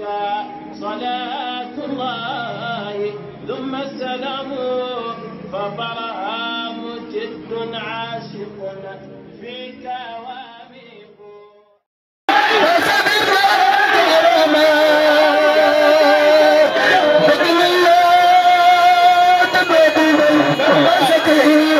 عليك صلاة الله ثم السلام فبرهام جد عاشق فيك Thank you.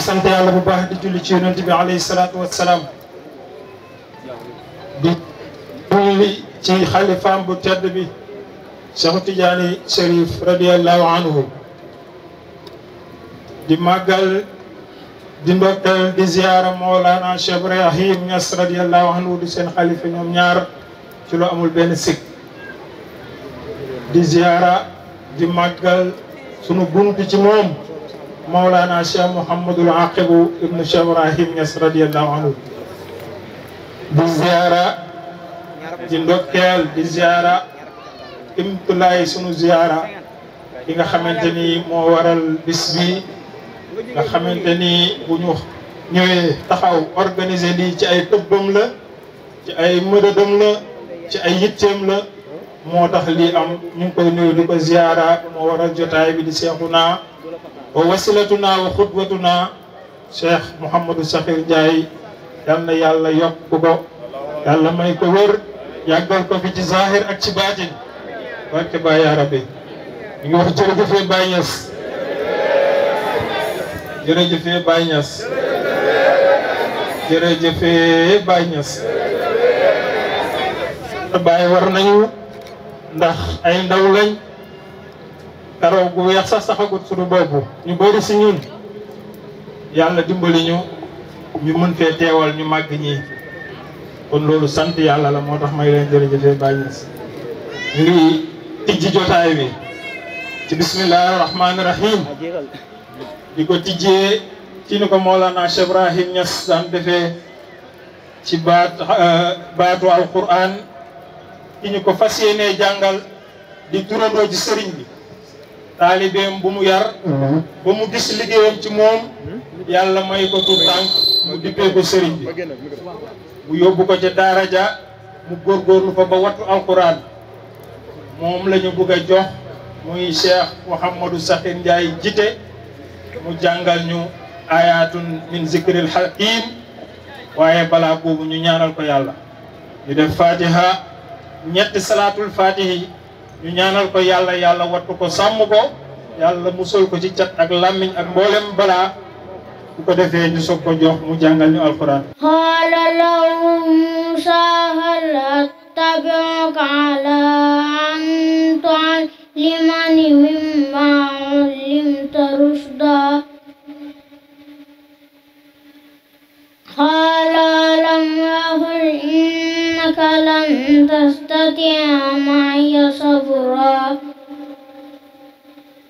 ngi sant yàlla bu baax di julli ci yonent bi alayhi salaatu di julli ci xalifaam bu tedd bi Cheikh Tidiane Chérif radiallahu anhu di màggal di ndokkeel di ziyaara Mawlana Cheikh Ibrahim Niass radiallahu di seen xalifa ñoom ñaar ci lu amul benn sikk di ziyaara di màggal sunu bunt ci moom Mawlana Cheikh Mouhamadul Aqibu ibnu Cheikh Ibrahim Niass radiyallahu anhu di ziara di ndokkeel di ziara imtulaay sunu ziara yi nga xamante ni moo waral bis bi nga xamante ni bu ñu ñëwee taxaw organise lii ci ay tëbbam la ci ay mëdëdam la ci ay yitteem la moo tax lii am ñu koy nuyu di ko ziara moo waral jotaay bi di seexu naa wa wasilatuna wa xudwatuna cheikh mouhamadou sakhir ndiaye yal na yàlla yokk ko may ko wér yàggal ko fi ci zahir ak ci baatin barke Baay yaa rabbi ñu ngi Baay Ñas jërëjëfee Baay Baay Ñas baay war nañu ndax ay ndaw te raw gu weex sax saxagut suñu boobu ñu bëri si yàlla dimbali ñu ñu mën fee teewal ñu màgg ñi kon loolu sant yàlla la moo tax may leen jërëjëfee bàññis ñu ngi tijji jotaay bi ci bismillahi rahmaani rahim di ko tijjee ci ni ko Mawlana Cheikh Ibrahim Niass daan defee baat euh, baatu alquran ki ñu ko fas yéenee jàngal di turandoo ci sëriñ bi taalibeem bu mu yar mhm. ba mu gis liggéeyam ci moom yàlla may ko tur tànk mu dippee ko sëriñ bi mu yóbbu ko ca daara ja mu góorgóorlu fa ba wattu alquran moom la ñu a jox muy cheikh mouhamadou sakhir ndiaye jite mu jàngal ñu ayatun min zikril hakim waaye balaa boobu ñu ñaanal ko yàlla ñu def fatiha ñetti salaatul fatihi ñu ñaanal ko yàlla yàlla wattu ko sàmm ko yàlla musal ko ci cat ak làmmiñ ak mboolem balaa bu ko defee ñu soog ko jox mu jàngal ñu alquran qaala lahum muusaa hal attabi'uka alaa an tu'allimani mimmaa لن تستطيع معي صبرا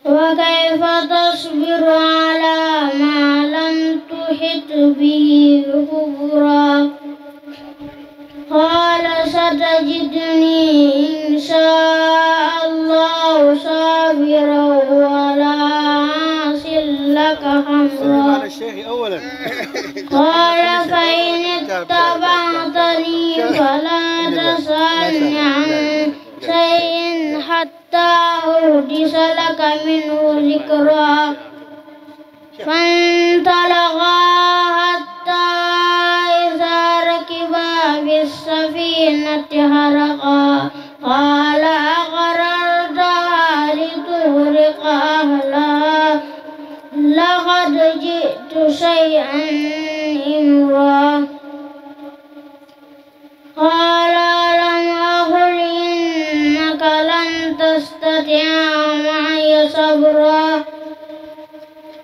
وكيف تصبر على ما لم تحط به خبرا قال ستجدني إن شاء الله صابرا ولا أصل لك خمرا قال فإن اتبعتني فلا عن شيء حتى أحدث لك منه ذكرا فانطلقا حتى إذا ركبا في السفينة هرقا قال أقررتها لتغرق أهلها لقد جئت شيئا إمرا قال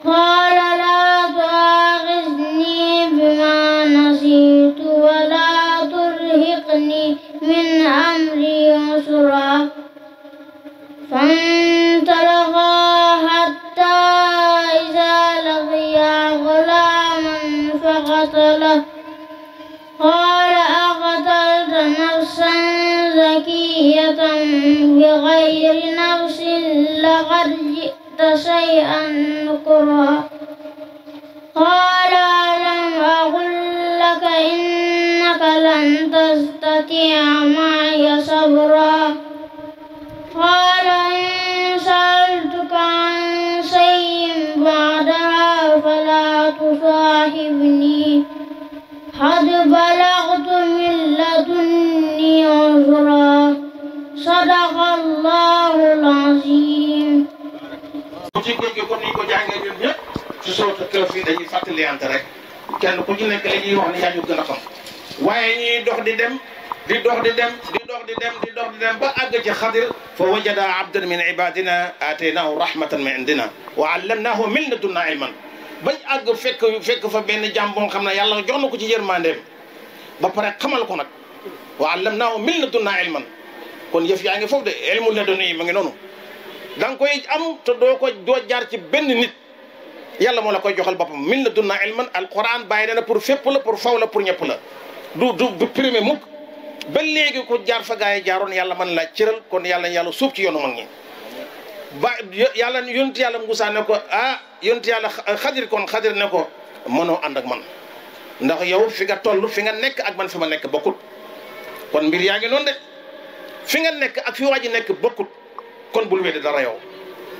قال لا تؤاخذني بما نسيت ولا ترهقني من أمري عسرا فانطلقا حتى إذا لقيا غلاما فقتله قال أقتلت نفسا زكية بغير نفس لقد جئت شئت شيئا نكرا قال ألم أقل لك إنك لن تستطيع معي صبرا قال إن سألتك عن شيء بعدها فلا تصاحبني قد بلغت من لدني عذرا صدق الله العظيم bu ci géej gi comme ni ñu ko jàngee ñun ñëpp ci soota këf yi dañuy fàttaliyante rek kenn ku ci nekk la ñuy wax ne yaa ñu gën a xam waaye ñuy dox di dem di dox di dem di dox di dem di dox di dem ba àgg ci xadir fa wajada abdan min ibadina ataynahu rahmatan min indina wa allamnahu min ladunna ilman bañ àgg fekk fekk fa benn jàmm boo xam ne yàlla jox na ko ci yërmandeem ba pare xamal ko nag wa allamnahu min ladunna ilman kon yëf yaa ngi foofu de ilmu laduni ma ngi noonu da nga koy am te doo ko doo jaar ci benn nit yàlla moo la koy joxal boppam min la dunna ilman alquran bàyyi na pour fépp la pour faw la pour ñëpp la du du du premier mukk ba léegi ko jaar fa yi jaaroon yàlla man laa cëral kon yàlla yàlla suuf ci yoonu mag ñi ba yàlla yonent yàlla Muusaa ne ko ah yonent yàlla xadir kon xadir ne ko o ànd ak man ndax yow fi nga toll fi nga nekk ak man fi ma nekk bokkut kon mbir yaa ngi noonu de fi nga nekk ak fi waa nekk bokkut kon bul weddi dara yow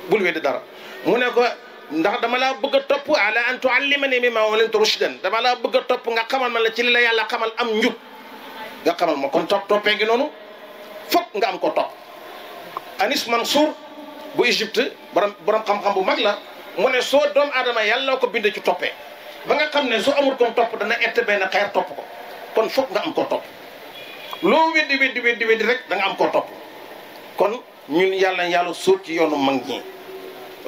bul weddi dara mu ne ko ndax dama laa bëgg a topp ala an tuallimani mimma ullimta rushdan dama laa bëgg a topp nga xamal ma la ci li la yàlla xamal am njub nga xamal ma kon topp toppee ngi noonu foog nga am ko topp Anis Mansour bu Égypte borom borom xam bu mag la mu ne soo doomu aadama yàlla ko bind ci toppee ba nga xam ne su amul ko topp dana ett benn xeer topp ko kon foog nga am ko topp loo weddi weddi weddi weddi rek da am ko topp kon ñun yàlla yàlla suul ci yoonu mag ñi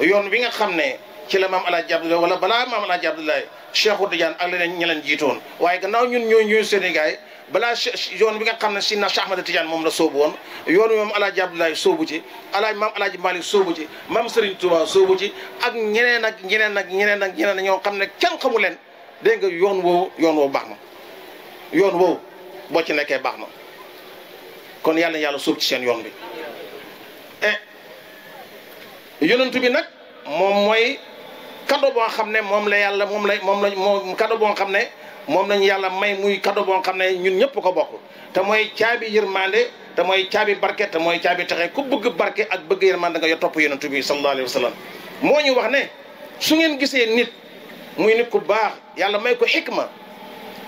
yoon bi nga xam ne ci la maam El Hadj Abdoulaye wala balaa maam El Hadj Abdoulaye Cheikh Tidiane ak leneen ñi leen jiitoon waaye gannaaw ñun ñooy ñooy Sénégal balaa yoon bi nga xam ne si na Cheikh Ahmed Tidiane moom la soobu woon yoon wi moom El Hadj Abdoulaye soobu ci El Hadj maam El Hadj Malick soobu ci maam Serigne Touba soobu ci ak ñeneen ak ñeneen ak ñeneen ak ñeneen ñoo xam ne kenn xamu leen dégg nga yoon woowu yoon woo baax na yoon woowu boo ci nekkee baax na kon yàlla yàlla soob ci seen yoon bi. Eh, yonent bi nag moom mooy kado bon xam ne moom la yàlla moom la moom la moom kado ne moom lañu yàlla may muy kado boo xam ne ñun ñëpp ko bokk te mooy caabi yërmande te mooy caabi barke te mooy caabi texe ku bëgg barke ak bëgg yërmande nga yo topp yonent bi sallallahu alayhi wa moo ñu wax ne su ngeen gisee nit muy nit ku baax yàlla may ko xikma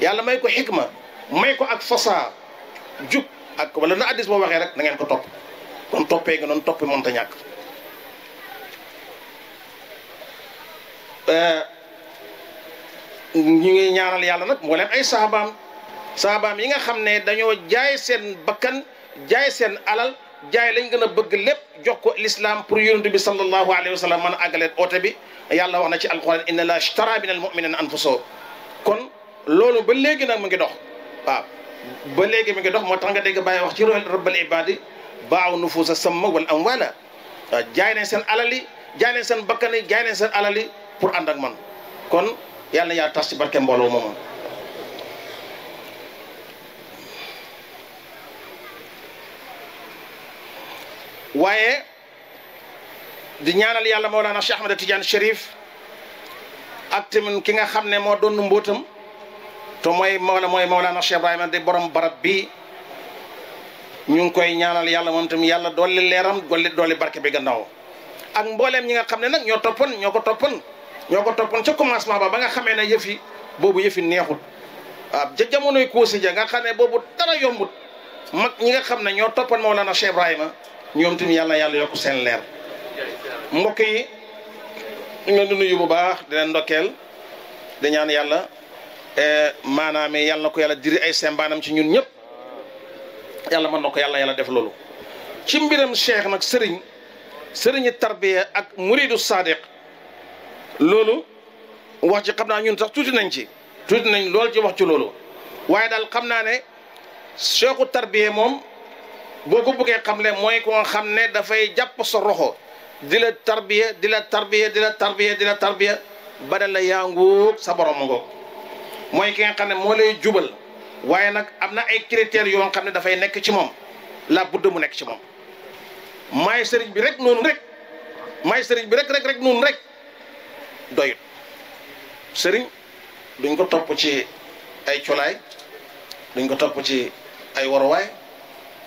yàlla may ko xikma may ko ak fasaa jub ak wala na addis boo waxee rek na ngeen ko topp kon toppee nga noonu toppee mënta ñàkk euh, ngi ñaanal yàlla nag mboolem ay saabaam saabaam yi nga xam ne dañoo jaay seen bakkan jaay seen alal jaay lañ gën a bëgg lépp jox ko l'islam pour yonent bi sallallahu alayhi wa sallam a àggaleen oote bi yàlla wax na ci alquran inna la ishtara min al muminina anfusahum kon loolu ba léegi nag mu ngi dox waaw ba léegi dox moo tax nga dégg bàyyi wax ci royal ibadi baaw nufuusa samma wal amwaala waaw jaay nañ seen alal yi jaay nañ seen bakkan yi jaay nañ pour ànd man kon yàlla na yàlla tas ci barke mbooloo moomu waaye di ñaanal yàlla Mawlana Cheikh Ahmed Tidiane Chérif ak tamit ki nga xam ne moo doon mbóotam te mooy Mawla mooy Mawlana Cheikh Ibrahima di borom barab bi ñu ngi koy ñaanal yàlla moom tamit yàlla dolli leeram dolli dolli barke bi gannaaw ak mbooleen ñi nga xam ne nag ñoo toppoon ñoo ko toppoon ñoo ko toppoon ca commencement ba ba nga xamee ne yëf yi boobu yëf yi neexul waaw ja jamonoy Kossy ja nga xam ne boobu dara yombut mag ñi nga xam ne ñoo toppoon na Cheikh Ibrahima ñoom tamit yàlla yàlla yokk seen leer mbokk yi ñu leen di nuyu bu baax di leen ndokkeel di ñaan yàlla eh, maanaam yàlla na ko yàlla diri ay sembaanam ci ñun ñëpp. yàlla mën na ko yàlla yàlla def loolu ci mbiram cheikh nag sëriñ sëriñi tarbiya ak muridu sadiq loolu wax ci xam naa ñun sax tuuti nañ ci tuuti nañ lool ci wax ci loolu waaye daal xam naa ne cheikhu tarbiya moom boo ko bëggee xam ne mooy ko xam ne dafay jàpp sa roxo di la tarbiya di la tarbiya di la tarbiya di la la yaa nguur sa borom ngoog mooy ki xam ne moo lay jubal waaye nag am na ay critères yoo xam ne dafay nekk ci moom la budde mu nekk ci moom maay sëriñ bi rek noonu rek maay sëriñ bi rek rek rek noonu rek doyut sëriñ duñ ko topp ci ay colaay duñ ko topp ci ay waruwaay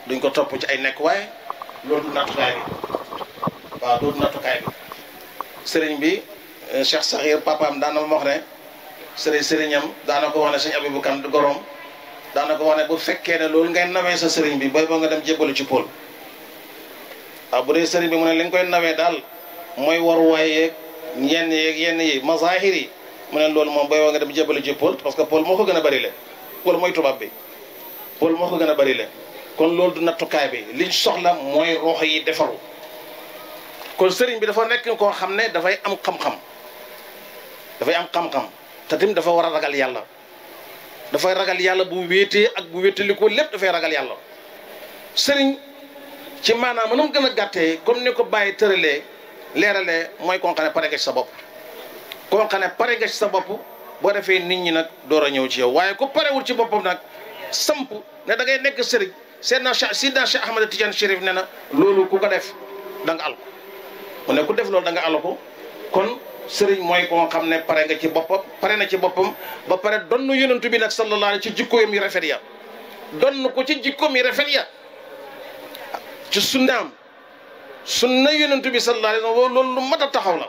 duñ ko topp ci ay nekkuwaay loolu du nattukaay bi waaw loolu nattukaay bi sëriñ bi eh, Cheikh Sakhir papaam daan na wax ne sëriñ sëriñam daan ko wax ne sëñ Abibu Kan du goroom daana ko wax ne bu fekkee ne loolu ngay nawee sa sëriñ bi booy boo nga dem jébbalu ci pôl waaw bu dee sëriñ bi mu ne li koy nawee daal mooy war waay yenn yeeg yenn yi mazahir yi mu ne loolu moom booy boo nga dem jébbalu ci pôl parce que pôl moo ko gën a bari le mooy tubaab bi pôl moo ko gën a bari kon loolu du nattukaay bi liñ soxla mooy ruux yi defaru kon sëriñ bi dafa nekk koo xam ne dafay am xam-xam dafay te tamit dafa wara a ragal yàlla dafay ragal yàlla bu wéetee ak bu wéetalikoo lépp dafay ragal yàlla sëriñ ci maanaam mënum gën a gàttee comme ni ko bàyyi tëralee leerale mooy koo xam ne pare nga ci sa bopp koo xam ne pare sa bopp boo defee nit ñi nag door a ñëw ci yow waaye ku parewul ci boppam nag samp ne da ngay nekk sëriñ seen na Cheikh Sidna Cheikh Ahmad Tidiane Chérif ne na loolu ku ko def da nga al mu ne ku def lool danga nga ko kon sëriñ mooy ko xam ne pare nga ci boppam pare na ci boppam ba pare don yonentu bi nag sallallahu alayhi ci jikkoom yu rafet ya donn ko ci jikkoom yi rafet ya ci sunnaam sunna yonentu bi sallallahu alayhi wa loolu lu mat a taxaw la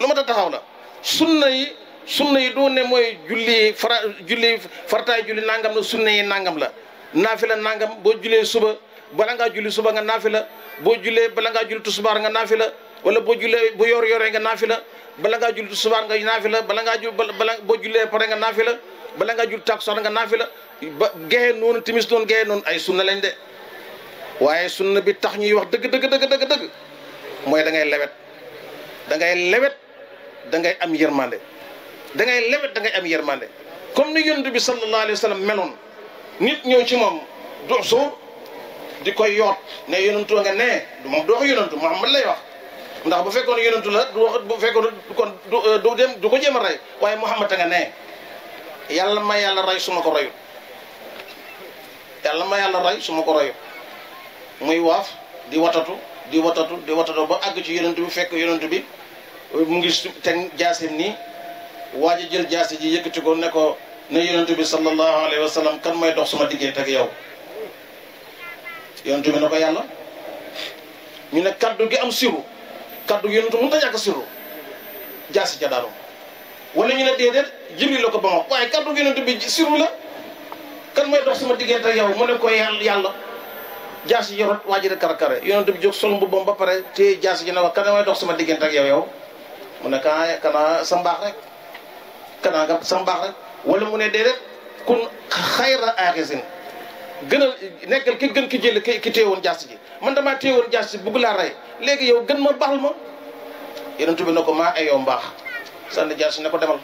lu mat a taxaw la sunna yi sunna yi doo ne mooy julli fara julli farataay julli nangam la sunna yi nangam la naafila nangam boo jullee suba bala ngaa julli suba nga naafila boo jullee bala ngaa julli tisbaar nga naafila wala boo jullee bu yor yoree nga naafila bala ngaa jul subaar nga naafila bala ngaa jul bala boo jullee pare nga naafila bala ngaa jul takkusaan nga naafila ba gexe noonu timis noonu gexe noonu ay sunna lañ de waaye sunna bi tax ñuy wax dëgg dëgg dëgg mooy da ngay lewet dangay lewet da ngay am yërmande da ngay lewet da ngay am yërmande comme ni yonent bi sallallahu alayhi wa sallam nit ñëw ci moom dox soo di koy yoot ne yonentu nga ne moom doox yonentu Muhammad lay wax ndax bu fekkoon yonentu la du wax bu fekkoon kon euh, dem du ko jéem a rey waaye Muhammad a nga ne yàlla ma yàlla rey su ko reyut yàlla ma yàlla rey su ko reyut muy waaf di watatu di watatu di watatu ba àgg ci yonent bi fekk yonent bi mu ngi teg jaasim nii waaj a jël jaasi ji yëkkati ko nekko ko ne yonent bi sallallahu alayhi wa sallam kan may dox suma diggante ak yow yonent bi ne ko yàlla ñu ne kaddu gi am siru kaddu yonent mënu ta ñàkk a sirru jaasi ca daanu wala ñu ne déedéet Jibril la ko ba wax waaye kaddu yonent bi sirru la kan mooy dox sama diggante ak yow mu ne ko yàlla yàlla jaasi yorot waa ji karakare yonent bi jóg sol mbubbam ba pare te jaasi ji ne wax kan dox sama diggante ak yow yow mu ne kanaa ah, kanaa sa mbaax rek kanaa nga sa mbaax rek wala mu ne déedéet kun xayra aaxisin gënal nekkal ki gën ki jël ki téewoon jaas ji man damaa téewoon jaas ji bugg laa rey léegi yow gën ma baaxal ma yonent bi ko maa ayoo mbaax sànni jaas ji ne ko demal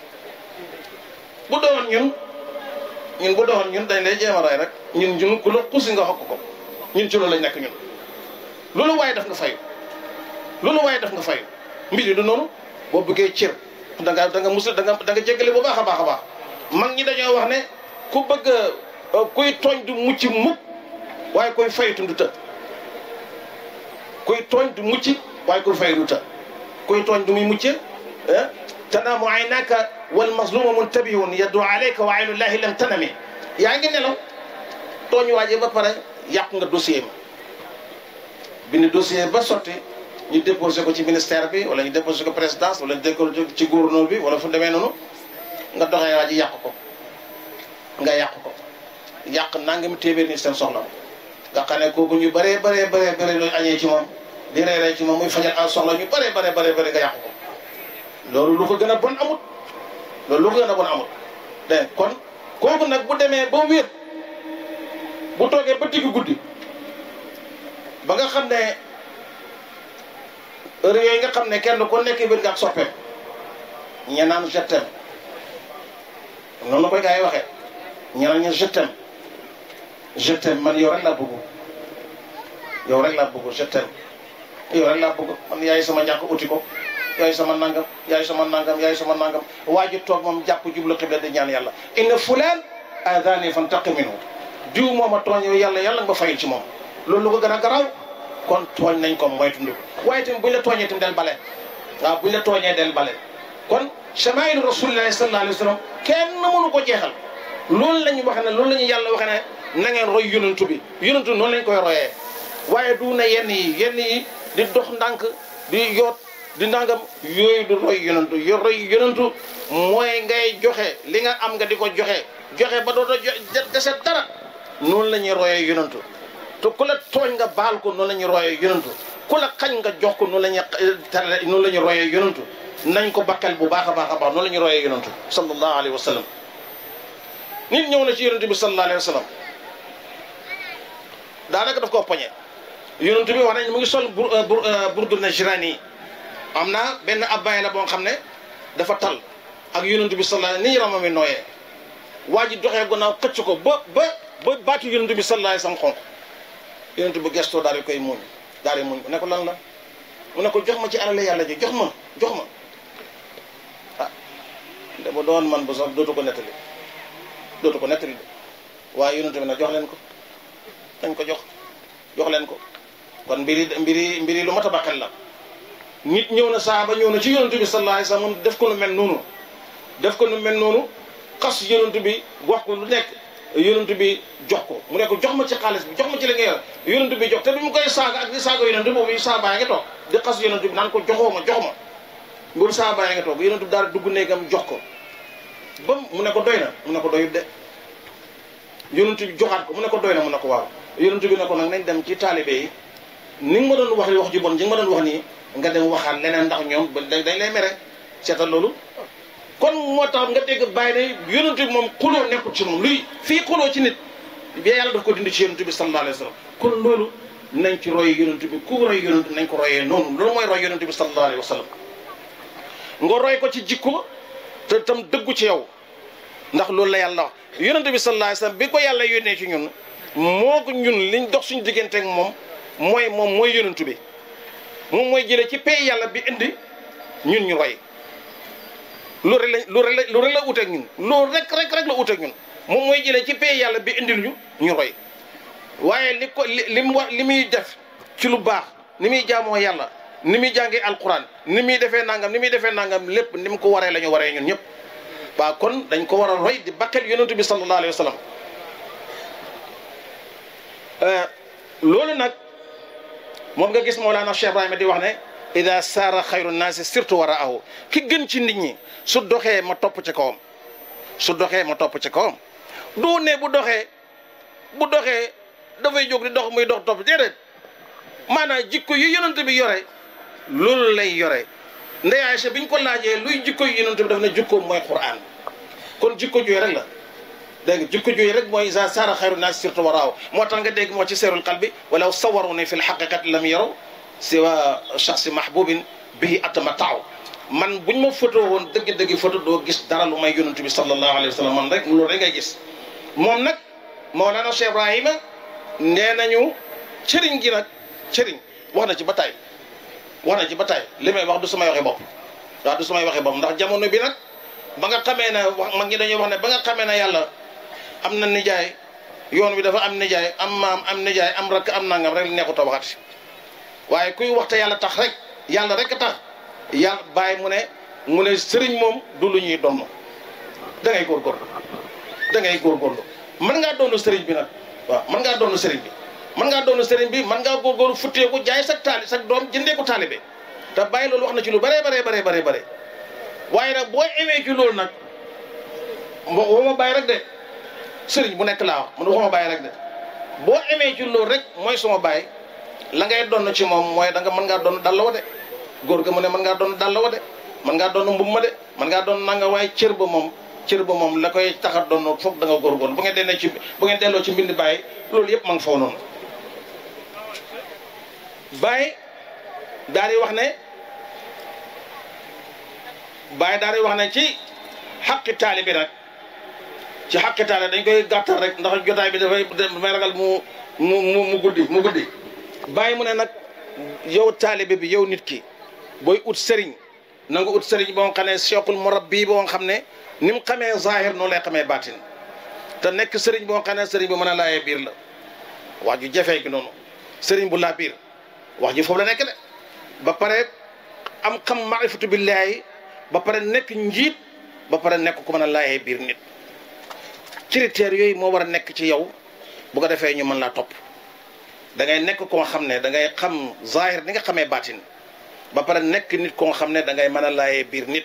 bu doon ñun ñun bu doon ñun dañ lay jéem a rey rek ñun ñun ku la xusi nga xokk ko ñun ci lañ nekk ñun loolu waaye def nga fayu loolu waaye def nga fay mbir yi du noonu boo bëggee cër da nga da nga musul da nga da nga jéggale bu baax a baax a baax mag ñi dañoo wax ne ku bëgg Euh, koy tooñ du mucc mukk waaye koy faytu du të kuy tooñ du mucc waaye koy fay du të kuy tooñ du muy mucce eh? tanaamu aynaka wal mazlumu muntabihun yaddu alayka wa aynullahi lam tanami yaa ngi nelaw tooñ waaje ba pare yàqu nga dossier ma bind dossier ba sotti ñu déposé ko ci ministère bi wala ñu déposé ko présidence wala ñu déposé ci gouverneur bi wala fu demee noonu nga doxee waa ji yàq ko nga yàqu ko yàq nangam téeméer nit seen soxla nga xam ne kooku ñu bëree bëree bare bëri luñ añee ci moom di reeree ci moom muy fajal al soxla bare bëree bëree bëree bëri loolu lu ko gën a bon amut loolu lu gën a bon amut dégg kon kooku nag bu demee ba wéet bu toogee ba digg guddi ba nga xam ne heure yooyu nga xam ne kenn ko nekk biir nga ak soppeem ñenaan je t'aime noonu koy gars yi waxee ñenaan ñu je t'aime man yow rek laa bëgg yow rek laa bëgg je t'aime yow rek laa bëgg yaay sama ñàkk uti ko yaay sama nangam yaay sama nangam yaay sama nangam waa ji toog moom jàpp jublu xibla di ñaan yàlla inna fulaan aadaani fantaqim minhu diw moom a tooñ yàlla yàlla nga fayul ci moom loolu lu ko gën a garaaw kon tooñ nañ ko moytundiku waaye tamit buñ la tooñee tamit del bale waaw buñ la tooñee del bale kon shamaa'ilu rasulillahi sallallahu alayhi wa sallam kenn mënu ko jeexal loolu la ñu wax ne loolu na ngeen roy yonantu bi yonantu noonu lañ koy royee waaye du na yenn yi yenn yi di dox ndànk di yoot di ndàngam yooyu du roy yonantu yo roy yonantu mooy ngay joxe li nga am nga di ko joxe joxe ba doota dese dara noonu la ñuy royee yonantu te ku la tooñ nga baal ko noonu la ñuy royee yonantu ku la xañ nga jox ko noonu la ñuy eh, tere noonu la ñuy royee yonantu nañ ko bakkal bu baax a baax a baax noonu la ñuy royee yonantu sallallahu alayhi wa sallam ñëw na ci yonantu bi sallallahu alayhi wa daanaka daf koo poñe yonent bi wax na mu ngi sol bur euh, euh, burdu najraani yi am na benn abbaay la boo xam ne dafa tal ak yonent bi sallallahu alayhi wa sallam ni yaramam nooyee waa ji doxee gannaaw xëcc ko ba ba baatu yonent bi sallallahu alayhi wa sallam xonq yonent bu gestoo daal di koy muñ daal di muñ ne ko lan la mu ne ko jox ma ci alal yàlla ji jox ma jox ma ah da doon man bu sol dootu ko nettali dootu ko nettali de waaye yonent bi jox leen ko dañ ko jox jox leen ko kon mbiri mbiri mbiri lu mat a la nit ñëw na saaba ñëw na ci yonent bi sallallahu alayhi def ko nu mel noonu def ko nu mel noonu xas yonent bi wax ko lu nekk yonent bi jox ko mu ne ko jox ma ci xaalis bi jox ma ci li nga yor yonent te bi mu koy saaga ak di saaga yonent ngi toog di xas yonent bi ko joxoo ma jox ma mbiru saaba yaa ngi toog yonent bi daal dugg néegam jox ko mu ne ko doy na mu ne ko doyut de yonent bi joxaat ko mu ne ko doy na mu ne ko waaw yonent bi ne ko nag nañ dem ci taalibe yi ni nga ma doon wax wax ju bon ji nga ma doon wax nii nga dem waxaat leneen ndax ñoom dañ lay mere seetal loolu kon moo tax nga dégg bàyyi ne yonent bi moom xuloo nekkul ci moom luy fii xuloo ci nit bi yàlla daf ko dindi ci yonent bi sallallahu alayhi wa kon loolu nañ ci roy yonent bi ku roy yonent nañ ko royee noonu loolu mooy roy yonent bi sallallahu alayhi wa sallam nga roy ko ci jikko te tam dëggu ci yow ndax loolu la yàlla wax yonent bi sallallahu alayhi wa sallam bi ko yàlla yónnee ci ñun moo ko ñun liñ dox suñu diggante moom mooy moom mooy yonentu bi moom mooy jëlee ci pay yàlla bi indi ñun ñu roy lu rek lañ lu rek la lu rek la ut rek rek rek la ut ñun moom mooy jëlee ci pay yàlla bi indil ñu ñu roy waaye li ko li li mu li muy def ci lu baax ni muy jaamoo yàlla ni muy jàngee alquran ni muy defee nangam ni muy defee nangam lépp ni mu ko waree la ñu waree ñun ñëpp waaw kon dañ ko war a roy di bakkal yonentu bi sallallahu alayhi wa Euh, loolu nag moom nga gis moo Mawlana Cheikh Ibrahima di wax ne ida saara xayru naasi surtout war a aw ki gën ci nit ñi su doxee ma topp ci kawam su doxee ma topp ci kawam du ne bu doxee bu doxee dafay jog di dox muy dox topp déedéet maanaam jikko yu yonent bi yore loolu lay yore ndey Aysa biñ ko laajee luy jikko yu yonent bi daf ne jikkoom mooy Qur'an kon jikko jooy rek la dégg nga jikko jooyu rek mooy isa saara xayru naas surtout waraaw moo tax nga dégg moo ci seerul xal bi walaw sawaru ne fi lxaqiqat lam yaraw siwa shaxsi mahbubin bihi atama taaw man buñ ma photo woon dëgg-dëgg photo doo gis dara lu may yonent bi sallallahu alayhi wa sallam man rek loolu rek ngay gis moom nag Mawlana Cheikh Ibrahima nee nañu cëriñ gi nag cëriñ wax na ci bataay wax na ci bataay li may wax du samay waxee bopp waaw du samay waxee bopp ndax jamono bi nag ba nga xamee ne wax mag ñi dañuy wax ne ba nga xamee ne yàlla am na nijaay yoon wi dafa am nijaay am maam am nijaay am rakk am nangam rek neexut a waxati waaye kuy waxta yàlla tax rek yàlla rek a tax yàlla bàyyi mu ne mu ne sëriñ moom du lu ñuy donn da ngay góorgóorlu da ngay góorgóorlu mën ngaa doonu sëriñ bi nag waaw mën ngaa doonu sëriñ bi mën ngaa doonu sëriñ bi mën ngaa góorgóorlu futteeku jaay sa taali sa doom jëndee ko taalibe te bàyyi loolu wax na ci lu bëree bare bare bare bare waaye nag boo ewee ci lool nag mbo ma bàyyi rek de sëriñ bu nekk laa wax man waxuma bàyyi rek de boo amee ci rek mooy suma baay la ngay donn ci moom mooy da nga mën ngaa doon dàllawa de góor ga mu ne mën ngaa doon dàllawa de mën ngaa doon mbub ma de mën ngaa doon nanga waaye cër ba moom cër ba moom la koy tax a doon foog da nga góorgóorlu bu ngeen delloo ci bu ngeen delloo ci mbind baay loolu yëpp ma nga foofu noonu wax ne bàyyi daal di wax ne ci xaqi taalibi nag ci xàqitaane dañ koy gàttal rek ndax jotaay bi dafay may ragal mu mu mu guddi mu guddi bàyyi mu ne nag yow taalibe bi yow nit ki booy ut sëriñ na ut sëriñ boo xam ne cheikhul murabbi boo xam ne ni mu xamee zahir noonu lay xamee baatin te nekk sëriñ boo xam ne sëriñ bi mën a laayee biir la wax ju jafee gi noonu sëriñ bu laa biir wax ju foofu la nekk de ba pare am xam maarifatu billaahi ba pare nekk njiit ba pare nekk ko mën a laayee biir nit critères yooyu moo war a nekk ci yow bu ko defee ñu mën laa topp da ngay nekk koo xam ne da ngay xam zahir ni nga xamee baatin ba pare nekk nit koo xam ne da ngay mën a laayee biir nit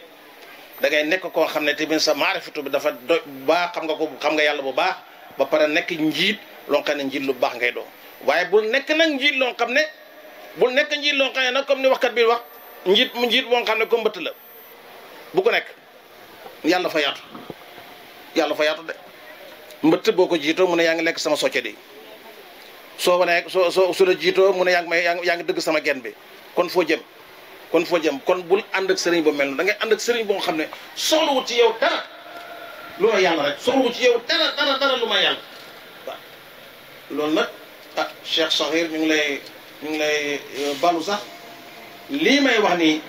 da ngay nekk koo xam ne tamit sa maarifatu bi dafa do baax xam nga ko xam nga yàlla bu baax ba pare nekk njiit loo xam ne njiit lu baax ngay doo waaye bul nekk nag njiit loo xam ne bul nekk njiit loo xam ne nag comme ni waxkat bi wax njiit mu njiit boo xam ne ko mbëtt la ko nekk yàlla fa yaatu yàlla fa yaatu de mbëtt boo ko jiitoo mu ne yaa ngi lekk sama socce soo wanee soo soo su la jiitoo mu ne yaa ngi may yaa dëgg sama genn bi kon foo jëm kon foo jëm kon bul ànd sëriñ bu mel noonu da ngay ànd ak sëriñ boo xam ne soxlawut ci yow dara lu ma yàlla ci yow dara dara lu ma yàlla waaw nag ah Cheikh Sakhir ñu ngi lay ñu ngi lay euh, balu sax lii may wax nii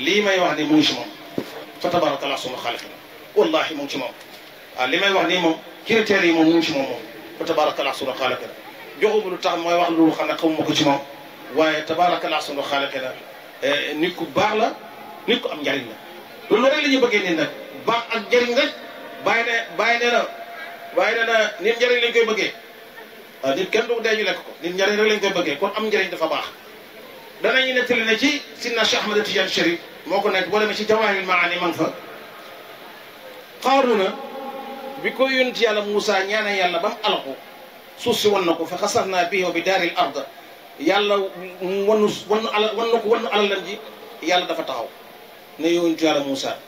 lii may wax nii mu ngi ci moom fa tabaaraka laa sunu xaaliq wallahi mu ngi ci moom waaw ah, li may wax nii moom critères yi moom mu ngi ci moom moom ba tabaarakallaa sunu xaalaka la joxuma lu tax mooy wax loolu xam ne xamuma ko ci moom waaye tabaarakallaa sunu xaalaka la eh, nit ku baax la nit ku am njariñ la loolu rek la ñu bëggee nit nag baax ak njariñ rek bàyyi ne na bàyyi ne na nit njariñ lañ koy bëggee ah, lañ koy bëggee kon am njariñ dafa baax danañu nettali na ci Sidna Cheikh Ahmad Tidiane Chérif moo ko nekk boo demee ci Jawaahirul Maani man fa xaaru na bi ko yonent yàlla Moussa ñaana yàlla ba mu alako suuf si wan na ko fa xasar naa bii bi daaril arda yàlla wanu wanu alal na ko wanu alalam ji yàlla dafa taxaw ne yonent yàlla Moussa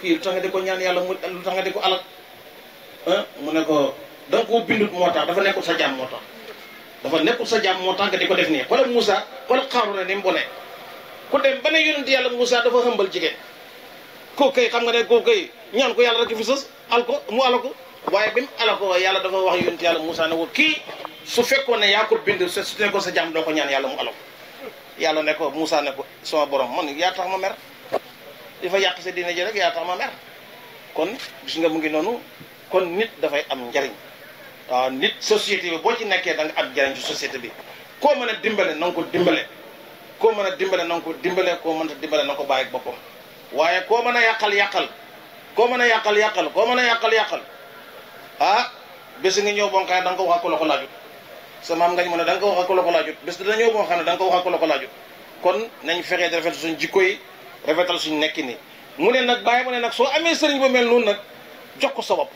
kii lu tax nga di ko ñaan yàlla mu lu tax ko alal ah, mu ne ko da nga koo tax dafa nekkul sa jàmm moo tax dafa nekkul sa jàmm moo tax nga di ko def nii xoolal Moussa xoolal Xaaruuna ni mu bone ku dem ba ne yonent yàlla Moussa dafa xëmbal jigéen koo kay xam nga ne koo kay ñaan ko yàlla rek fi sës al ko mu ala ko waaye bi mu ala ko yàlla dafa wax yonent yàlla Moussa ne ko kii su fekkoon ne yaa ko bind su nekkoon sa jàmm doo ko ñaan yàlla mu ala yàlla ne ko Moussa ne ko sama borom man yaa tax ma mer fa yàq sa diine ji rek yaa tax ma mer kon gis nga mu ngi noonu kon nit dafay am njariñ waaw nit société bi boo ci nekkee da nga am njariñ ci société bi koo mën a dimbale na ko dimbale koo mën a dimbale na nga koo mën a dimbale na ko bàyyi boppam waaye koo mën a yàqal yàqal koo mën a yàqal yàqal koo mën a yàqal yàqal ah bés nga ñëw boo xam ne da ko wax ak ku la ko laajut sa maam ngañ mu ne da ko wax a ku la ko laajut bés dina ñëw boo xam ne da kon nañ fexee di rafetal suñ jikko yi rafetal suñ nekki nii mu ne nag bàyyi mu ne nag soo amee sëriñ bu mel noonu nag jox ko sa bopp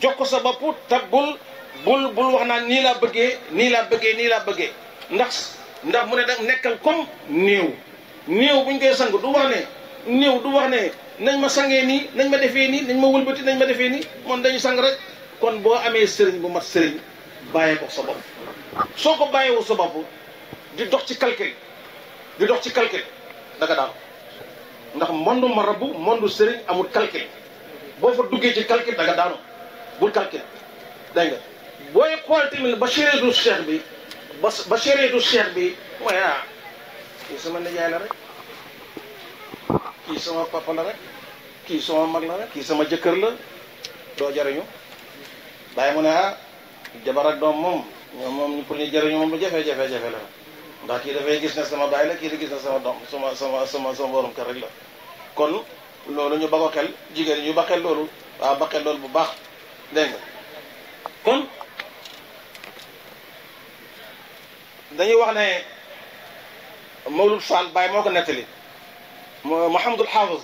jox ko sa bopp taggul bul bul wax naa nii laa bëggee nii laa bëggee nii laa bëggee ndax ndax mu ne da nekkal comme néew néew buñ koy sang du wax ne néew du wax ne nañ ma sange nii nañ ma defee nii nañ ma wëlbati nañ ma defee nii moom dañu sang rek kon boo amee sëriñ bu mat sëriñ bàyyee ko sa soo ko bàyyeewu sa bopp di dox ci calcul di dox ci calcul daga daal ndax mën monde mën monde sëriñ amul calcul boo fa duggee ci calcul daga daanu bu calcul dégg nga booy xool tamit ba chéréetu cheikh bi ba ba chéréetu cheikh bi mooy ah sama nijaay la rek kii sama papa la rek kii sama mag la rek kii sama jëkkër la doo jariñu bàyyi mu ne ah jabar ak doom moom ñoom moom pour ñu jariñu moom lu jafe-jafe-jafe la ndax kii dafay gis ne sama baay la kii di gis ne sama doom sama sama sama sama borom kër rek la kon loolu ñu ba xel jigéen ñu ba xel loolu waaw ba xel loolu bu baax dégg kon dañuy wax ne moo lu Fall Baye moo ko nettali Mouhamadul Hafiz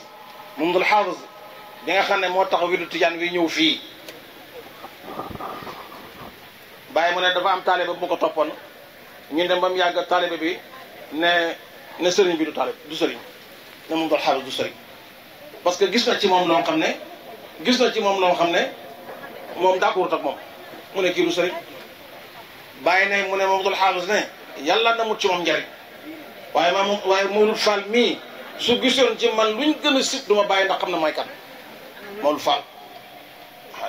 Mouhamadul Hafiz bi nga xam ne moo tax wirdu tijaan wi ñëw fii bàyyi mu ne dafa am taaliba bu mu ko toppoon ñu dem ba mu yàgg taaliba bi ne ne sëriñ bi du taalib du sëriñ ne Mouhamadul Hafiz du sëriñ parce que gis na ci moom loo xam ne gis na ci moom loo xam ne moom d'accord ak moom mu ne kii du sëriñ bàyyi ne mu ne Mouhamadul Hafiz ne yàlla na mut ci moom njariñ waaye ma waaye Mouhamadul Fall mii su gisoon ci man luñ gën a sib du ma bàyyi ndax xam na mooy kan moolu faal ah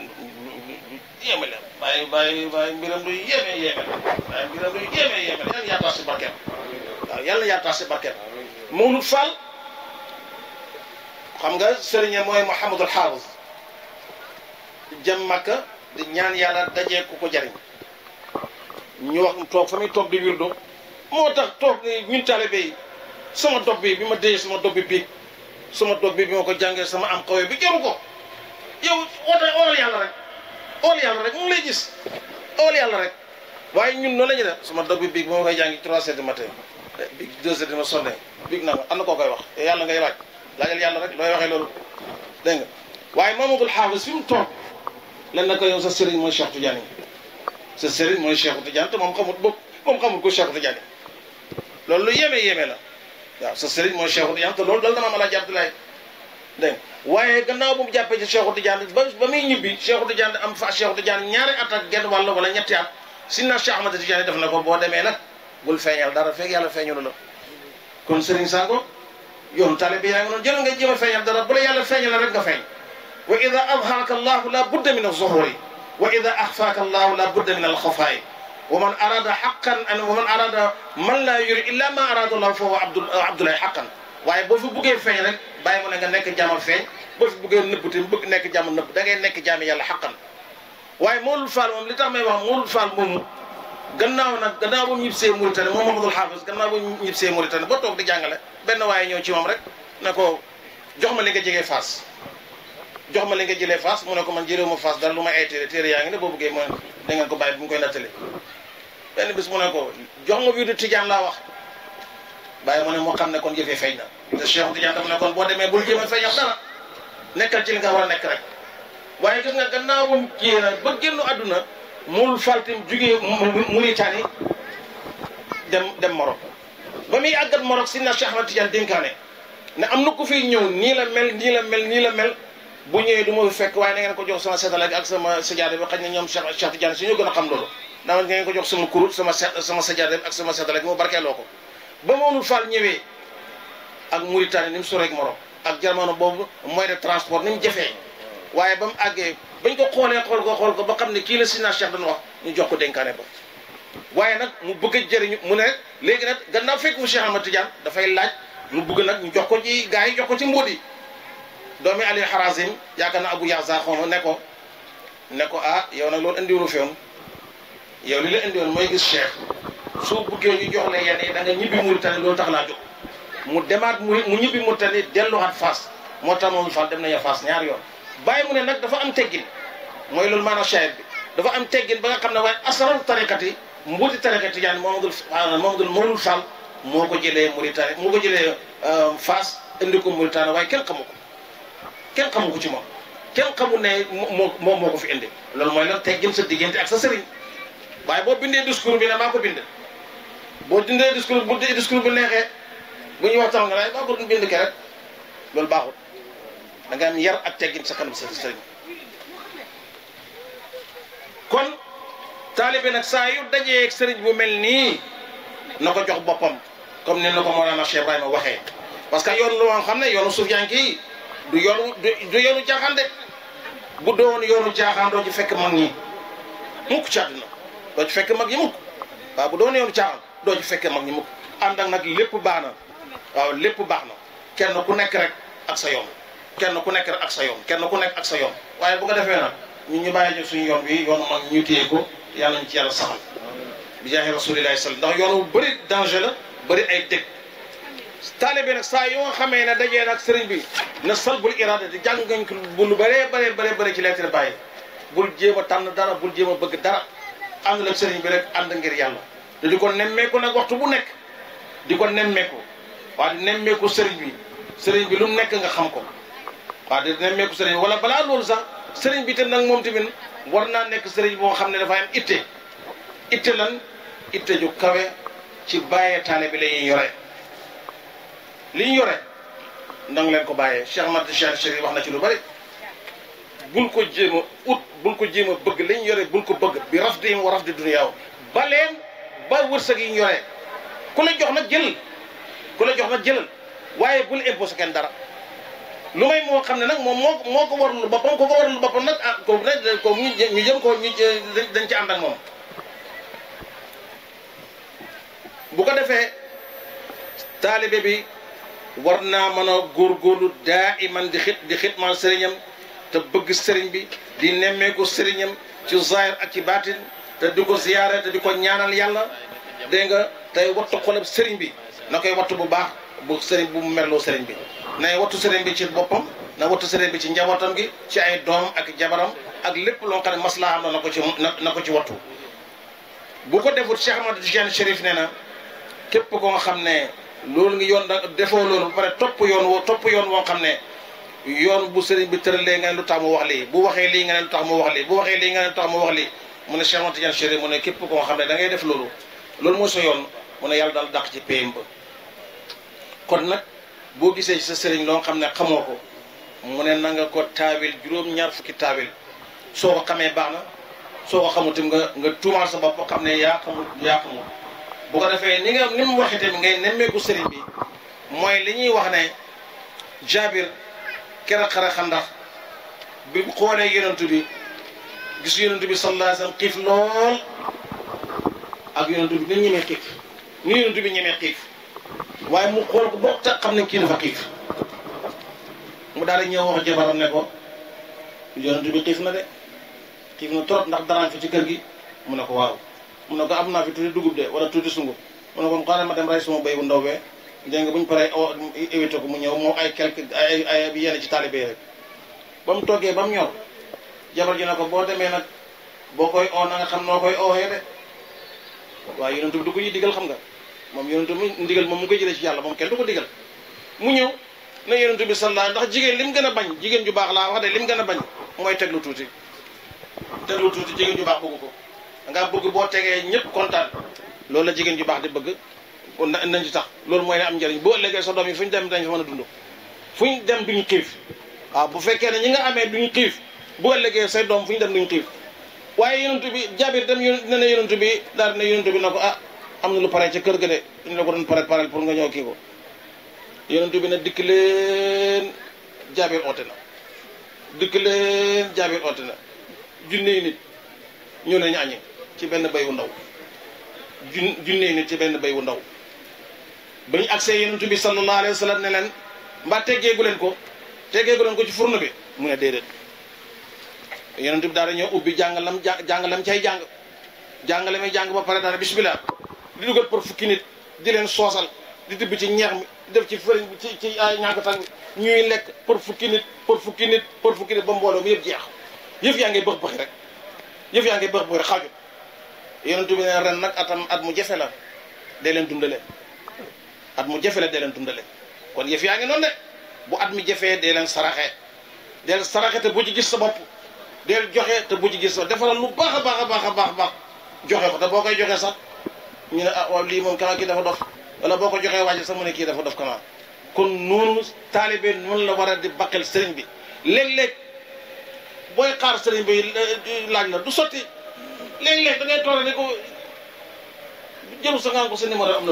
yéeme la bàyyi bàyyi bàyyi mbiram luy yéeme yéeme la bàyyi mbiram luy yéeme yéeme la yàlla yaataas si barkeem waaw yàlla yaataas si barkeem xam nga sëriñam mooy Mouhamadul Haafis jëm Makka di ñaan yàlla dajee ku ko jariñ ñu wax toog fa muy toog di wirdo moo tax toog ñun taalibe yi sama dog bi bi ma déyee sama dog bi biig sama dog bi bi ma ko jàngee sama am xawee bi jaru ko yow woote ool yàlla rek ool yàlla rek mu ngi ool yàlla rek waaye ñun noonu la ñu def sama dog bii biig bi ma koy jàngi trois heures du matin eh, biig deux heures ma sonné biig naa ma am na koo koy wax yàlla ngay laaj laajal yàlla rek looy waxee loolu dégg nga waaye Mamadou Hafiz fi mu toog lan na ko yow sa sëriñ mooy Cheikh sa sëriñ mooy Cheikh Tidiane te moom xamut bopp moom xamut ko Cheikh Tidiane loolu lu yéeme yéeme la waaw sa sëriñ mooy Cheikh Tidiane te loolu dal na ma Alaaji Abdoulaye dégg nga waaye gannaaw bu mu jàppee ci Cheikh Tidiane ba ba muy ñibbi Cheikh Tidiane am fa Cheikh Tidiane ñaari at ak genn wàll ñetti at si na Cheikh Ahmad Tidiane def na ko boo demee nag bul feeñal dara fekk yàlla feeñalu la kon sëriñ Sango yoonu taalibe yaa ngi noonu jërë nga jéem a feeñal dara bu la yàlla feeñal la rek nga feeñ wa ida adharaka allahu la budda min alzuhuri wa ida axfaaka allahu la budda min alxafaay wa man arada xaqan an wa man arada man laa yuri illa ma arada allah foofu abdu abdoulaye xaqan waaye boo fi buggee feeñ rek bàyyi mu ne nga nekk jaamal feeñ boo fi buggee nëbb te nekk jaamal nëbb da ngay nekk jaami yàlla xaqan waaye moolul faal moom li tax may wax moolul faal moomu gannaaw nag gannaaw ba mu ñibsee Mauritanie moom Mamadou Hafiz gannaaw ba mu ñibsee Mauritanie ba toog di jàngale benn waaye ñëw ci moom rek ne ko jox ma li nga jegee Faas jox ma li nga jëlee Fass mu ne ko man jëlewu ma Fass dara lu ma ay téere téere yaa ngi ne boo bëggee ma da ngeen ko bàyyi bu mu koy nattale benn bis mu ne ko jox ma bii du Tijaan laa wax bàyyi mu ne moo xam ne kon jëfee feeñ na te Cheikh Tijaan dama ne kon boo demee bul jëma feeñal dara nekkal ci li nga war a nekk rek waaye gis nga gannaawum kii na eh, ba génnu àdduna mul faltim jugee Mauritanie dem dem Maroc ba muy àggat Maroc si na Cheikh Ahmad Tidiane dénkaane ne am na ku fiy ñëw nii la mel nii la mel nii la mel bu ñëwee du ma fekk waaye na ko jox sama setala ak sama sajaada bi xaj na ñoom Cheikh Cheikh a xam loolu dama na ngeen ko jox sama kurut sama set sama ak sama setala bi mu barkeeloo ak jamono boobu moyen de transport ni mu jafee waaye ba mu àggee bañ ko xoolee xool ko xool ko ba xam ne kii la Sina Cheikh doon wax ñu jox ko dénkaane ba waaye nag mu bëgg jëriñ mu ne léegi nag gannaaw fekk fu Cheikh Ahmad Tidiane dafay laaj mu bëgg nag ñu jox ko ci gars yi jox ko ci mbóot yi doomi Ali Harazim yaakaar na Abu Yaxza xawma ne ko ne ko ah yow nag loolu indiwul fi woon yow li la mooy gis cheikh soo buggee ñu jox la yenn yi da nga ñibbi Mauritanie loolu tax laa jóg mu demaat mu mu ñibbi Mauritanie delluwaat Fass moo tax moom Fall dem nañu Fass ñaar yoon. bàyyi mu ne nag dafa am teggin mooy loolu maanaam chahid bi dafa am teggin ba nga xam ne waaye asaral tarikat yi mbuuti tarikat yi yani Mamadou Mamadou Mamadou Fall moo ko jëlee Mauritanie moo ko jëlee euh, Fass indi ko Mauritanie waaye kenn kenn xamu ci moom kenn xamu ne moo moom moo ko fi indi loolu sa diggante ak sa sëriñ waaye boo bindee discours bi ne maa ko bind boo dindee discours bu discours bu neexee bu ñuy wax tax nga ne maa loolu baaxul da nga am ak teggin sa kanam sa sëriñ kon taalibe nag saa yu dajee ak sëriñ mel nii na ko jox boppam comme ne na ko a Cheikh Ibrahima waxee parce que yoon lu xam ne yoonu suuf du yoonu du yoonu de bu doon yoonu caaxaan doo ci fekk mag ñi mukk ci àdduna doo fekk mag ñi mukk waaw bu doon yoonu caaxaan doo ci fekk mag ñi mukk ànd ak nag lépp baax na waaw lépp baax na kenn ku nekk rek ak sa yoom kenn ku nekk ak sa yoom kenn ku nekk ak sa yoon waaye bu defee nag ñun ñu bàyyi suñu yoon wi yoonu mag ñu téye ko yàlla ñu ci yàlla saxal bi jaaxee rasulillahi sallam ndax yoonu bëri danger la bëri ay dëkk taalibe nag saa yoo xamee ne dajee nag sëriñ bi na salbul irada di jàng ngañ ko bu bare bëree bëree bëri ci lettre bàyyi bul jéem a tànn dara bul jéem a bëgg dara ànd la sëriñ bi rek ànd ngir yàlla te di ko nemmeeku nag waxtu bu nekk di ko nemmeeku waa di nemmeeku sëriñ bi sëriñ bi lu nekk nga xam ko waa di nemmeeku sëriñ wala balaa loolu sax sëriñ bi te nag moom tamit war naa nekk sëriñ boo xam ne dafa am itte itte lan itte ju kawe ci bàyyee taalibe bi la ñuy li ñu yore ndang leen ko bàyyee Cheikh Mate Cheikh Chérif wax na ci lu bari bul ko jéem a ut bul ko jéem a bëgg li ñu yore bul ko bëgg bi raf di wa raf di ba leen ba wërsëg yi ñu yore ku la jox nag jëlal ku la jox nag jëlal waaye bul imposé kenn dara lu may moo xam ne nag moom moo moo ko warul boppam ko ko warul boppam nag ah kooku nag kooku ñu jëm ñu jëm ko ñu dañ ci ànd ak moom bu ko defee taalibe bi war naa mën a góorgóorlu daa iman di xit di xitmaal sëriñam te bëgg sëriñ bi di nemmeeku sëriñam ci zahir ak ci baatin te di ko ziyaare te di ko ñaanal yàlla dégg nga tey wattu xolab sëriñ bi na koy wattu bu baax bu sëriñ bu mu merloo sëriñ bi nay wattu sëriñ bi ci boppam na wattu sëriñ bi ci njabootam gi ci ay doom ak jabaram ak lépp loo xam ne maslaa am na na ko ci na ko ci wattu bu ko defut Cheikh Ahmadou Tidiane Chérif nee na képp ko nga xam ne loolu ngi yoon da defoo loolu ba pare topp yoon woo topp yoon woo xam ne yoon bu sëriñ bi tëralee nga ne lu tax mu wax lii bu waxee lii nga ne lu tax mu wax lii bu waxee nga ne lu tax mu wax lii mu ne Cheikh Mouhamed Tidiane Chérif mu ne képp koo xam ne da def loolu loolu mooy sa yoon mu ne yàlla daal dàq ci péem ba kon nag boo gisee sa sëriñ loo xam ne xamoo ko mu ne na nga ko taawil juróom-ñaar fukki taawil soo ko xamee baax na soo ko xamutim nga nga tuumaal sa bopp xam ne yaa xamul yaa xamul bu ko defee ni nga ni mu waxee tamit ngay nemmeeku sëriñ bi mooy li ñuy wax ne jaabir keroog xara xam ndax bi mu xoolee yonent bi gisu yonent bi sallallahu alayhi wa sallam xiif lool bi ni ñemee xiif ni yonent bi ñemee xiif waaye mu xool ko bokk tax xam ne kii dafa xiif mu daal di ñëw wax jabaram ne ko yonent bi xiif na de xiif na trop ndax daraan fi ci kër gi mu ne ko waaw mun na ko am naa fi tuuti dugub de wala tuuti sungub mun na ko xaaral ma dem rey suma béy bu ndaw bee dégg bu oh, mu ñëw moo ay quelque ay ay yenn ci taalibe rek ba mu toggee ba mu ñor jabar ji na ko boo demee nag boo koy oo na nga xam noo koy ooyee de waaye yonentu bi du ko yi digal xam nga moom yonentu bi ndigal moom mu koy jëlee ci yàlla moom kenn du ko digal mu ñëw ne yonentu bi sallaa ndax jigéen lim gën a bañ jigéen ju baax laa wax de lim gën a bañ mooy teglu tuuti teglu tuuti jigéen ju baax bëgg ko da ngaa boo tegee ñëpp kontaan loolu la jigéen ju baax di bëgg nañ ci tax loolu mooy ne am njëriñ boo ëllëgee sa doom yi fu ñu dem dañ fa mën a dund fu ñu dem duñu xiif waaw bu fekkee ne ñi nga amee duñu xiif bu ëllëgee say doom fu ñu dem duñu xiif waaye yonent bi Jaabir dem ne ne bi daal ne yonent bi na ko ah, am na lu pare ca kër ga de ñu la ko doon pare parel pour nga ñëw kii ko yonent bi ne dikk leen Jaabir oote na dikk leen Jaabir oote na junne yi nit ñoo ñu añee ci benn bay wu ndaw jun junnee nit ci benn bay wu ndaw ba ñu agsee bi sallallahu alayhi wa ne leen mbaa teggeegu leen ko teggeegu leen ko ci furno bi mu ne déedéet yonent bi daal dañoo ubbi jàngalam jàngalam cay jàng jàngale may jàng ba pare daal bismillah di dugal pour fukki nit di leen soosal di tibb ci ñeex mi def ci fëriñ bi ci ci ay ñànkatan ñuy lekk pour fukki nit pour fukki nit pour fukki nit ba mbooloo mi yëpp jeex yëf yaa ngi bëx bëxi rek yëf yaa ngi bëx bëxi rek yonent bi ne ren nag atam at mu jafe la dee leen dundale at mu jafe la dee leen dundale kon yëf yaa ngi noonu de bu at mi jafee dee leen saraxe deel saraxe te bu ci gis sa bopp deel joxe te bu ci gis sa bopp defalal lu baax a baax a baax joxe ko te boo koy joxe sax ñu ne ah waaw lii moom kanaa dafa dof wala boo ko joxee wàcc sax mu ne kii dafa dof kanaa kon noonu taalibe noonu la war a di baqel sëriñ bi léeg-léeg booy xaar sëriñ bi eh, eh, laaj la du sotti léeg-léeg da ngay toog ne ko jarul sa ngaa ko sa numéro am na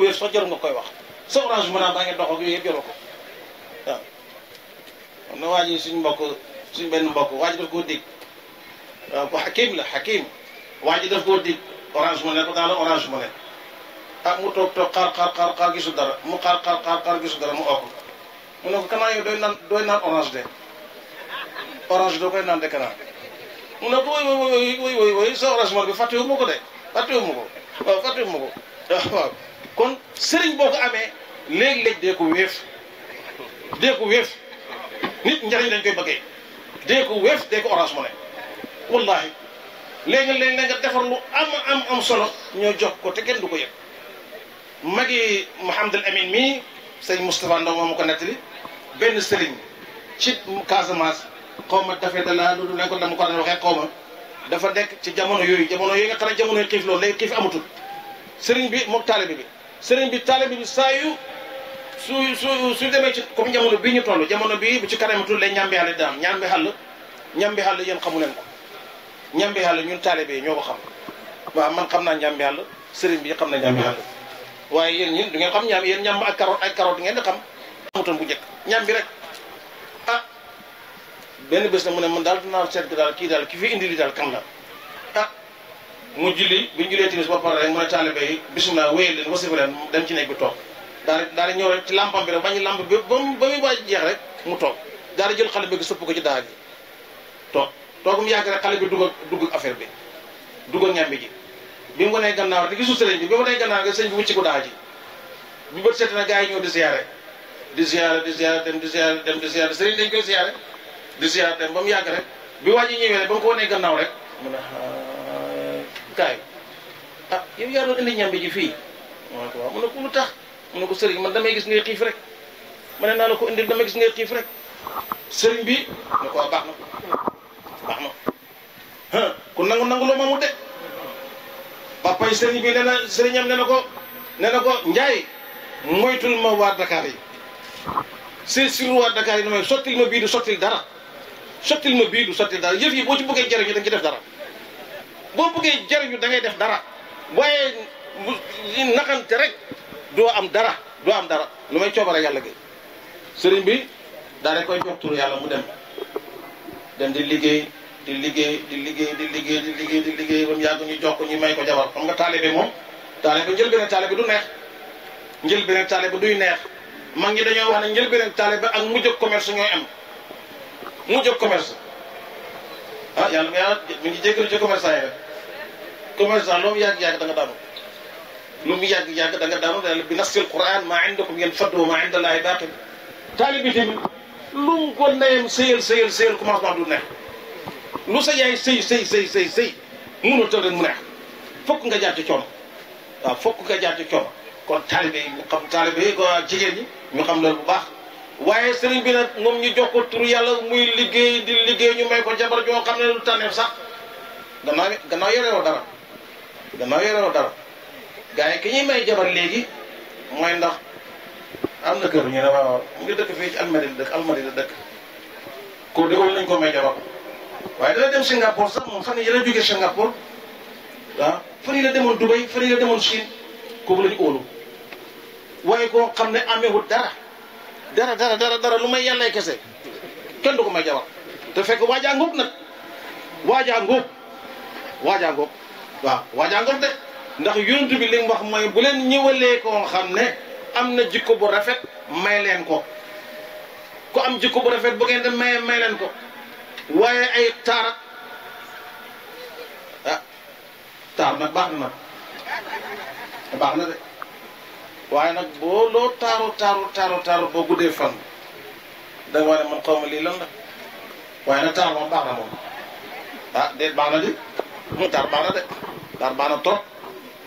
wér sa jarul nga koy wax sa orange mën naa ngi dox ak yooyu yëpp jaroo na waa suñ mbokk suñ benn mbokk waa ji daf koo dig waaw bu xakim la xakim waa ji daf koo dig orange ne ko daal orange mën ne ah, mu toog toog xaar xaar xaar xaar dara mu xaar xaar xaar dara mu okk mu ne ko kanaa yow naan orange de orange doo koy naan de kanaa mu ne ko woy woy woy woy woy Cheikh Rasmor bi fàttewu ma ko de fàttewu ma ko waaw fàttewu ma ko waaw kon sëriñ boo ko amee léegi léeg dee ko wéef dee ko wéef nit njariñ lañ koy bëggee dee ko wéef dee ko Orange Money wallahi léegi-léeg nga defar lu am am solo ñoo jox ko te kenn du ko yëg magi Mouhamadul Amin mii sëñ Moustapha Ndaw moo ma ko benn sëriñ ci Casamance xaw ma dafeta laa loolu nañ ko dama ko daan waxee xaw ma dafa nekk ci jamono yooyu jamono yooyu nga xam ne jamono xiif loolu léegi xiif amatul sëriñ bi mook taalibe bi sëriñ bi taalibe bi saa yu su su su demee ci comme jamono bii ñu toll jamono bii bu ci kanamatul lay ñambi xàll daam ñambi xàll ñambi xàll yéen xamu leen ko ñambi ñun taalibe yi ñoo ko xam waaw man xam naa ñambi xàll sëriñ bi xam na ñambi xàll waaye yéen ñun du ngeen xam ñaam yéen ñamb ak carotte ak carotte ngeen di xam amutoon bu njëkk ñambi rek benn bés na mu ne man daal dinaa seet daal kii daal ki fi indi li daal kan la ah mu julli bi ñu timis ba rek mu ne taalibe yi bisimilah wéyal leen wasifa leen dem ci nekk bi toog daal daal di ñëw rek ci lampam bi rek bañ lamp bi ba mu ba muy waaj jeex rek mu toog daal di jël xale bi sëpp ko ci daa gi toog toog mu yàgg rek xale bi dugg dugg affaire bi dugg ñambi ji bi mu wanee gannaaw rek gisul sëriñ bi bi mu wanee gannaaw rek sëriñ bi wucc ko daa ji bi bët seet na gars yi ñëw di ziyaare di ziyaare dem di ziyaare dem di ziyaare sëriñ di siyaar dem ba mu yàgg rek bi waa ji rek ba mu ko wanee gannaaw rek mu ne ah, kaay ah yow yaa doon indi ñambi ji fii mu ne ko waaw tax mu ne ko sëriñ gis ngay xiif ma naa la ko indil damay gis ngay xiif ah, baax na baax na ku nangu nangu loo moomu de papay sëriñ bi nee na sëriñam nee na ko nee na ko njaay moytul ma waa Dakar yi si sur waa Dakar yi ne ma sottil ma bii du sottil dara sottil ma bii du sottil daal yëf yi boo ci bëggee jëriñu da nga ci def dara boo bëggee jëriñu da def dara waaye naxante rek doo am dara doo am dara lu may coobara yàlla gi sëriñ bi daal koy jox tur yàlla mu dem dem di liggéey di liggéey di liggéey di liggéey di liggéey di liggéey ba mu yàgg ñu jox ko ñu may ko jabar xam nga taalibe moom taalibe njëlbéen taalibe du neex njël njëlbéen ba duy neex mag ñi dañoo wax ne njëlbéen ba ak mujj commerce ñooy am mu jóg commerce ah yàlla yàlla mi ngi jégalu ci commerçant yi rek commerçant loo mu yàgg-yàgg da nga daanu lu mu yàgg-yàgg da nga daanu yàlla bi nasil quran maa indakum yan faddu maa inda laahi baaqin taalib bi tamit lu mu ko nayem sëyal sëyal sëyal commencement du neex lu sa yaay sëy sëy sëy sëy sëy mënul tëdd mu neex fokk nga jaar ci coono waaw fokk nga jaar ci coono kon taalibe yi ñu xam taalibe yi ko jigéen ñi ñu xam loolu bu baax waaye sëriñ bi nag moom ñu jox ko tur yàlla muy liggéey di liggéey ñu may ko jabar joo xam ne lu tànneef sax gannaaw gannaaw yorewoo dara gannaaw yorewoo dara gars yi ki ñuy may jabar léegi mooy ndax am na kër ñu ne waaw mu ngi dëkk fii ci Almadi dëkk Almadi la dëkk ko déwén nañ ko may jabar waaye dana dem Singapour sax moom fan yële jógee Singapour ah fan yi la demoon Dubai fan la demoon Chine kooku la ñu óolu waaye koo xam ne amewut dara. dara dara dara dara lu may yàllay kese ken du ko may te fekk waajaa ngóob nag waajaa ngóob waajaa ngóob waaw waajaa ngóob de ndax yonent bi li mu wax mooy bu leen ñëwalee koo xam ne am na jikko bo rafet may leen ko ko am jikko bo rafet bu ngeen di may leen ko waaye ay taar ah taar nag baax na baax na de waaye nag boo loo taaru taaru taaru taaru boo guddee fan da nga war ma lii la waaye nag taar moom baax na moom ah de baax na di mu taar baax na de taar baax na trop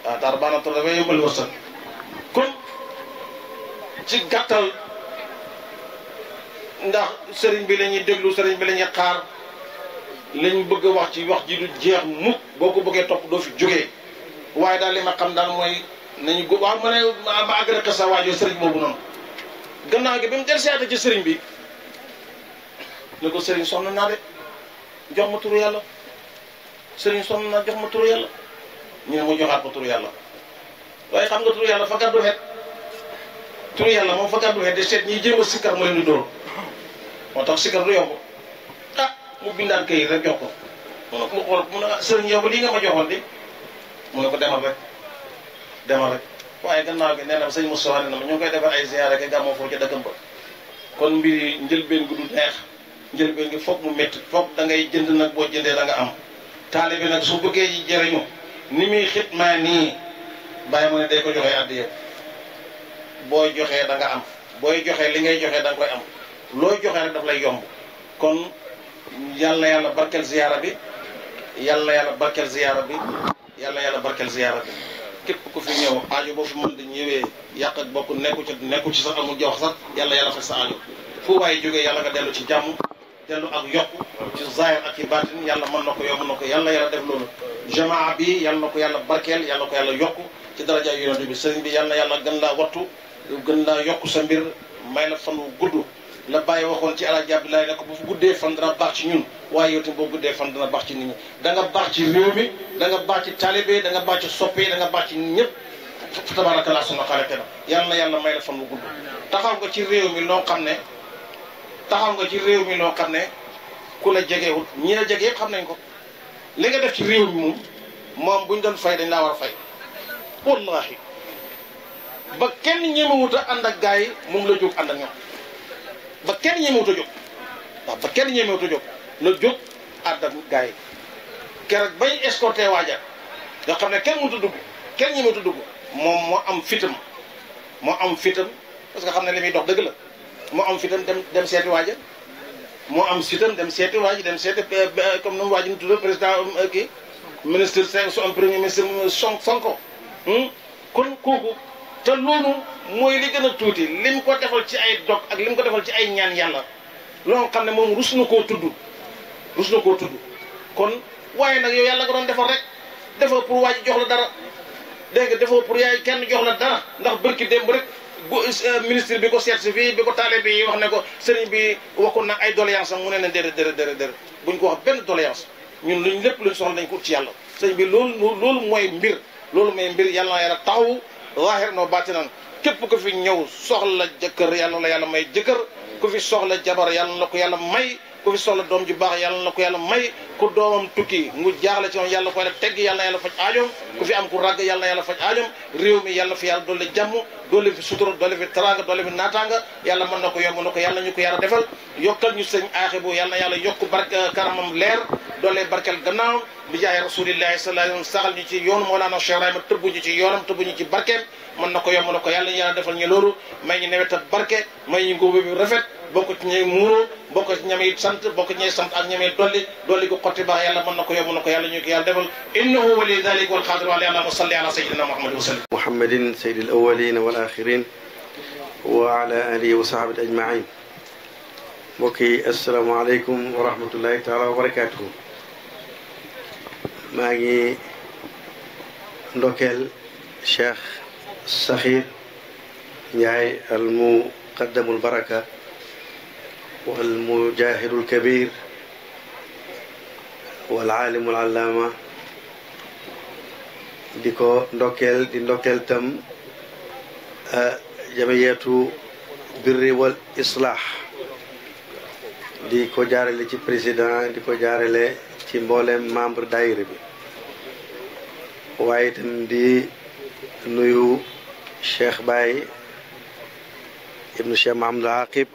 waaw ah, taar baax na trop dafay yombal wërsëg kon ci gàttal ndax sëriñ bi la ñuy déglu sëriñ bi la xaar lañ bëgg a wax ci wax ji du jeex mukk boo ko bëggee topp doo fi jógee waaye daal li ma xam daal mooy nañu ko waaw ma ne ma ma agg sa waajoo sëriñ mu del seeta ci sëriñ ko sëriñ sonn naa de ma turu yàlla sëriñ sonn ma turu yàlla ñu ne ko turu xam nga turu yàlla fa gàddu xet turu yàlla moom fa moo tax sikkar du yomb ah mu bindaat kayit rek jox ko mu ne ko ah, demal rek demal rek waaye gannaaw gi nee na sëñ Moustapha ne na ma ñu ngi koy defar ay ziyaare ak gàmmoo foofu ca dëkkam ba kon mbir yi njëlbeen gu du neex njëlbeen gi foog mu métti foog dangay jënd nag boo jëndee da nga am taalibe nag su bëggee yi ni muy xitmaa nii bàyyi ma ne day ko joxee addi yow booy joxee da am booy joxee li ngay joxee da nga koy am loo joxee rek daf lay yomb kon yàlla yàlla barkeel ziyaara bi yàlla yàlla barkeel ziyaara bi yàlla yàlla barkeel bi képp ku fi ñëw aajo boo fi mën di ñëwee yàq ak bokk nekku ci nekku ci sax amul jox sax yàlla yàlla faj sa aajo fu waaye jógee yàlla nga dellu ci jàmm dellu ak yokku ci zaahir ak ci baatin yàlla mën na ko yomb na ko yàlla yàlla def loolu jamaa bi yàlla na ko yàlla barkeel yàlla na ko yàlla yokk ci daraja yonent bi sëriñ bi yàlla yàlla gën laa wattu gën laa yokku sa mbir may la fan wu gudd la bàyyi waxoon ci alaaji Abdoulaye ne ko bu guddee fan dana baax ci ñun waaye yow tamit boo guddee fan dana baax ci nit ñi da baax ci réew mi da nga baax ci taalibe da nga baax ci soppe danga nga baax ci ñëpp fa tabaraka laa sunu xarate na yal na yàlla may la fan bu gudd taxaw nga ci réew mi loo xam ne taxaw nga ci réew mi loo xam ne ku la jegewul ñi la jege yëpp xam nañ ko li nga def ci réew mi moom moom bu ñu doon fay dañ laa war a fay wallahi ba kenn ñemewut a ànd gars yi moom la jóg ànd ba kenn ñemewut a jóg waaw ba kenn ñemewut a jóg la jóg ànd ak gars yi keroog bay escorté waaja nga xam ne kenn mënut a dugg kenn ñemewut a dugg moom moo am fitam moo am fitam parce que xam ne li muy dox dëgg la moo am fitam dem dem seeti waaja moo am fitam dem seeti waaji dem seeti euh, euh, comme nu mu waaji mu tudd président euh, kii ministre Senghor su am premier ministre Sonko hmm? kon kooku te loolu mooy li gën a tuuti lim ko defal ci ay dog ak lim ko defal ci ay ñaan yàlla loo xam ne moom rus koo tudd rus na tudd kon waaye nag yow yàlla nga doon defal rek defoo pour waa jox la dara dégg nga defoo pour yaay kenn jox la dara ndax bërki démb rek euh, ministre bi ko seet si fii bi ko wax ne ko sëriñ bi waxoon nag ay doléance am mu ne ne déedéet déedéet déedéet buñ ko wax benn doléance ñun luñ lépp luñ soxla nañ ko ci yàlla sëriñ bi loolu loolu mooy mbir loolu mooy mbir yàlla na yàlla taxawu zahir noo baatinan képp ku fi ñëw soxla jëkkër yàlla la yàlla may jëkkër ku fi soxla jabar yàlla la ko yàlla may ku fi soxla doom ju baax yàlla na ko yàlla may ku doomam tukki mu jaaxle ci moom yàlla ko yàlla tegg yàlla faj aajoom ku fi am ku ràgg yàlla na yàlla faj aajoom réew mi yàlla fi yàlla doole jàmm doole fi sutura doole fi taraanga doole fi naataanga yàlla man na ko yomb na ko yàlla ñu ko yàlla defal yokkal ñu sëñ aaxe bu yàlla na yàlla yokk barke euh, karamam leer doole barkel gannaawam bi jaay rasulillahi sallallahu alayhi wa sallam saxal ñu ci yoonu Mawlana Cheikh Ibrahima tëbbu ñu ci yoonam mën na ko yomb na ko yàlla yàlla defal ñu loolu may ñu nawet ak barke may ñu góob bi rafet bokk ci ñay muuro bokk ci ñamey sant bokk ci ñay sant ak ñamey dolli dolli gu xotti baax yàlla mën na ko yomb na ko yàlla ñu ko yàlla defal innahu wali dalik wal xaadir wala allahuma salli ala sayidina muhammadin wa sallim muhammadin sayidil awalina wal axirin wa ala alihi wa sahabati ajmain mbokk yi asalaamaaleykum wa rahmatullahi taala wa barakatuhu maa ngi ndokkeel cheikh saxiir Njaay al muqaddamul baraka wal mujahidul kabir wal aalimul allaama di ko ndokkeel di ndokkeel tam jamiyeetu birri wal islaax di ko jaarale ci président di ko jaarale ci mboolem membre daayira bi waaye itam di nuyu cheikh Baye ibnu cheikh Mahamadul Aqib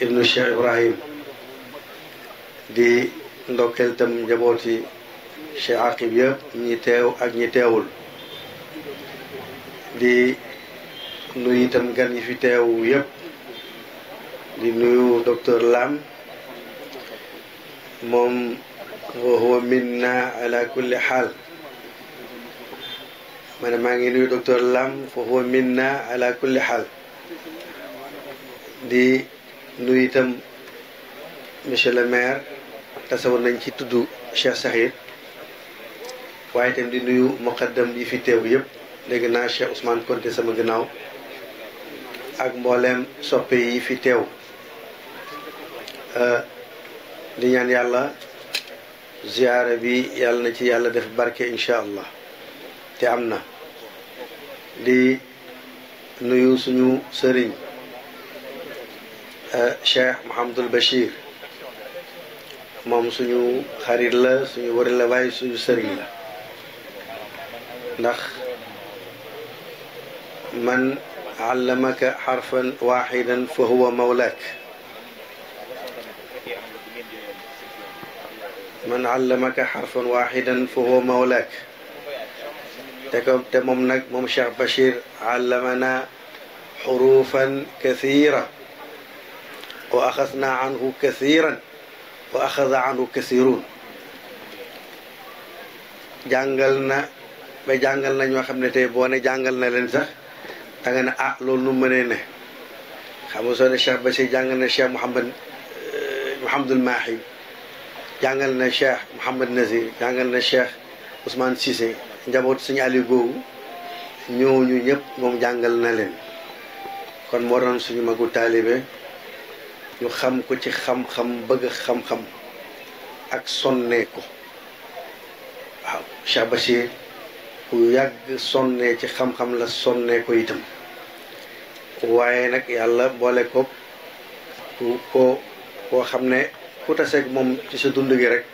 ibnu cheikh Ibrahim di ndokkeel tam njabooti cheikh Aqib yëpp ñi ak ñi di nuyu itam gan yi fi teew yëpp di nuyu docteur Lam moom wa huwa minna ala kulli xaal ma maa ngi nuyu docteur Lam fa huwa minna ala kulli xaal di nuyu itam monsieur le maire tasawar nañ ci tudd Cheikh Sakhir waaye itam di nuyu muqaddam yi fi teew yëpp dégg naa Cheikh Ousmane Konté sama ginnaaw ak mbooleem soppe yi fi teew euh, di ñaan yàlla ziyaara bi yàlla na ci yàlla def barke incha allah te am na di nuyu suñu sëriñ eh, Cheikh Mouhamadul Bachir moom suñu xarit la suñu wari la waaye suñu sëriñ la ndax man allamaka xarfan waxidan fa huwa mawlaak man allamaka xarfan waxidan fa huwa mawlaak te ko te moom nag moom Cheikh Bachir allamana xurufan kathira wa axasna anhu kathiran wa axasa anhu kathirun jàngal na ba jàngal na ñoo xam ne tey boo ne jàngal na leen sax da nga ne ah loolu nu mënee ne xam nga soo ne Cheikh Bachir jàngal na Cheikh Mouhamad euh, Mouhamadul Mahi jàngal na Cheikh Mouhamad Nazir jàngal na Cheikh Ousmane Cissé njaboot suñu Aliou googu ñooñu ñëpp moom jàngal na leen kon moo doon suñu magu taalibe ñu xam ko ci xam-xam bëgg xam-xam ak sonnee ko waaw Cheikh Bachir ku yàgg sonnee ci xam-xam la sonnee ko itam waaye nag yàlla boole ko ku ko xam ne ku taseeg moom ci sa dund gi rek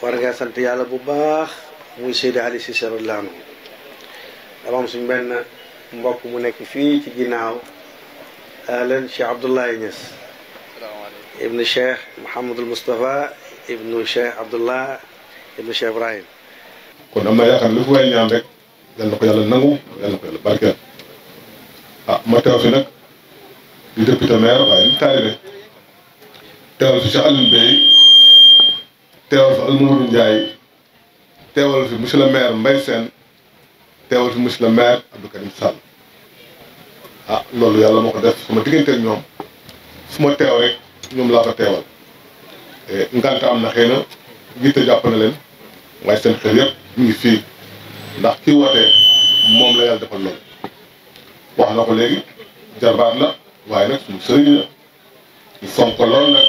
war nga sant yàlla bu baax muy Seydi Ali Cissé radiyallaahu anhu dama am suñ mbokk mu nekk fii ci ginnaaw ahlan Cheikh Abdoulaye Niass ibnu Cheikh Mouhamadul Moustapha ibnu Cheikh Abdoulah ibnu kon am naa yaakaar lu fi waay ko yàlla nangu yal ko yàlla barkeel ah, ma teew fi nag di député maire waaye di taalibe fi Cheikh Alioune Bey teewal fi Almourou Ndiaye teewal fi monsieur le maire Mbaye seen teewal fi monsieur le maire Abdou Karim Sall ah loolu yàlla moo ko def sama diggante ak ñoom suma ma teew rek ñoom laa fa teewal eh, nganta am na xëy na gitte jàpp na leen waaye seen xel yëpp ñu ngi fii ndax kii wootee moom la yàlla defal loolu wax na ko léegi jarbaat la waaye nag suñu sëriñ la lool nag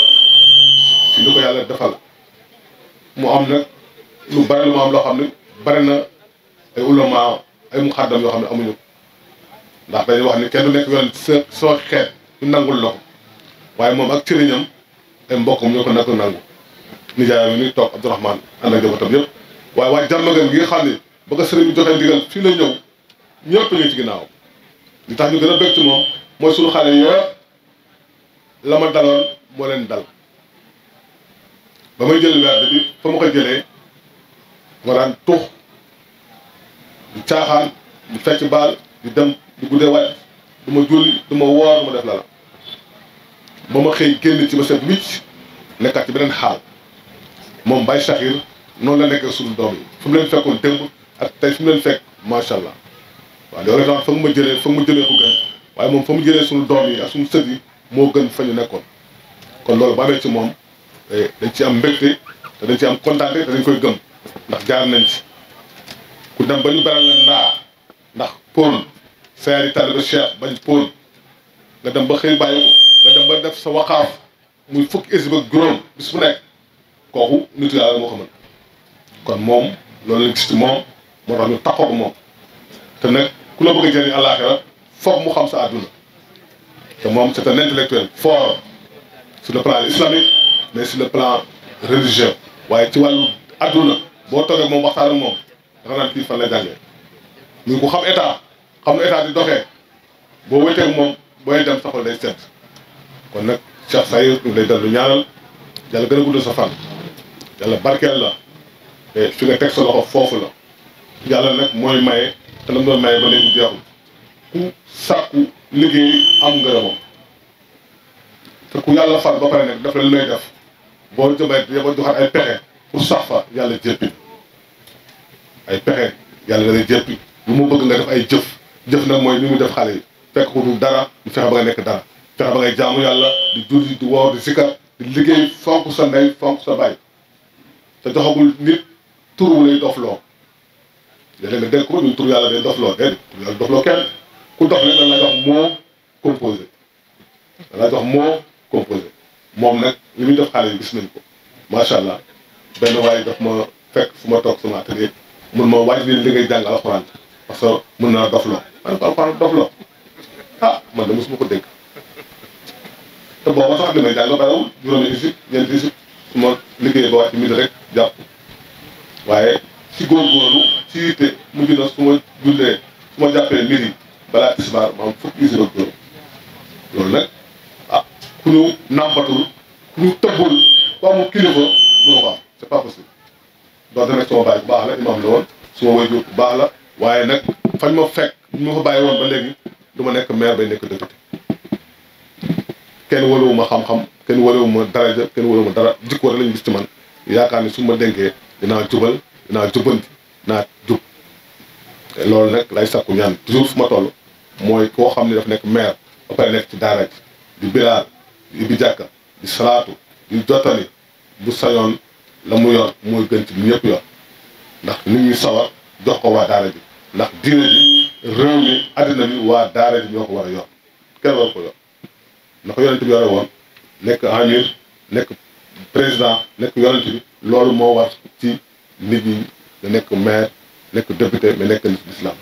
si li ko yàlla defal mu am nag lu bari lu ma am loo xam ne bari na ay ulama ay muxaddam yoo xam ne amuñu ndax dañuy wax ni kenn du nekk yoon sa soo xeet ñu nangul la waaye moom ak sëriñam ay mbokkam ñoo ko nekk nangu nijaayam ni toog Abdourahmane ànd ak njabootam yëpp gi xam ne ba ko joxee ndigal fii la ñëw ñëpp ñu ci ginnaaw li tax ñu gën a bég ci moom mooy suñu xale yëpp la ma daloon moo leen dal ba may jël weer bi fa ma ko jëlee ma daan tux caaxaan du fecc baal di dem di guddee wàcc du ma julli du ma woor ma def la la ba ma xëy génn ci ba set wicc nekkaat ci beneen xaal moom Baye Chahir noonu la nekkee suñu doom yi fu mu leen fekkoon démb ak tey fu mu leen fekk macha allah waaw loolu daal fa mu ma jëlee fa mu jëlee ko gën waaye moom fa mu jëlee suñu doom yi ak suñu sët moo gën fa ñu nekkoon kon loolu ba amee ci moom eh, dañ ci am mbégte te dañ ci am kontaante te dañ koy gëm. ndax jaar nañ si ku dem ba ñu beral la ndaa ndax pône saari taliba cheikh bañ pône nga dem ba xëy bàyyi ko nga dem ba def sa waxaaf muy fukki isib ak juróom bis bu nekk kooku nitu yàlla moo ko mën kon moom loolu lañ gis ci moom moo tax ñu taxoo ko moom te nag ku la bëgg a jëriñ àllaaxira foog mu xam sa àdduna te moom c'est un intellectuel fort sur le plan islamique mais sur le plan religieux waaye ci wàllu àdduna boo toogee moom waxtaan moom dafa naan kii fan la jàngee ñu ko xam état xam nu état di doxee boo wéeteeg moom booy dem sa xol day set kon nag Cheikh Sayir ñu lay dellu ñaanal yàlla gën a gudd sa fan yàlla barkeel la te fi nga teg sa loxo foofu la yàlla nag mooy maye te la mu doon maye ba léegi jeexul ku sàkku liggéey am ngërëmam te ku yàlla fal ba pare nag daf la lu lay def boo jëmee ba joxaat ay pexe pour sax fa yàlla jéppi ay pexe yàlla da lay jéppi lu mu bëgg nga def ay jëf jëf nag mooy li mu def xale yi fekk ko dara mu fexe ba nga nekk dara fexe ba ngay jaamu yàlla di julli di woor di sikar di liggéey fonk sa ndey fonk sa baay te joxagul nit tur wu lay dof loo léeg-léeg nga dégg ko yàlla day dof kenn ku dof rek da jox moo composé da jox moo composé moom nag li muy def xale yi gis nañ ko macha allah benn waaye daf ma fekk fu ma toog sama atelier mun ma waaj li ngay jàng alxuraan parce que mun naa dofloo ma ne ko alxuraan dofloo ah man de mosuma ko dégg te booba sax jullee su jàppee midi balaa tisbaar ma am fukki loolu nag ah ku ñu nàmpatul ku ñu tëbbul ku amul kilifa mënu ko am c'est pas possible donte nag sama baay bu baax la imaam la woon suma waajur bu baax la waaye nag fañ ma fekk ñu ma fa bàyyi woon ba léegi du ma nekk maire bay nekk député kenn wëlewu wuma xam-xam kenn wëlewu ma daraja kenn wëlewu ma dara jikko rek lañu gis ci man yaakaar ne su ma dénkee dinaa jubal dinaa jubbanti dinaa jub loolu nag lay sakku ñaan toujours fu ma toll mooy koo xam ne dafa nekk maire ba pare nekk ci daara ji di bilaal di ibi jàkka di salaatu di jottali bu sañoon la mu yor mooy gën ci ñëpp yor ndax nit ñi sawar jox ko waa daara ji ndax diine ji réew ñu àddina bi waa daara ji ñoo ko war a yor kenn war ko yor na ko yonent bi yore woon nekk amir nekk président nekk yonent bi moo war ci nit ñi nga nekk maire nekk député mais nekk nit l'islam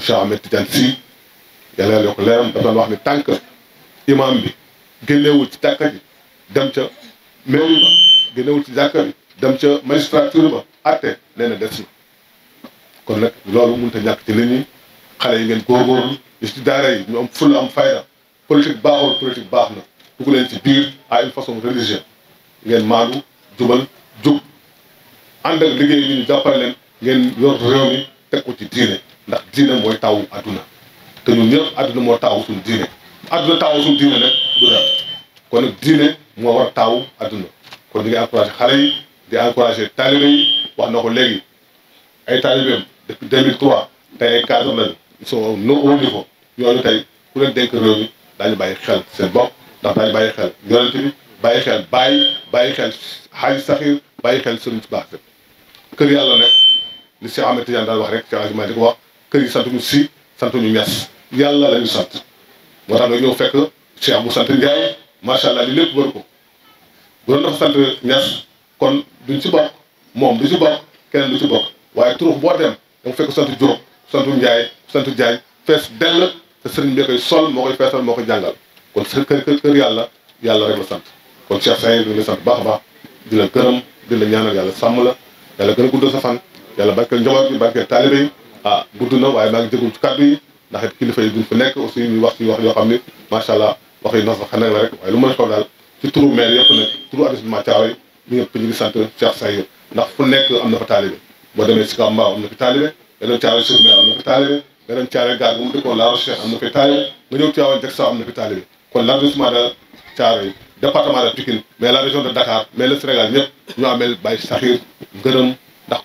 Cheikh Ahmed Tidiane Sy yàlla yokk leeram dafa wax ni tànk imam bi génnewul ci tàkka ji dem ca mairie génnewul ci jàkka bi dem ca magistrature ba atte nee def des kon nag loolu mënut a ñàkk ci xale yi ngeen góorgóorlu yi ci daara yi ñu am fulla am fayda politique baaxul politique baax na dugg leen ci biir à une façon religieuse ngeen maandu jubal jub ànd ak liggéey yi ñu jàppale leen ngeen yor réew mi teg ko ci diine ndax diine mooy tawu adduna te ñu ñëpp adduna moo taawu suñu diine adduna taawu suñu diine nag du dara kon nag diine moo war taawu adduna kon ñu ngi encouragé xale di encouragé taalibe yi wax na ko léegi ay taalibeem depuis 2003 tey ay cadre lañu ils sont au haut niveau ku leen dénk réew mi daañu bàyyi xel seen bopp ndax daañu bàyyi xel yonent bi bàyyi xel bàyyi bàyyi xel xaaj saxir bàyyi xel sëriñ si baax kër yàlla nag li si Ahmed daal wax rek ci engagement di ko wax kër yi santuñu si santuñu ñas yàlla la sant moo tax nag ñëw fekk cheikh bu sant Ndiaye macha allah li lépp wër ko bu doon dafa sant ñas kon duñ si bokk moom du si bokk keneen du si bokk waaye turux boo dem danga fekk sant Diop sant Ndiaye sant Diagne fees dell te sëriñ bi koy sol moo koy moo koy jàngal kon sa kër kër yàlla yàlla rek la sant kon Cheikh Saïd ñu ngi baax a baax di la gërëm di la ñaanal yàlla sàmm la yàlla gën a guddal sa fan yàlla barkeel njaboot bi barkeel taalibe yi ah gudd na waaye maa ngi ndax it kilifa yi nekk aussi ñuy wax ci wax yoo xam ni macha wax yi nos la xanaa la rek waaye lu mën a xew daal ci turu maire yëpp nag turu arrondissement Thiaroye ñu yëpp ñu ngi sant Cheikh Sayir ndax fu nekk am na fa taalibe boo demee mais la région de Dakar mais le Sénégal ndax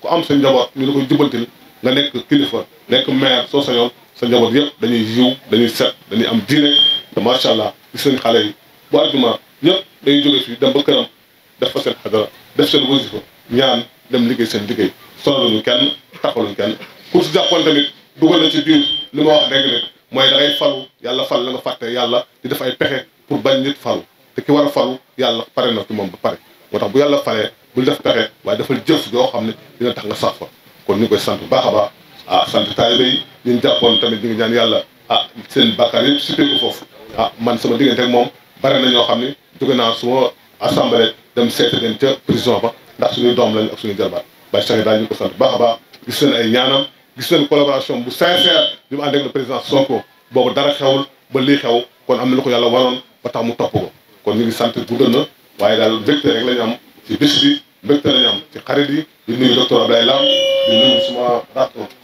ku am sa njaboot ñu la koy jubantil nga nekk kilifa nekk maire soo sañoon sa njaboot yëpp dañuy yiw dañuy set dañuy am diine te macha allah gis nañ xale yi bu àjjuma ñëpp dañuy jóge fii dem ba këram def fa seen xadara def seen wasifa ñaan dem liggéey seen liggéey sonaluñu kenn taxaluñu kenn ku si jàppoon tamit dugal na ci biir li ma wax léegi rek mooy da ngay falu yàlla fal la nga fàtte yàlla di def ay pexe pour bañ nit falu te ki war falu yàlla pare na ci moom ba pare moo tax bu yàlla falee bul def pexe waaye defal jëf joo xam ne dina tax nga sax fa kon ñu ngi koy sant bu baax a baax ah sant taalibe yi ñu jàppoon tamit ñu ngi ñaan yàlla ah seen bàkkaar yëpp suppé ko foofu ah man sama diggante moom bare na ñoo xam ne jóge naa suma assemblée dem seete leen ca prison ba ndax suñuy doom lañ ak suñuy jarbaat Baye Cheikh daal ñu ko sant baax a baax gis nañ ay ñaanam gis nañ collaboration bu sincère bi mu ànd ak le président Sonko boobu dara xewul ba lii xew kon am na lu ko yàlla waroon ba tax mu topp ko kon ñu ngi sant guddal waaye daal mbégte rek la ñu am ci bés bi mbégte la ñu am ci xarit yi di nuyu docteur Abdoulaye Lam di nuyu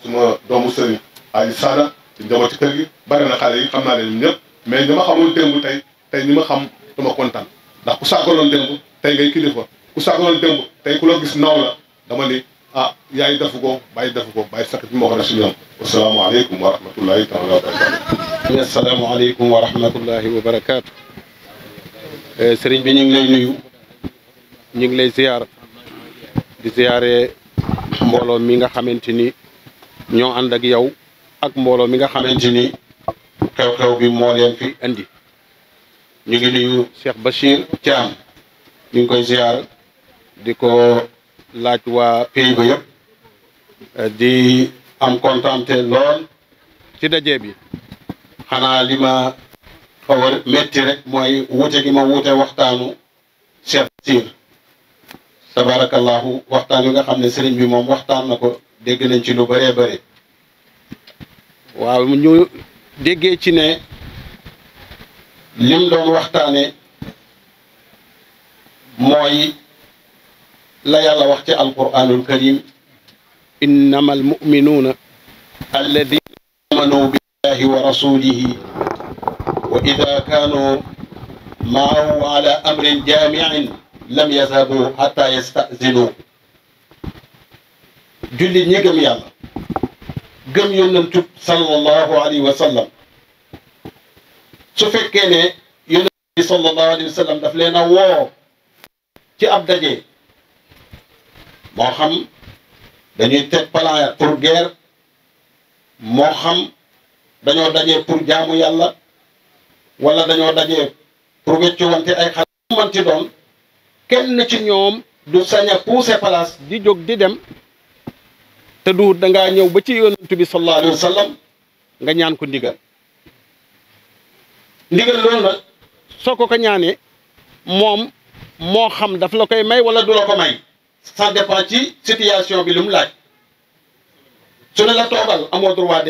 suma doomu sëriñ Aliou Sada ci njaboot ci kër gi bari na xaale yi xam naa leen ñëpp mais ñu ma xamul démb tey tey ñi ma xam dama kontaan ndax ku sàggaloon démb tey ngay kilifa ku sagaloon démb tey ku la gis naaw dama ni ah yaay defu ko bàyyi defu ko bàyyi sakk bi moo xam ne suñu yoon. wa rahmatulahi taala wa barakaatu. asalaamaaleykum wa wa barakaatu. Eh, sëriñ bi ñu ngi lay nuyu. ñu ngi lay ziar. di ziare mbooloo mi nga xamante ni ñoo ànd ak yow ak mbooloo mi nga xamante ni xew-xew bi moo leen fi indi. ñu ngi nuyu Cheikh Bachir Thiam. ñu koy ziar di ko laaj wa pays ba yëpp eh, di am kontante lool ci daje bi xanaa li ma xaw rek mooy wuute gi ma wuute waxtaanu Cheikh Sir tabarakallahu waxtaan wi nga xam ne sëriñ bi moom waxtaan na ko dégg nañ ci lu bëree bëri waaw ñu déggee ci ne lim doon waxtaane mooy la yàlla wax ci alquranul karim innama almuminuuna alladina amanu billahi wa rasulihi wa ida kaanu maahu ala amrin jaamiin lam yazhabu xata yastazinu jullit ñi gëm yàlla gëm yonentub sallallahu alayhi wa sallam su fekkee ne yonent bi sallallahu ci ab daje moo xam dañuy teg plan pour guerre moo xam dañoo daje pour jaamu yàlla wala dañoo daje pour weccuwante ay xar manti doon kenn ci ñoom du sañ a pousser di jóg di dem te du dangaa ñëw ba ci yonent bi sallallahu alayhi wa nga ñaan ko ndigal ndigal loolu nag soo ko ko ñaanee moom moo xam daf la koy may wala du la ko may ça dépend ci situation bi lu mu laaj su ne la toogal amoo droit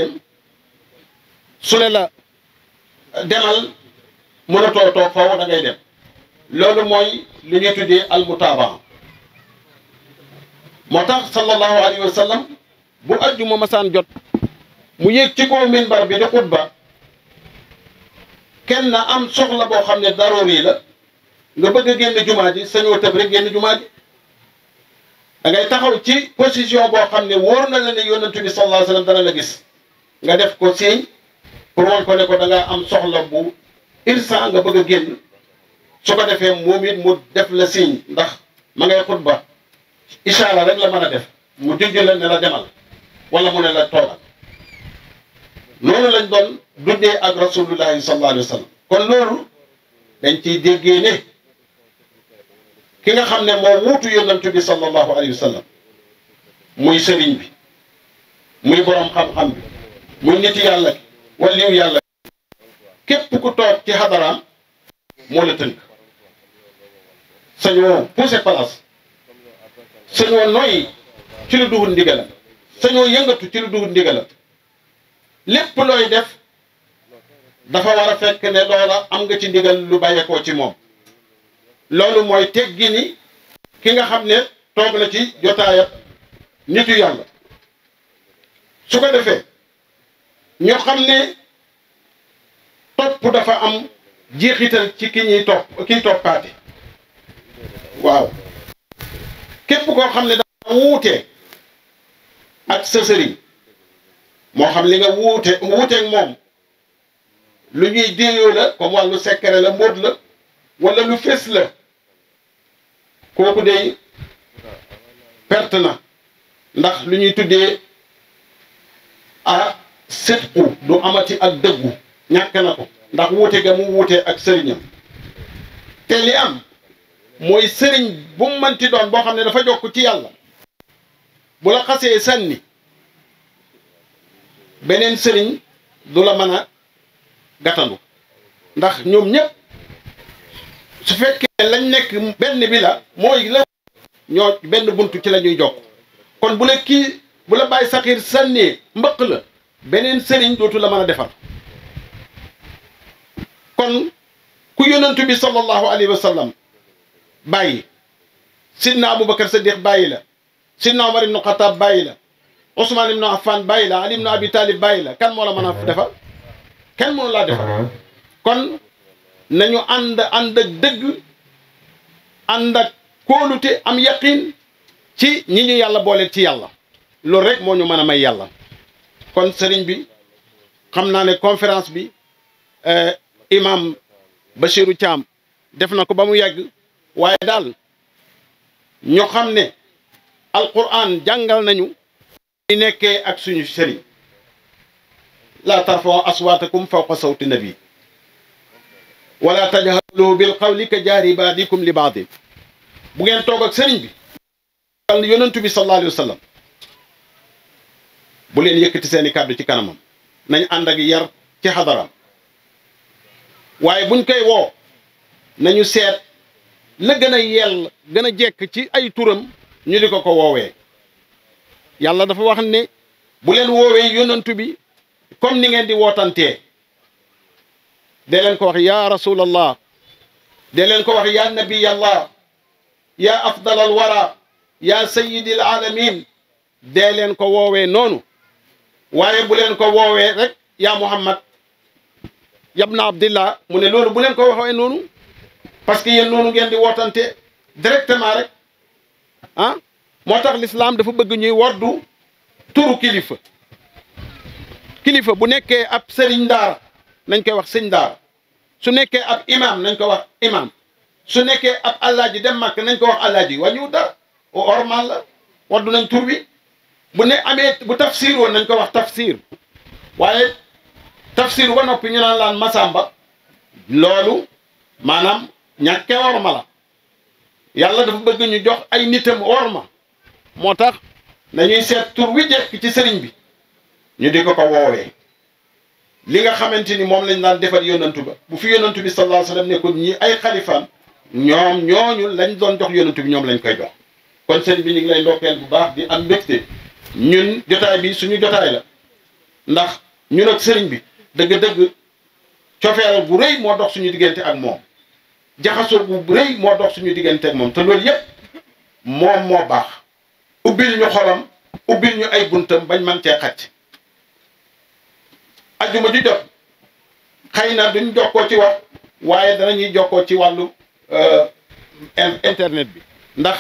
su ne la demal mënatoo toog foofu da ngay dem loolu mooy li ñuy tuddee almutaaba moo tax sallallahu alayhi wa sallam bu ajjuma masaan jot mu yéeg ci kaw minbar bi di xutba kenn am soxla boo xam ne daroori la nga bëgg a génn jumaa ji sañoo tëb rek génn jumaa ji da ngay taxaw ci position boo xam ne wóor na la ne yonent bi sallallahu alayhi wasallam dana la gis nga def ko signe pour woon ko ne ko da am soxla bu irsa nga bëgg a génn su ko defee moom it mu def la signe ndax ma ngay xutba ishaara rek la mën a def mu junj la ne la demal wala mu ne la toogal loolu lañ doon dundee ak rasulullahi sallallahu alayhi wasallam kon loolu dañ ci déggee ne ki nga xam ne moo wuutu yonent bi sallallahu alayhi wa sallam muy sëriñ bi muy borom xam-xam bi muy nit yàlla ki waliyu yàlla képp ku toog ci xadaraam moo la tënk sañoo poussé place sañoo noyyi ci lu duhul ndigalam sañoo yëngatu ci lu duhul ndigalam lépp looy def dafa war a fekk ne loola am nga ci ndigal lu bàyyeekoo ci moom loolu mooy teggini ki nga xam ne toog na ci jotaayab nitu yàlla su ko defee ñu xam ne topp dafa am jeexital ci ki ñuy topp kiy toppaate waaw képp koo xam ne dafa wuute ak sa moo xam li nga wuute wuuteeg moom lu ñuy déeyoo la comme wàllu secret la mbóot la walla lu fés la kooku day perte na ndax lu ñuy tuddee a sitqu du amati ak dëggu ñàkk na ko ndax wuute ga mu wuutee ak sëriñam te li am mooy sëriñ bu mu mënti doon boo xam ne dafa jokk ci yàlla bu la xasee sànni beneen sëriñ du la mën a gàttandu ndax ñoom ñëpp su fekkee lañ nekk benn bi la mooy la ñoo benn buntu ci la ñuy jokk kon bu la kii bu la bàyyi saxiir sànnee mbëq la beneen sëriñ dootu la mën a defar kon ku yonentu bi sallallahu alayhi wa sallam bàyyi sidna aboubacar sadiq bàyyi la sidna omar ibnu xataab bàyyi la ousmane ibnu affan bàyyi la ali ibnu abi talib bàyyi la kan moo la mën a defar kenn mënu laa defar uh-huh. kon nañu ànd ànd ak dëgg ànd ak kóolute am yaqin ci ñi ñu yàlla booleel ci yàlla loolu rek moo ñu mën a may yàlla kon sëriñ bi xam naa ne conférence bi eh, imam Bachirou Thiam def na ko ba mu yàgg waaye daal ñoo xam ne alquran jàngal nañu i nekkee ak suñu sëriñ la tarfoo aswaatakum fawqa sawti nabi wala tajharu lahu bil qawli ka jaari baadikum li baadi bu ngeen toog ak sëriñ bi al yonentu bi sallallahu alayhi wa sallam bu leen yëkkati seeni kàddu ci kanamam nañ ànd ak yar waaye buñ koy woo nañu seet la gën a yell gën a jekk ci ay turam ñu di ko ko woowee yàlla dafa wax ne bu leen woowee yonantu bi comme ni ngeen di wootantee de leen ko wax ya rasulallah de leen ko wax ya nabiyallah ya afdal al wara ya sayidi al leen ko woowee noonu waaye bu leen ko woowee rek ya muhammad yabna abdillah mu ne loolu bu leen ko waxee noonu parce que yéen noonu ngeen di wootante directement rek ah moo tax lislaam dafa bëgg ñuy woddu turu kilifa kilifa bu nekkee ab sëriñ daara nañ koy wax sëñ daar su nekkee ab imaam nañ ko wax imaam su nekkee ab alaaji dem màkk nañ ko wax alaaji wàññiwul dara ormal la waddu nañ tur bi bu ne amee bu tafsir woon nañ ko wax tafsir waaye tafsir wa noppi ñu naan laan masamba loolu maanaam ñàkkee orma la yàlla dafa bëgg ñu jox ay nitam orma moo tax nañuy seet tur wi jekk ci sëriñ bi ñu di ko ko woowee li nga xamante ni moom lañ daan defal yonantu ba bu fi yonantu bi sallallahu alayhi wa sallam nekkul ñi ay xalifaam ñoom ñooñu lañ doon jox yonantu bi ñoom lañ koy jox kon sëñ bi ñu ngi lay ndokkeel bu baax di am mbégte ñun jotaay bi suñu jotaay la ndax ñun ak sëriñ bi dëgg-dëgg cofeel bu rëy moo dox suñu diggante ak moom jaxasoo bu rëy moo dox suñu diggante ak moom te loolu yëpp moom moo baax ubbil ñu xolam ubbil ñu ay buntam bañ man cee xacc ajjuma ju jot xëy na duñ jokkoo ci wax waaye danañuy jokkoo ci wàllu euh, internet bi ndax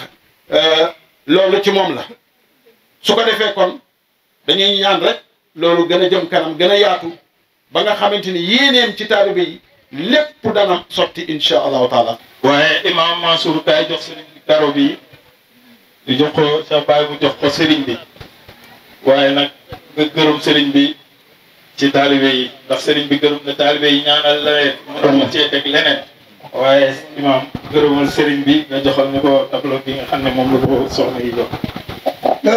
euh, loolu ci moom la su ko defee kon dañuy ñaan rek loolu gën a jëm kanam gën a yaatu ba nga xamante ni yéeneem ci taalibe bi lépp dana sotti incha allahu taala. waaye imaam Mansour kaay jox sëriñ bi karo bi di jox ko baay mu jox ko sëriñ bi waaye nag nga gërëm sëriñ bi. ci taalibe yi ndax sëriñ bi gërëm na taalibe yi ñaanal la leen mënul cee teg leneen waaye imaam gërëmal sëriñ bi nga joxal ñu ko tableau bi nga xam ne moom la ko soxna yi jox la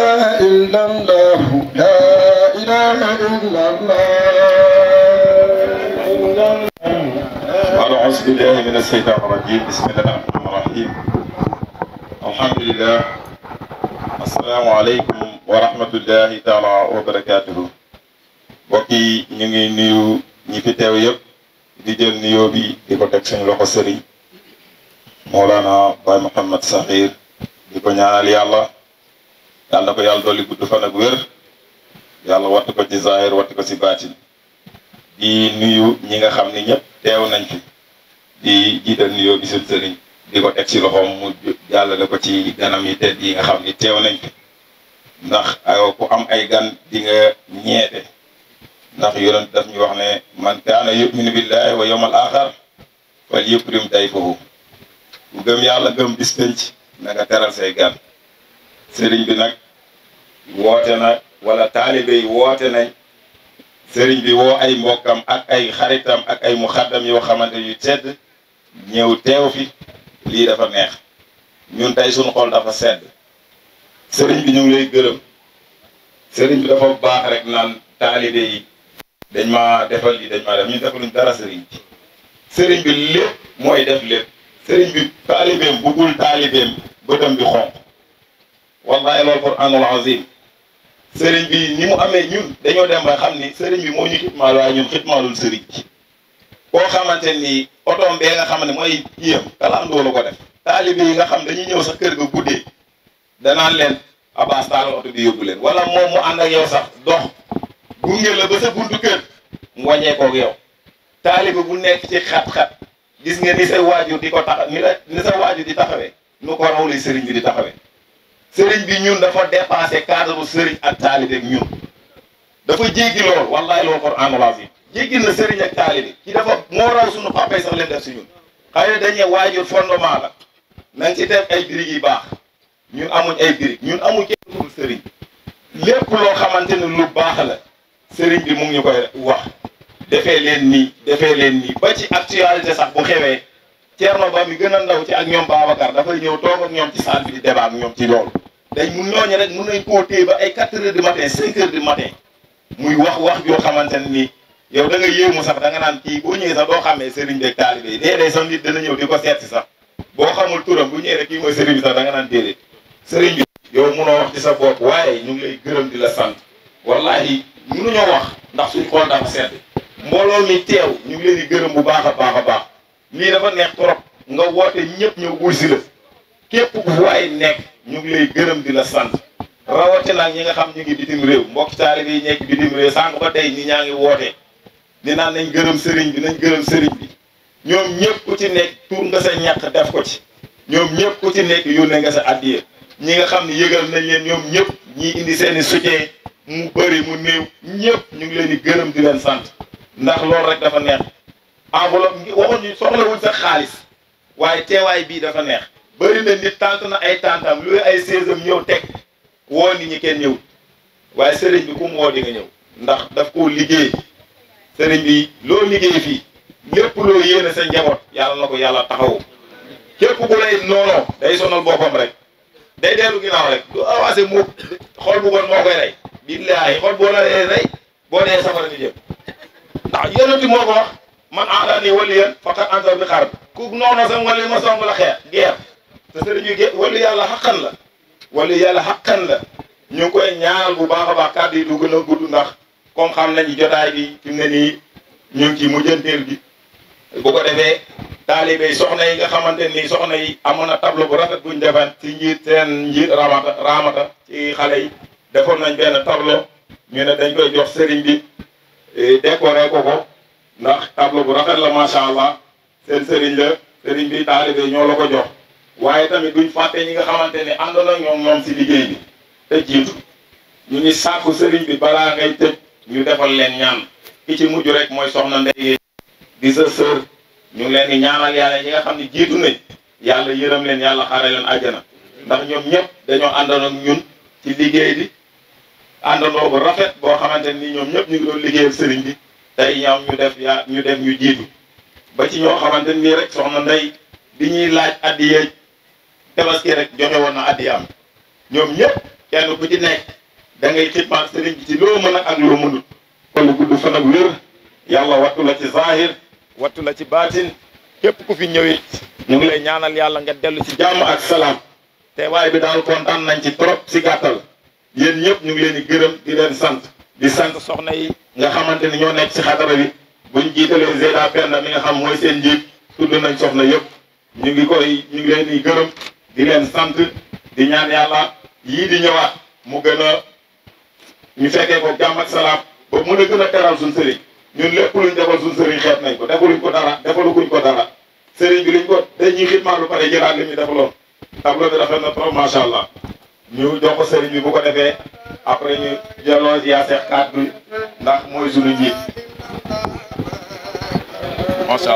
illa allah la ilaha illa allah ala aus billahi min asheytan irajim bismillahi rahman rahim alhamdulillah assalaamu aleykum wa rahmatullahi taala wa barakatuhu mbokk yi ñu ngi nuyu ñi fi teew yëpp di jël nuyoo bi di ko teg suñu loxo sëriñ Mawlana Baye Mouhamed Sakhir di ko ñaanal yàlla yàlla na ko yàlla dolli gudd fan ak wér yàlla wattu ko ci zahir wattu ko ci baatin di nuyu ñi nga xam ni ñëpp teew nañ fi di jiital nuyoo bi suñu sëriñ di ko teg ci loxoom mu jàllale ko ci ganam yi tedd yi nga xam ni teew nañ fi ndax ku am ay gan di ñeete ndax yonent daf ñu wax ne man kaana yuminu billahi wa yawmal axar fal yukrim dayfahu bu gëm yàlla gëm bis penc na nga teral say gan sëriñ bi nag woote na walla taalibe yi woote nañ sëriñ bi woo ay mbokkam ak ay xaritam ak ay muxaddam yoo xamante yu sedd ñëw teew fi lii dafa neex ñun tey suñu xol dafa sedd sëriñ bi ñu ngi lay gërëm sëriñ bi dafa baax rek naan taalibe yi dañ ma defal yi dañ maa def ñu defaluñ dara sëriñ bi sëriñ lépp mooy def lépp sëriñ bi taalibeem buggul taalibeem bëtam bi xonq wallahi loolu quraanul azim sëriñ bi ni mu amee ñun dañoo dem ba xam ni sëriñ bi moo ñu xitmaal ñun xitmaalul sëriñ ci koo xamante ni otoom bee nga xam ne mooy yéem kalaam doolu ko def taalibe yi nga xam dañuy ñëw sax kër ga guddee danaan leen abbas taal oto bi yóbbu leen wala moom mu ànd ak yow sax dox gunge la ba sa buntu kër mu wàññeekoo ak yow taalibe bu nekk ci xat-xat gis nga ni say waajur di ko tax ni sa waajur di taxawe nu ko sëriñ bi di taxawee sëriñ bi ñun dafa dépassé cadre bu sëriñ ak taalibe ak ñun dafa jéggi lool wallahi loolu Qur'aan al-Aziim jéggi na sëriñ ak taalibe ki dafa moo raw suñu papay sax leen def si ñun xëy na dañee waajur fondement la nañ ci def ay birig yi baax ñun amuñ ay birig ñun amuñ kenn sëriñ lépp loo xamante ne lu baax la sëriñ bi mu ngi ñu koy wax defee leen nii defee leen nii ba ci actualité sax bu xewee ma Ba mi gën a ndaw ci ak ñoom Babacar dafay ñëw toog ak ñoom ci salle bi di débat ñoom ci loolu. dañ mun ñooñu rek mun nañ koo téye ba ay quatre heures du matin cinq heures du matin muy wax wax yoo xamante ne nii yow da nga yéemu sax da nga naan kii boo ñëwee sax doo xamee sëriñ beeg taalibe yi dee dee sax nit dana ñëw di ko seet sax boo xamul turam bu ñëwee rek kii mooy sëriñ bi sax da nga naan bi yow munoo wax sa bopp waaye ñu lay gërëm di la sant wallahi mënuñoo wax ndax suñ xool dafa sedd mbooloo mi teew ñu ngi leen di gërëm bu baax a baax a baax lii dafa neex trop nga woote ñëpp ñëw si la képp ku waay nekk ñu ngi lay gërëm di la sant rawatina ak ñi nga xam ñu ngi bitim réew mbokk taalibe yi nekk bitim réew sànq ba tey ñi ñaa ngi woote di naa nañ gërëm sëriñ bi nañ gërëm sëriñ bi ñoom ñëpp ku ci nekk tuur nga sa ñàkk def ko ci ñoom ñëpp ku ci nekk yónnee nga sa addiya ñi nga xam ne yëgal nañ leen ñoom ñëpp ñi indi seeni soutien mu bëri mu néew ñëpp ñu ngi leen di gërëm di leen sant ndax loolu rek dafa neex enveloppe ngi waxoon ñu soxlawul sax xaalis waaye teewaay bii dafa neex bëri na nit tant na ay tantam lu ay saisam ñëw teg woo nit ñu kenn ñëwut waaye sëriñ bi ku di ñëw ndax daf ko liggéey sëriñ bi loo liggéey fii lépp loo yéene sa njaboot yàlla na ko yàlla taxawu képp ku lay noonoo day sonal boppam rek day dellu ginnaaw rek du avancé mu xool bu bon moo koy rey billaahi xol boo naree rey boo nee safara di jëm ndax yonent bi moo ko wax man àndaan ni waliyan faqat ansa bi xarb ku noonu sam wali ma song la xeex geer te sëriñ ge wali yàlla xaqan la wali yàlla xaqan la ñu ngi koy ñaanal bu baax a baax kàddu yi du gën a gudd ndax comme xam nañu jotaay bi fi mu ne nii ñu ci mujjanteel bi bu ko defee taalibe soxna yi nga xamante ni soxna yi amoon na tablo bu rafet buñ defan ci njiit seen njiit ramata ramata ci xale yi defoon nañ benn tableau ñu ne dañ koy jox sëriñ bi e, décoré ko ko ndax tableau bu rafet la macha allah seen sëriñ la sëriñ bi taalibe ñoo la ko jox waaye tamit duñ fàtte ñi nga xamante ne ànd na ñoom si liggéey bi te jiitu ñu ngi sàkku sëriñ bi balaa ñu defal leen ñaan ki ci mujj rek mooy soxna Ndeye di sa ñu ngi leen di ñaanal yàlla ñi xam ne jiitu nañ yàlla yërëm leen yàlla xaare leen àjjana ndax ñoom ñëpp dañoo àndoon ak ñun ci liggéey bi àndandoo rafet boo xamante ni ñoom ñëpp ñu ngi doon liggéeyal sëriñ bi tey ñoom ñu def ñu def ñu jiitu ba ci ñoo xamante ni rek soxna ndey di ñuy laaj addiyeej tabaski rek joxe woon na addiyaam ñoom ñëpp kenn bu ci nekk da ngay xidmaat sëriñ bi ci loo mën a ak loo mënut kon gudd fan ak wér yàlla wattu la ci zahir wattu la ci baatin képp ku fi ñëwit ñu ngi lay ñaanal yàlla nga dellu ci jàmm ak salaam te waaye bi daal kontaan nañ ci trop si gàttal yéen ñëpp ñu ngi leen di gërëm di leen sant di sant soxna yi nga xamante ni ñoo nekk ci xadara bi buñ jiitalee Zeyda na mi nga xam mooy seen njiit tudd nañ soxna yëpp ñu ngi koy ñu ngi leen di gërëm di leen sant di ñaan yàlla yii di ñëwaat mu gën a ñu fekkee ko jàmm ak salaam ba mu a gën a teral suñ sëriñ ñun lépp luñ defal suñ sëriñ xeet nañ ko defaluñ ko dara defalukuñ ko dara sëriñ bi liñ ko dañuy xidmaat lu pare jëlaat li ñu defaloon tableau bi rafet na trop macha ñu jox ko sëriñ bi bu ko defee après ñu jëloon yaa seex kàddu ndax mooy suñu njiit macha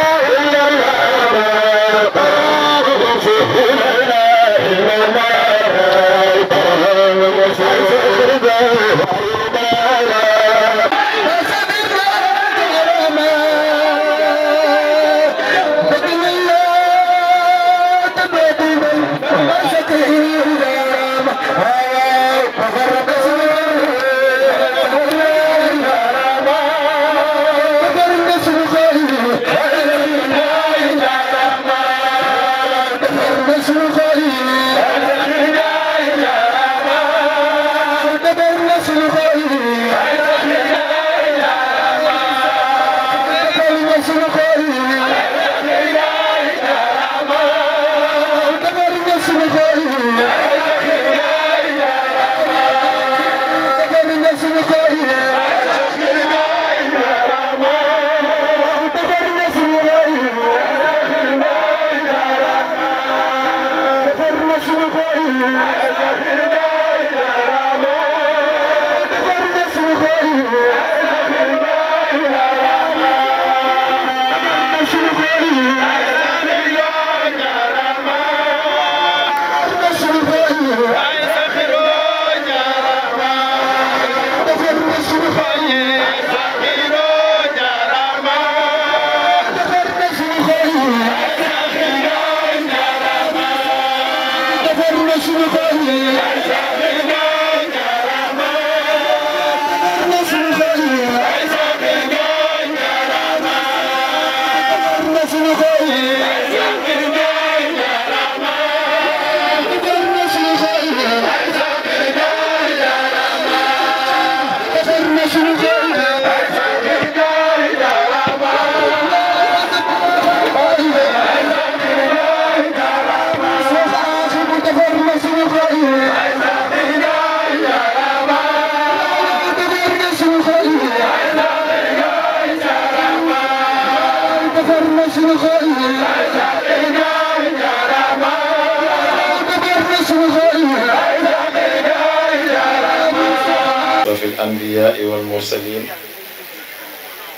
الأنبياء والمرسلين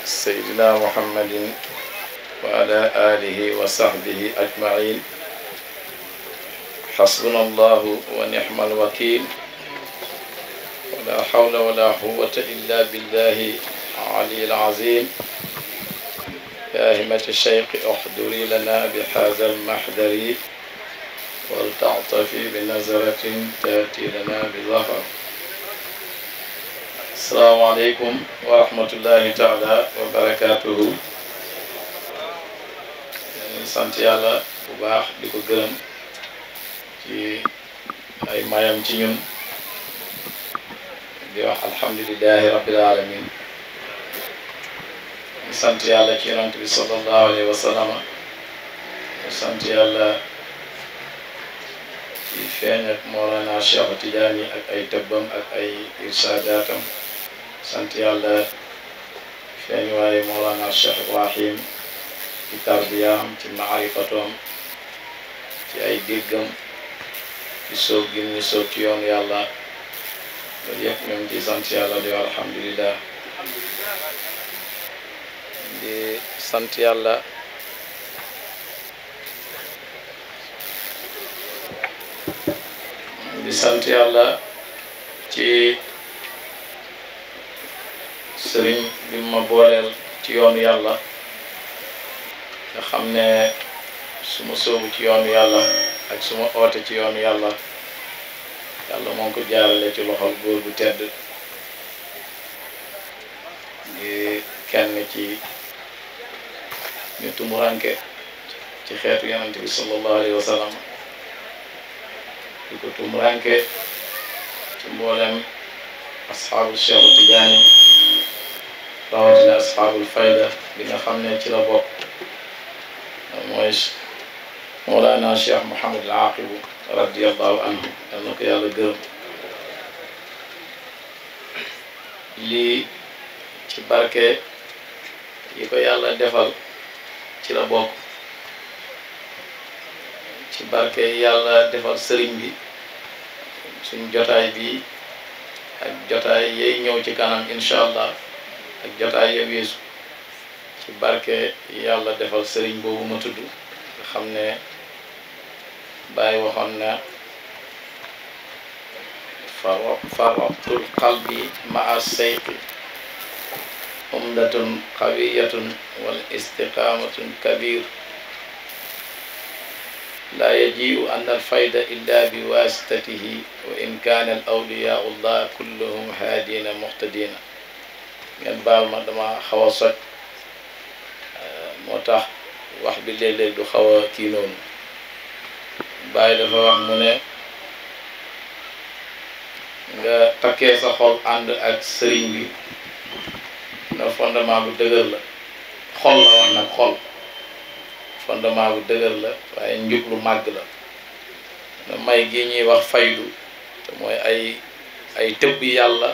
سيدنا محمد وعلى آله وصحبه أجمعين حسبنا الله ونعم الوكيل ولا حول ولا قوة إلا بالله العلي العظيم يا همة الشيخ احضري لنا بهذا المحضر ولتعطفي بنظرة تأتي لنا بظهر asalaamaaleykum wa rahmatullahi taala wa barakaatuhu sant yàlla bu baax di ko gërëm ci ay mayam ci ñun di wax alamin sant yàlla ci yonent bi sallallahu alayhi wa sallama sant yàlla ak ay tëbbam ak ay irsaadaatam sant yàlla feeñ waaye Mawlana Cheikh Ibrahim ci tarbiyaam ci maarifatoom ci ay déggam ci soog gi ñu soog ci yoon yàlla loolu yëpp sant yàlla di alhamdulillah di sant yàlla di sëriñ bi ma booleel ci yoon yàlla nga xam ne su ma sóobu ci yoon yàlla ak su ma oote ci yoon yàlla yàlla moo ko jaarale ci loxol góor bu tedd di kenn ci ñu tumuranke ci xeetu yonent bi sallallahu alayhi wa di ko tumuranke ci mboolem asxaabu Cheikh Tidiane rawatina asxaabul fayda bi nga xam ne ci la bokk na Mawlana Cheikh Mouhamadul Aqib radiyallahu anhu yal na ko yàlla gërëm lii ci barke yi ko yàlla defal ci la bokk ci barke yàlla defal sëriñ bi suñ jotaay bi ak jotaay yay ñëw ci kanam incha ak jotaay ya ci barke yàlla defal sëriñ boobu ma tudd nga xam ne bàyyi waxoon na faro farobtul qalbi maa seyqi umdatun wal istiqaamatun kabir la yajiu an alfayda illa bi wasitatihi wa in kaana al awliyaullah kulluhum haadina muhtadina ngeen baal ma dama xaw a soj euh, moo tax wax bi léeg-léeg du xaw a kii noonu bàyyi dafa wax mu ne nga takkee sa xol ànd ak sëriñ bi na fondement bu dëgër la xol la wax nag xol fondement bu dëgër la waaye njub lu màgg la na may gi ñuy wax faydu te mooy ay ay tëbb yàlla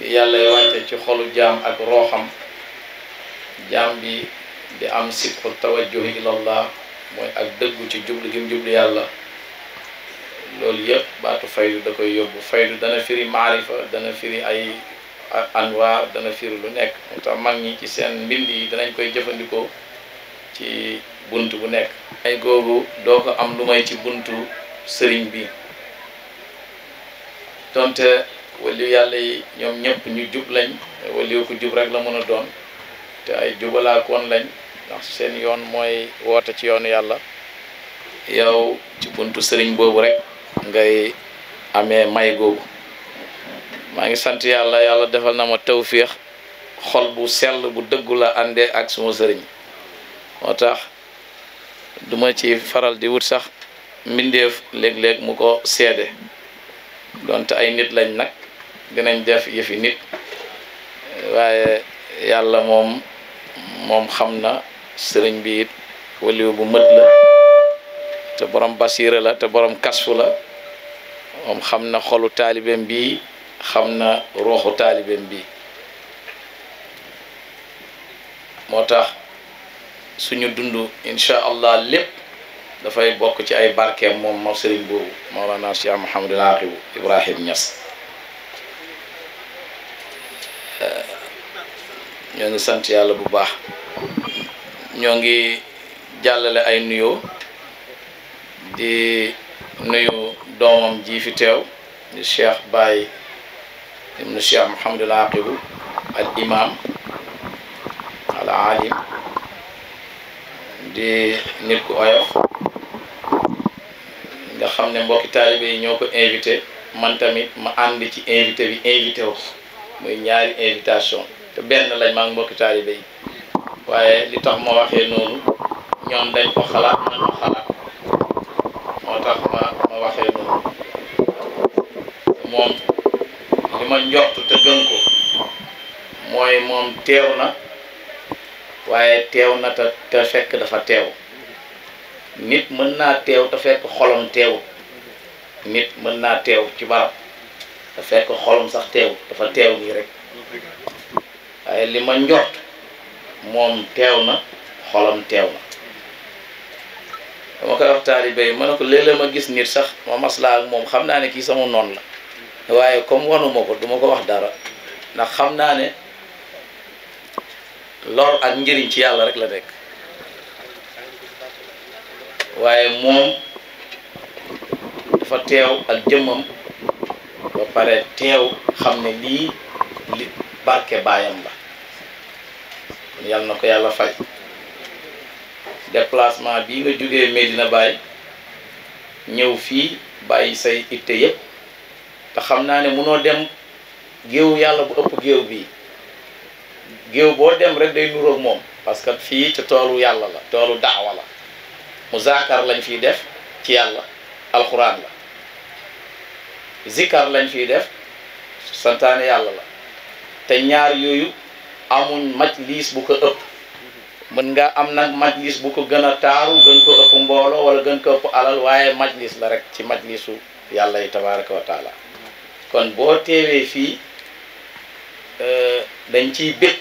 yu yàlla y ci xolu jaam ak rooxam jaam bi di am sibxu tawajjuh ilallah mooy ak dëggu ci jublu gi mu jublu yàlla loolu yëpp baatu faydu da koy yóbbu faydu dana firi maarifa dana firi ay anwaar dana firi lu nekk moo tax mag ñi ci seen mbind yi danañ koy jëfandikoo ci bunt bu nekk ay googu doo ko am lu may ci buntu sëriñ bi donte waliyu yàlla yi ñoom ñëpp ñu jub lañ waliyu ku jub rek la mën a doon te ay jubalaakoon lañ ndax seen yoon mooy woote ci yoonu yàlla yow ci buntu sëriñ boobu rek ngay ame may googu maa ngi sant yàlla yàlla defal na ma tawféex xol bu sell bu dëggu la àndee ak suma sëriñ moo tax duma ci faral di wut sax mbindeef léeg-léeg mu ko seede donte ay nit lañ nag dinañ def yëfi nit waaye yàlla moom moom xam na sëriñ bi it waliwu bu mët la te borom basiira la te borom kasfu la moom xam na xolu taalibeem bi xam na ruuxu taalibeem bi moo tax suñu dund incha allah lépp dafay bokk ci ay barkeem moom moom si boobu Mawlana Cheikh Mouhamadul Aqib Ibrahim Niass Euh, ñoo ngi sant yàlla bu baax ñoo ngi jàllale ay nuyoo di nuyu doomam ji fi teew di Cheikh Baye ibnu Cheikh Mouhamadul Aqibu al imam al alim di nit ku oyof nga xam ne mbokki taalibe yi ñoo ko invité man tamit ma ànd ci invité bi invité wu muy ñaari invitation te benn lañ maa ngi mbokki waaye li tax ma waxee noonu ñoom dañ ko xalaat moo tax ma ma waxee noonu moom li ma njort te gën ko mooy moom teew na waaye teew na te te fekk dafa teew nit mën naa teew te fekk xolam teew nit mën naa teew ci barab te fekk xolom dafa teew nii rek waaye li ma njort moom teew na xolam teew na dama koy wax taalibe yi ma ne ko léeg ma gis nit sax ma maslaa ak moom xam naa ne kii sama noon la waaye comme wanuma ko duma ko wax dara ndax xam naa ne lor ak njëriñ ci yàlla rek la nekk waaye moom dafa teew ak jëmmam ba pare teew xam ne lii li barke baayam la yal na ko yàlla fay déplacement bi nga jógee Medina Baye ñëw fii bàyyi say itte yëpp te xam naa ne munoo dem géewu yàlla bu ëpp géew bii géew boo dem rek day nuroog moom parce que fii ca toolu yàlla la toolu daawa la mu zaakar lañ fiy def ci yàlla alxuraan la zikar lañ fi def santaane yàlla la te ñaar yooyu amuñ majlis bu ko ëpp mën nga am nag majlis bu ko gën a taaru gën ko ëpp mbooloo wala gën ko ëpp alal waaye majlis la rek ci majlisu yàlla yi tabaraka wa taala kon boo teewee fii euh, dañ ci bég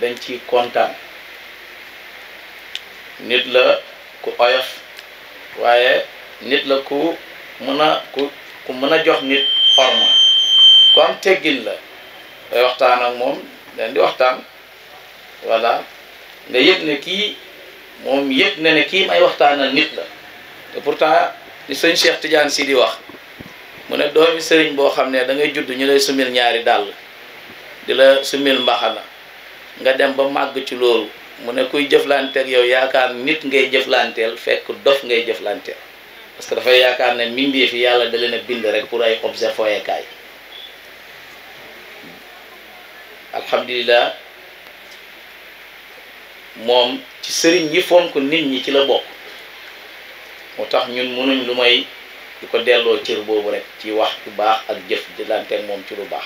dañ ci kontaan nit la ku oyof waaye nit la ku mën ku ku a jox nit orma ku am teggin la ngay waxtaan ak moom leen di waxtaan voilà nga yëg ne kii moom yëg na ne kii may waxtaanal nit la te pourtant li sëñ Cheikh Tidiane si di wax mu ne doomi sëriñ boo xam ne dangay ngay judd ñu lay sumil ñaari dàll di la sumil mbaxana nga dem ba màgg ci loolu mu ne kuy jëflanteel yow yaakaar nit ngay jëflanteel fekk dof ngay jëflanteel parce dafay yaakaar ne mbindeef fi yàlla de leen bind rek pour ay objet kaay alhamdulilah moom ci sëriñ yi fonk nit ñi ci la bokk moo tax ñun mënuñ lu may di ko delloo cër boobu rek ci wax bu baax ak jëf di lanteeg moom ci lu baax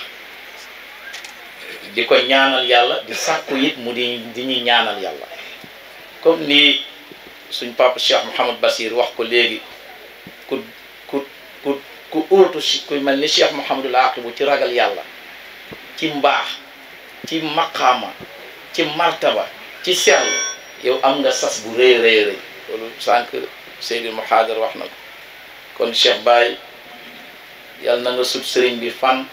di ko ñaanal yàlla di sàkku it mu di di ñaanal yàlla comme ni suñ papa Cheikh Mouhamad Basir wax ko léegi ku ku óotu si ku mel ni Cheikh Mouhamadul Aqibu ci ragal yàlla ci mbaax ci maqama ci martaba ci sell yow am nga sas bu rëy rëy rëy loolu sànq Seydi Mouhaadar wax na ko kon Cheikh Baye yàlla na nga sut sëriñ bi fan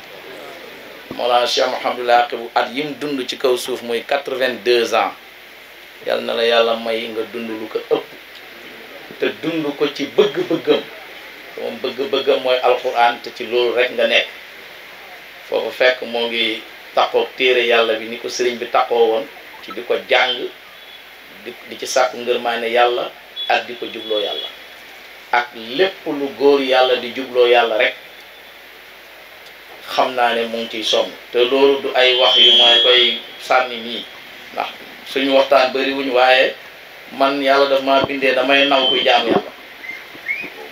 Mawlana Cheikh Mouhamadul Aqibu at yim dund ci kaw suuf muy quatre-vingt-deux ans yàlla na la yàlla may nga dund lu ko ëpp te dund ko ci bëgg-bëggam moom bëgg bëgg mooy alquran te ci loolu rek nga nekk foofu fekk moo ngi taqoog téere yàlla bi ni ko sëriñ bi taqoo woon ci di ko jàng di ci sàkku ngërmaane yàlla ak di ko jubloo yàlla ak lépp lu góor yàlla di jubloo yàlla rek xam naa ne mu ngi ciy somm te loolu du ay wax yu mooy koy sànni nii ndax suñu waxtaan bëri waaye man yàlla daf maa bindee damay naw kuy jaam yàlla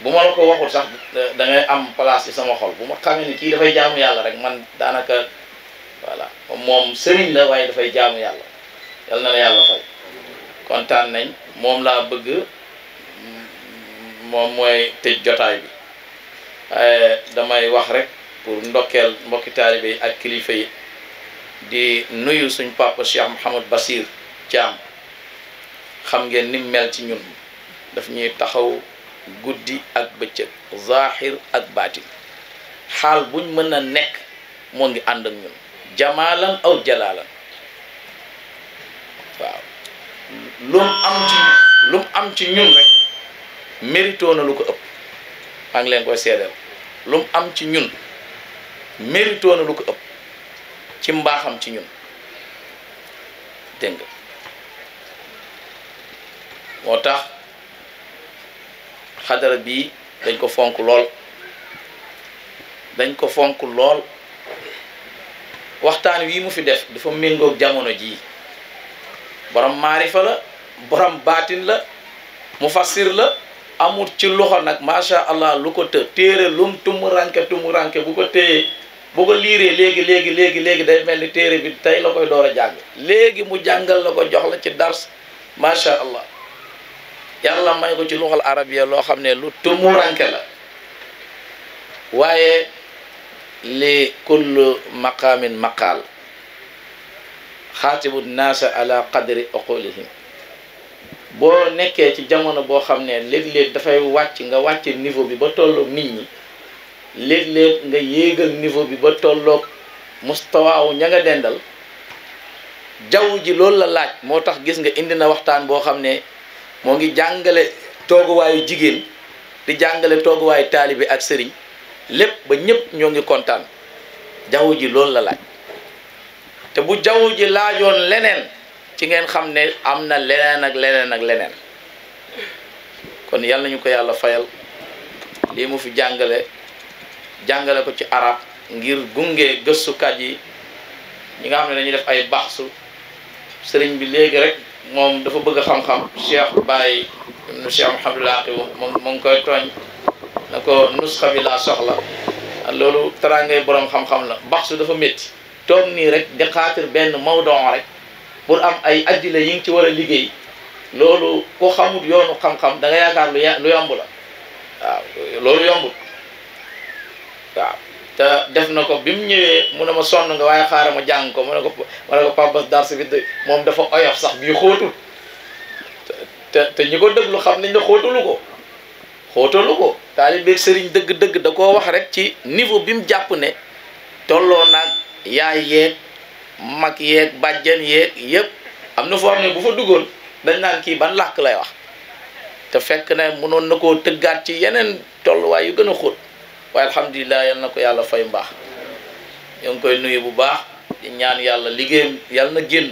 bu ma la ko waxul sax euh, da ngay am place ci sama xol bu ma xamee ni kii dafay jaamu yàlla rek man daanaka voilà moom sëriñ la waaye dafay jaamu yàlla yàlla fay kontaan nañ moom laa bëgg moom mooy tëj jotaay bi waaye euh, damay wax rek pour ndokkeel mbokki taalibe ak kilifa yi di nuyu suñ papa Cheikh Mouhamad Basir Thiam xam ngeen ni mel ci ñun daf ñuy taxaw. guddi ak bëccëg zahir ak baatin xaal buñ mën na nekk moo ngi ànd ak ñun jamaalan aw jalaalan waaw lum am ci lum am ci ñun rek na lu ko ëpp maa leen koy seedeel lum am ci ñun mérito na lu ko ëpp ci mbaaxam ci ñun dégg moo tax xadara bii dañ ko fonk lool dañ ko fonk lool waxtaan wii mu fi def dafa méngoog jamono jii borom maarifa la borom baatin la mufassir la amul ci loxo nag macha allah lu ko të téere lum tumuranke tumuranke bu ko téyee bu ko liiree léegi léegi léegi léegi day mel ni téere bi tey la koy door a jàng léegi mu jàngal la ko jox la ci dars macha allah yàlla may ko ci luxal arabiya loo xam ne lu tumuranke la waaye li kullu maqaamin maqaal xaatibu naasa ala qadri oqolihim boo nekkee ci jamono boo xam ne léeg-léeg dafay wàcc nga wàcc niveau bi ba tolloog nit ñi léeg-léeg nga yéegal niveau bi ba tolloog mustawaawu ña nga dendal jaww ji loolu la laaj moo tax gis nga indi na waxtaan boo xam ne moo ngi jàngale tooguwaayu jigéen di jàngale tooguwaayu taalibe ak sëriñ lépp ba ñëpp ñoo ngi kontaan jaww ji loolu la laaj te bu jaww ji laajoon leneen ci ngeen xam ne am na leneen ak leneen ak leneen kon yal nañu ko yàlla fayal lii mu fi jàngale jàngale ko ci arab ngir gunge gëstukat yi ñi nga xam ne dañuy def ay baaxsu sëriñ bi léegi rek moom dafa bëgg xam-xam Cheikh Baye ibnu Cheikh Mouhamadul Aqibu moom mu ngi koy tooñ na ko nusxa bi laa soxla ah, loolu taraangay borom xam-xam la bax su dafa métti toog nii rek di xaatir benn mawdon rek pour am ay addila yi nga ci war a liggéey loolu ku xamut yoonu xam-xam da nga yaakaar lu yomb la waaw loolu yombut waaw def na ko bi mu ñëwee mu ne ma sonn nga waaye xaaral ma jàng ko mu ne ko ma ko pambas dar si bit moom dafa oyof sax bii xóotul te ñi ko déglu xam nañ ne xóotalu ko xóotalu ko taalibe sëriñ dëgg-dëgg da koo wax rek ci niveau bi mu jàpp ne tolloo naag yaay yeeg mag yeeg bàjjen yeeg yëpp am na foo xam ne bu fa duggoon dañ naan kii ban làkk lay wax te fekk ne mënoon na koo tëggaat ci yeneen tolluwaay yu gën a xóot waaye alhamdulilah yal na ko yàlla fay mbaax ñoo ngi koy nuyu bu baax di ñaan yàlla liggéeyam yàlla na génn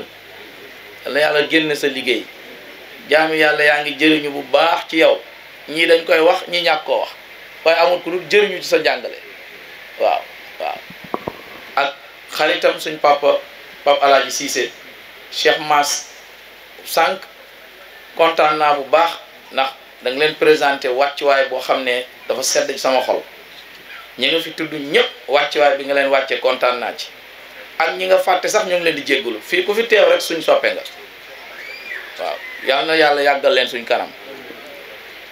yal na yàlla génn sa liggéey jaami yàlla yaa ngi jëriñu bu baax ci yow ñii dañ koy wax ñi ñàkk koo wax waaye amul ku dul jëriñu ci sa jàngale waaw waaw ak xaritam suñ papa papa alaaji Cissé Cheikh Mass sànq kontaan bu baax ndax da leen leen présenté wàccuwaay boo xam ne dafa sedd ci sama xol ñi nga fi ñëpp wàccuwaay bi nga leen wàcce kontaan naa ci ak ñi nga fàtte sax ñoo ngi leen di jéggulu fii ku fi teew rek suñ soppe nga waaw yal na yàlla yàggal leen suñ kanam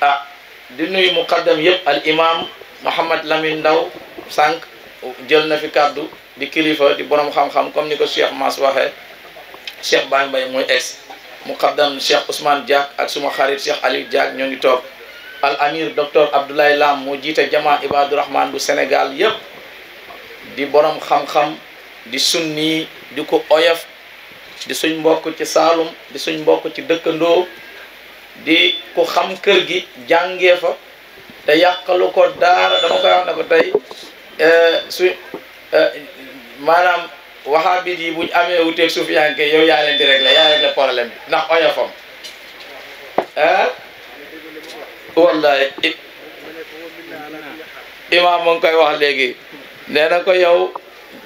ah di nuyu muqaddam yëpp al imam Mouhamad Lamine Ndaw sànq jël na fi kàddu di kilifa di borom xam-xam comme ni ko Cheikh Mass waxee Cheikh Baye Mbaye muy ex muqaddam Cheikh Ousmane Diak ak suma xarit Cheikh Aliou Diak ñoo ngi toog al amir docteur Abdoulaye Lam moo jiite jamaa Ibadu Rahman bu Sénégal yépp di borom xam-xam di sunni di ko oyof di suñ mbokk ci Saalum di suñ mbokk ci dëkkandoo di ku xam kër gi jàngee fa te yàqalu ko daara dama koy wax ne ko tey eh, su eh, maanaam waxaabit yi buñ amee wuteeg suufiyanke yow yaa leen di régler yaa régler problème bi ndax oyofam ah wallaay imaam mu ngi koy wax léegi nee na ko yow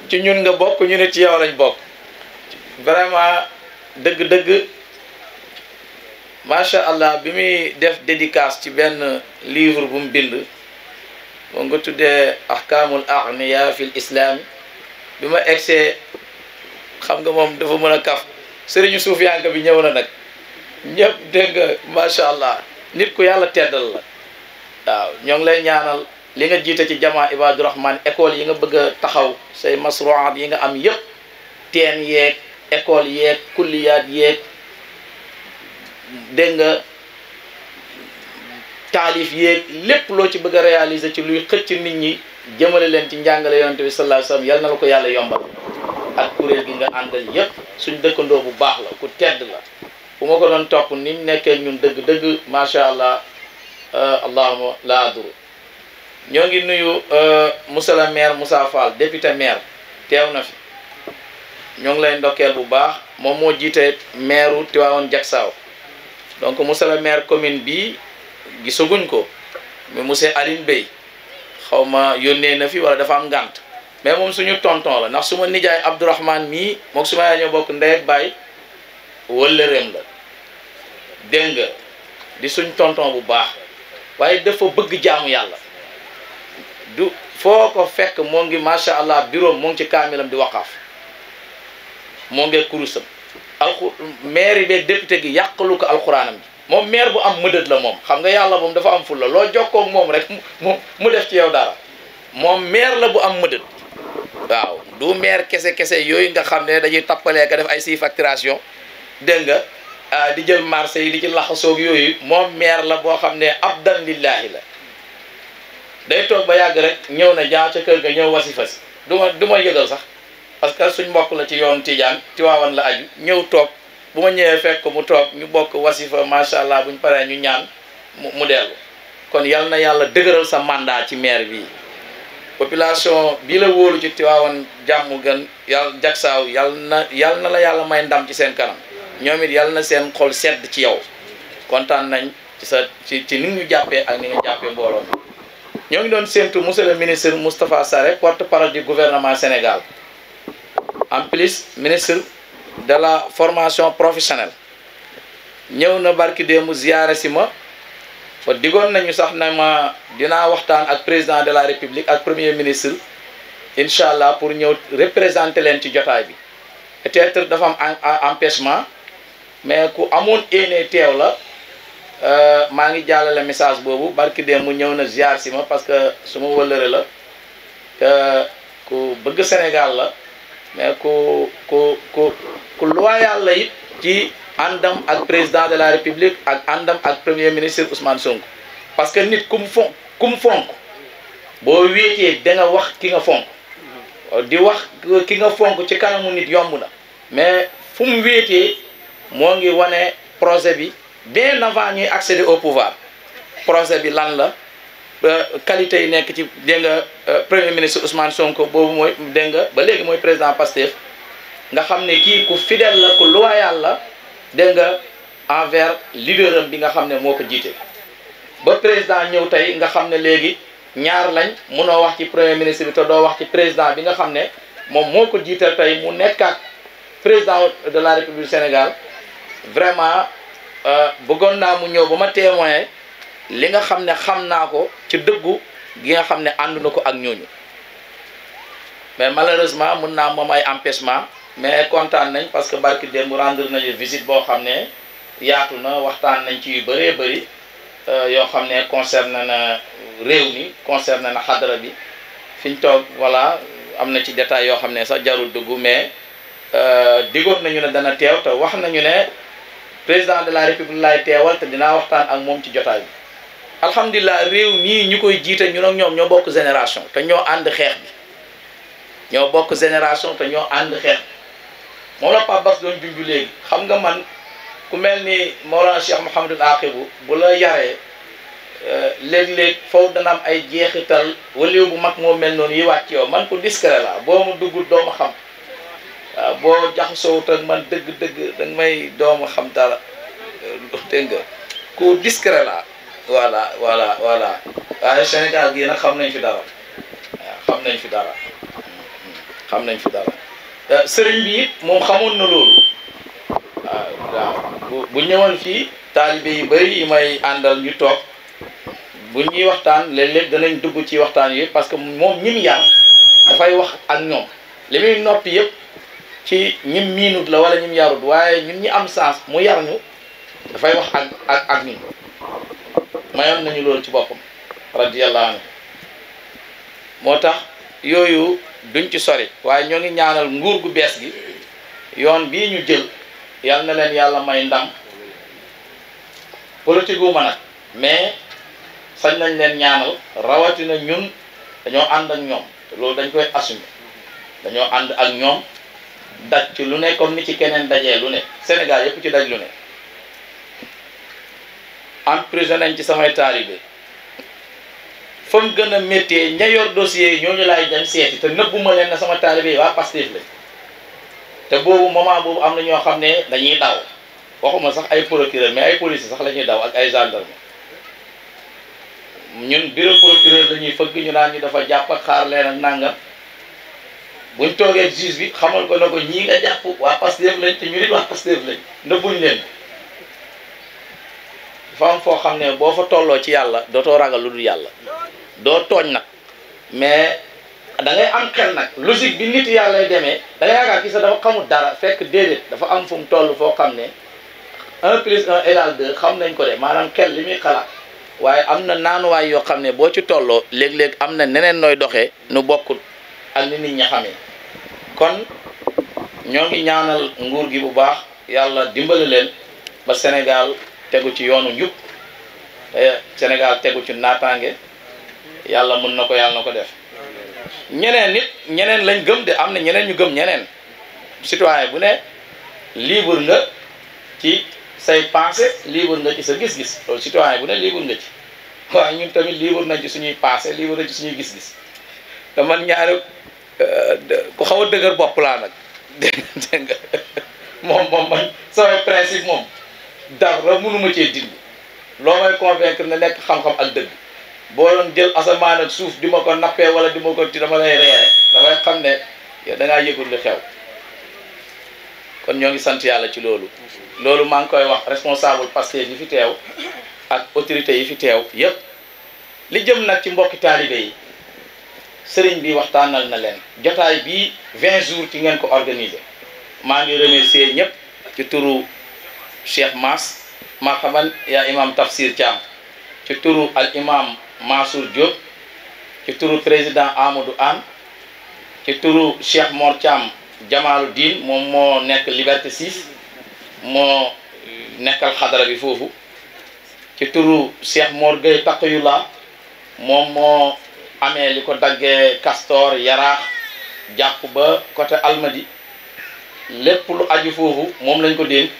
ci ñun nga bokk ñu ne ci yow lañ bokk vraiment dëgg-dëgg macha allah bi muy def dédicace ci benn livre bu mu bind moo nga tuddee ahkaamul agniya fil islaam bi ma egsee xam nga moom dafa mën a kaf sëriñu suufiyanka bi ñëw na nag ñëpp dégg nga macha allah nit ku yàlla teddal la waaw ñoo ngi lay ñaanal li nga jiite ci jamaa Ibaadu Rahman école yi nga bëgg taxaw say masroat yi nga am yëpp teen yeeg école yeeg kulliyaat yeeg dégg nga taalif yéeg lépp loo ci bëgg a réaliser ci luy xëcc nit ñi jëmale leen ci njàngale yonante bi sallallahu alayhi wasallam yal na la ko yàlla yombal ak kuréel gi nga àndal yépp suñ dëkkandoo bu baax la ku tedd la bu ma ko doon topp ni mu nekkee ñun dëgg-dëgg macha allah euh, allahuma laa adru ñoo ngi nuyu euh, Moussa la maire Moussa Fall député maire teew na fi ñoo ngi lay ndokkeel bu baax moom moo jiite maire wu Tivaouane Diacksao donc Moussa la maire commune bi gisaguñ ko mais monsieur Aline Bey xaw ma yónnee na fi wala dafa am ngànt mais moom suñu tonton la ndax suma ma nijaay Abdourahmane mii moo su ma ñoo bokk ndey ak wëllëreem la dégg nga di suñ tonton bu baax waaye dafa bëgg jaamu yàlla du foo ko fekk moo ngi macha allah bureau moo ngi ci kaamilam di waqaaf moo ngi kurusam alxu maire beeg député gi yàqalu ko alxuraanam ji moom maire bu am mëdët la moom xam nga yàlla moom dafa am ful la loo jokkoo moom rek mu mu def ci yow dara moom maire la bu am mëdët waaw du maire kese kese yooyu nga xam ne dañuy tappalee ka def ay si facturation dégg nga ah, di jël marché yi di jël laxasoog yooyu moom maire la boo xam ne abdan lillahi la day toog ba yàgg rek ñëw na jaa ca kër ga ñëw wasifa si du ma yëgal sax parce que suñ mbokk la ci yoon Tijaan Tiwaawan la aju ñëw toog bu ma ñëwee fekk mu toog ñu bokk wasifa macha allah bu ñu paree ñu ñaan mu mu dellu kon yal na yàlla dëgëral sa mandat ci maire bii population bii la wóolu ci Tiwaawan jàmm gën yàlla jagsaaw yal na yal na la yàlla may ndam ci seen ñoom it yàlla na seen xol sedd ci yow kontaan nañ ci sa ci ci ni ñu jàppee ak ni nga jàppee mbooloo ñoo ngi doon séentu monsieur le ministre Moustapha Sarré porte-parole du gouvernement Sénégal en plus ministre de la formation professionnelle ñëw na barki démb ziyaare si ma fa digoon nañu sax na ma dinaa waxtaan ak président de la république ak premier ministre incha allah pour ñëw représenter leen ci jotaay bi peut-être dafa am empêchement mais ku amoon éene teew la euh, maa ngi jàllale message boobu barki dem mu ñëw na ziar si ma parce que su ma wëllëre la te ku bëgg Sénégal la mais ku ku ku ku loyal la it ci àndam ak président de la république ak àndam ak premier ministre Ousmane Sonko parce que nit ku mu fonk ku mu fonk boo wéetee danga wax ki nga fonk di wax ki nga fonk ci kanamu nit yomb na mais fu wéetee moo ngi wane projet bi bien avant ñuy accéder au pouvoir projet bi lan la euh, qualité yi nekk ci dégg nga euh, premier ministre Ousmane Sonko boobu mooy dégg nga ba léegi mooy président Pastef nga xam ne kii ku fidèle la ku loyal la dégg nga envers leader am bi nga xam ne moo ko jiite. ba président ñëw tey nga xam ne léegi ñaar lañ munoo wax ci premier ministre bi te doo wax ci président bi nga xam ne moom moo ko jiital tey mu nekkaat président de la république Sénégal. vraiment euh, bëggoon naa mu ñëw ba ma témoin li nga xam ne xam naa ko ci dëggu gi nga xam ne ànd na ko ak ñooñu mais malheureusement mun naa moom ay empêchement mais kontaan nañ parce que barki démb rendre nañu visite boo xam ne yaatu na waxtaan nañ ci yu bëree bëri euh, yoo xam ne concerne na réew mi concerne na xadara bi fi ñu toog voilà am na ci détail yoo xam ne sax jarul dëggu mais euh, digoon nañu ne dana teew te wax nañu ne président de la république laay teewal te dinaa waxtaan ak moom ci jotaay bi alhamdulilah réew mii ñu koy jiital ñun ak ñoom ñoo bokk génération te ñoo ànd xeex bi ñoo bokk génération te ñoo ànd xeex bi moom la Pape Bass doon junju léegi xam nga man ku mel ni Mawlana Cheikh Mouhamadul Aqibu bu la yaree euh, léeg-léeg foofu dana am ay jeexital waliw bu mag moo mel noonu yi ci yow man ko discret la boo mu dugg doo ma xam waaw boo jaxasoowut ak man dëgg-dëgg danga may dooma xam dara dégg nga ku discret la voilà voilà voilà waaye Sénégal gii nag xam nañ fi dara waaw xam nañ fi dara xam nañ fi dara sëriñ bi it moom xamoon na loolu waaw waaw bu bu ñëwoon fii taalibe yu bëri yi may àndal ñu toog bu ñuy waxtaan léeg-léeg danañ dugg ci waxtaan yi parce que moom ñim yar dafay wax ak ñoom li muy noppi yëpp ci ñim miinut la wala ñim yarut waaye ñun ñi am sens mu yar ñu dafay wax ak ak ak ñun mayoon nañu loolu ci boppam radiyallahu anhu moo tax yooyu duñ ci sori waaye ñoo ngi ñaanal nguur gu bees gi yoon bii ñu jël yal na leen yàlla may ndam politique wu ma mais sañ nañ leen ñaanal rawatina ñun dañoo ànd ak ñoom loolu dañ koy assumer dañoo ànd ak ñoom daj ci lu ne comme ni ci keneen daje lu ne Sénégal yëpp ci daj lu ne emprisonné nañ ci samay taalibe fa mu gën a méttee ña yor dossier yi ñooñu laay dem seeti te nëbbuma leen na sama taalibe yi waa Pastef la te boobu moment boobu am na ñoo xam ne dañuy daw waxuma sax ay procureur mais ay policier sax la ñuy daw ak ay gendarme ñun bureau procureur dañuy fëgg ñu naan ñu dafa jàpp ak xaar leen ak nàngam buñ toogee juge bi xamal ko ne ko ñii nga jàpp waa Pastef lañ te ñu nit waa Pastef lañ nëbbuñ leen dafa am foo xam ne boo fa tolloo ci yàlla dootoo ragal lu dul yàlla doo tooñ nag mais dangay ngay am xel nag logique bi nit yàlla demee da ngay yaakaar sax dafa xamul dara fekk déedéet dafa am fu mu toll foo xam ne un plus un égale deux xam nañ ko de maanaam xel li muy waaye am na naanuwaay yoo xam ne boo ci tolloo léeg-léeg am na neneen nooy doxe nu bokkul ak ni nit ña kon ñoo ngi ñaanal nguur gi bu baax yàlla dimbali leen ba Sénégal tegu ci yoonu njub Sénégal tegu ci nataange yàlla mën na ko yàlla na ko def ñeneen nit ñeneen lañ gëm de am na ñeneen ñu gëm ñeneen citoyen bu ne libre nga ci say pensée libre nga ci sa gis-gis loolu citoyen bu ne libre nga ci waaye ñun tamit libre nañ ci suñuy pensée libre nañ ci suñuy gis-gis te ñaari ku xaw a dëgër bopp laa nag dégg nga moom moom man samay principe moom dara mënuma cee dindi loo may convaincre na nekk xam-xam ak dëgg boo doon jël asamaan ak suuf di ma ko nappee wala di ma ko ti dama lay reere damay xam ne dangaa yëgul li xew kon ñoo ngi sant yàlla ci loolu loolu maa ngi koy wax responsable Pastef yi fi teew ak autorité yi fi teew yëpp li jëm nag ci mbokki taalibe yi sëriñ bi waxtaanal na leen jotaay bii 20 jours ci ngeen ko organiser maa ngi remercier ñëpp ci turu Cheikh Mass marhaban yaa imam Tafsir Thiam ci turu al imam Mansour Diop ci turu président Amadou Anne ci turu Cheikh Mor Thiam Jamaalu Diin moom moo nekk Liberté 6 moo nekkal xadara bi foofu ci turu Cheikh Mor Gueye Taqiyullah moom moo amee li ko daggee Castor Yaraax jàpp ba côté Almadi lépp lu aju foofu moom lañ ko dénk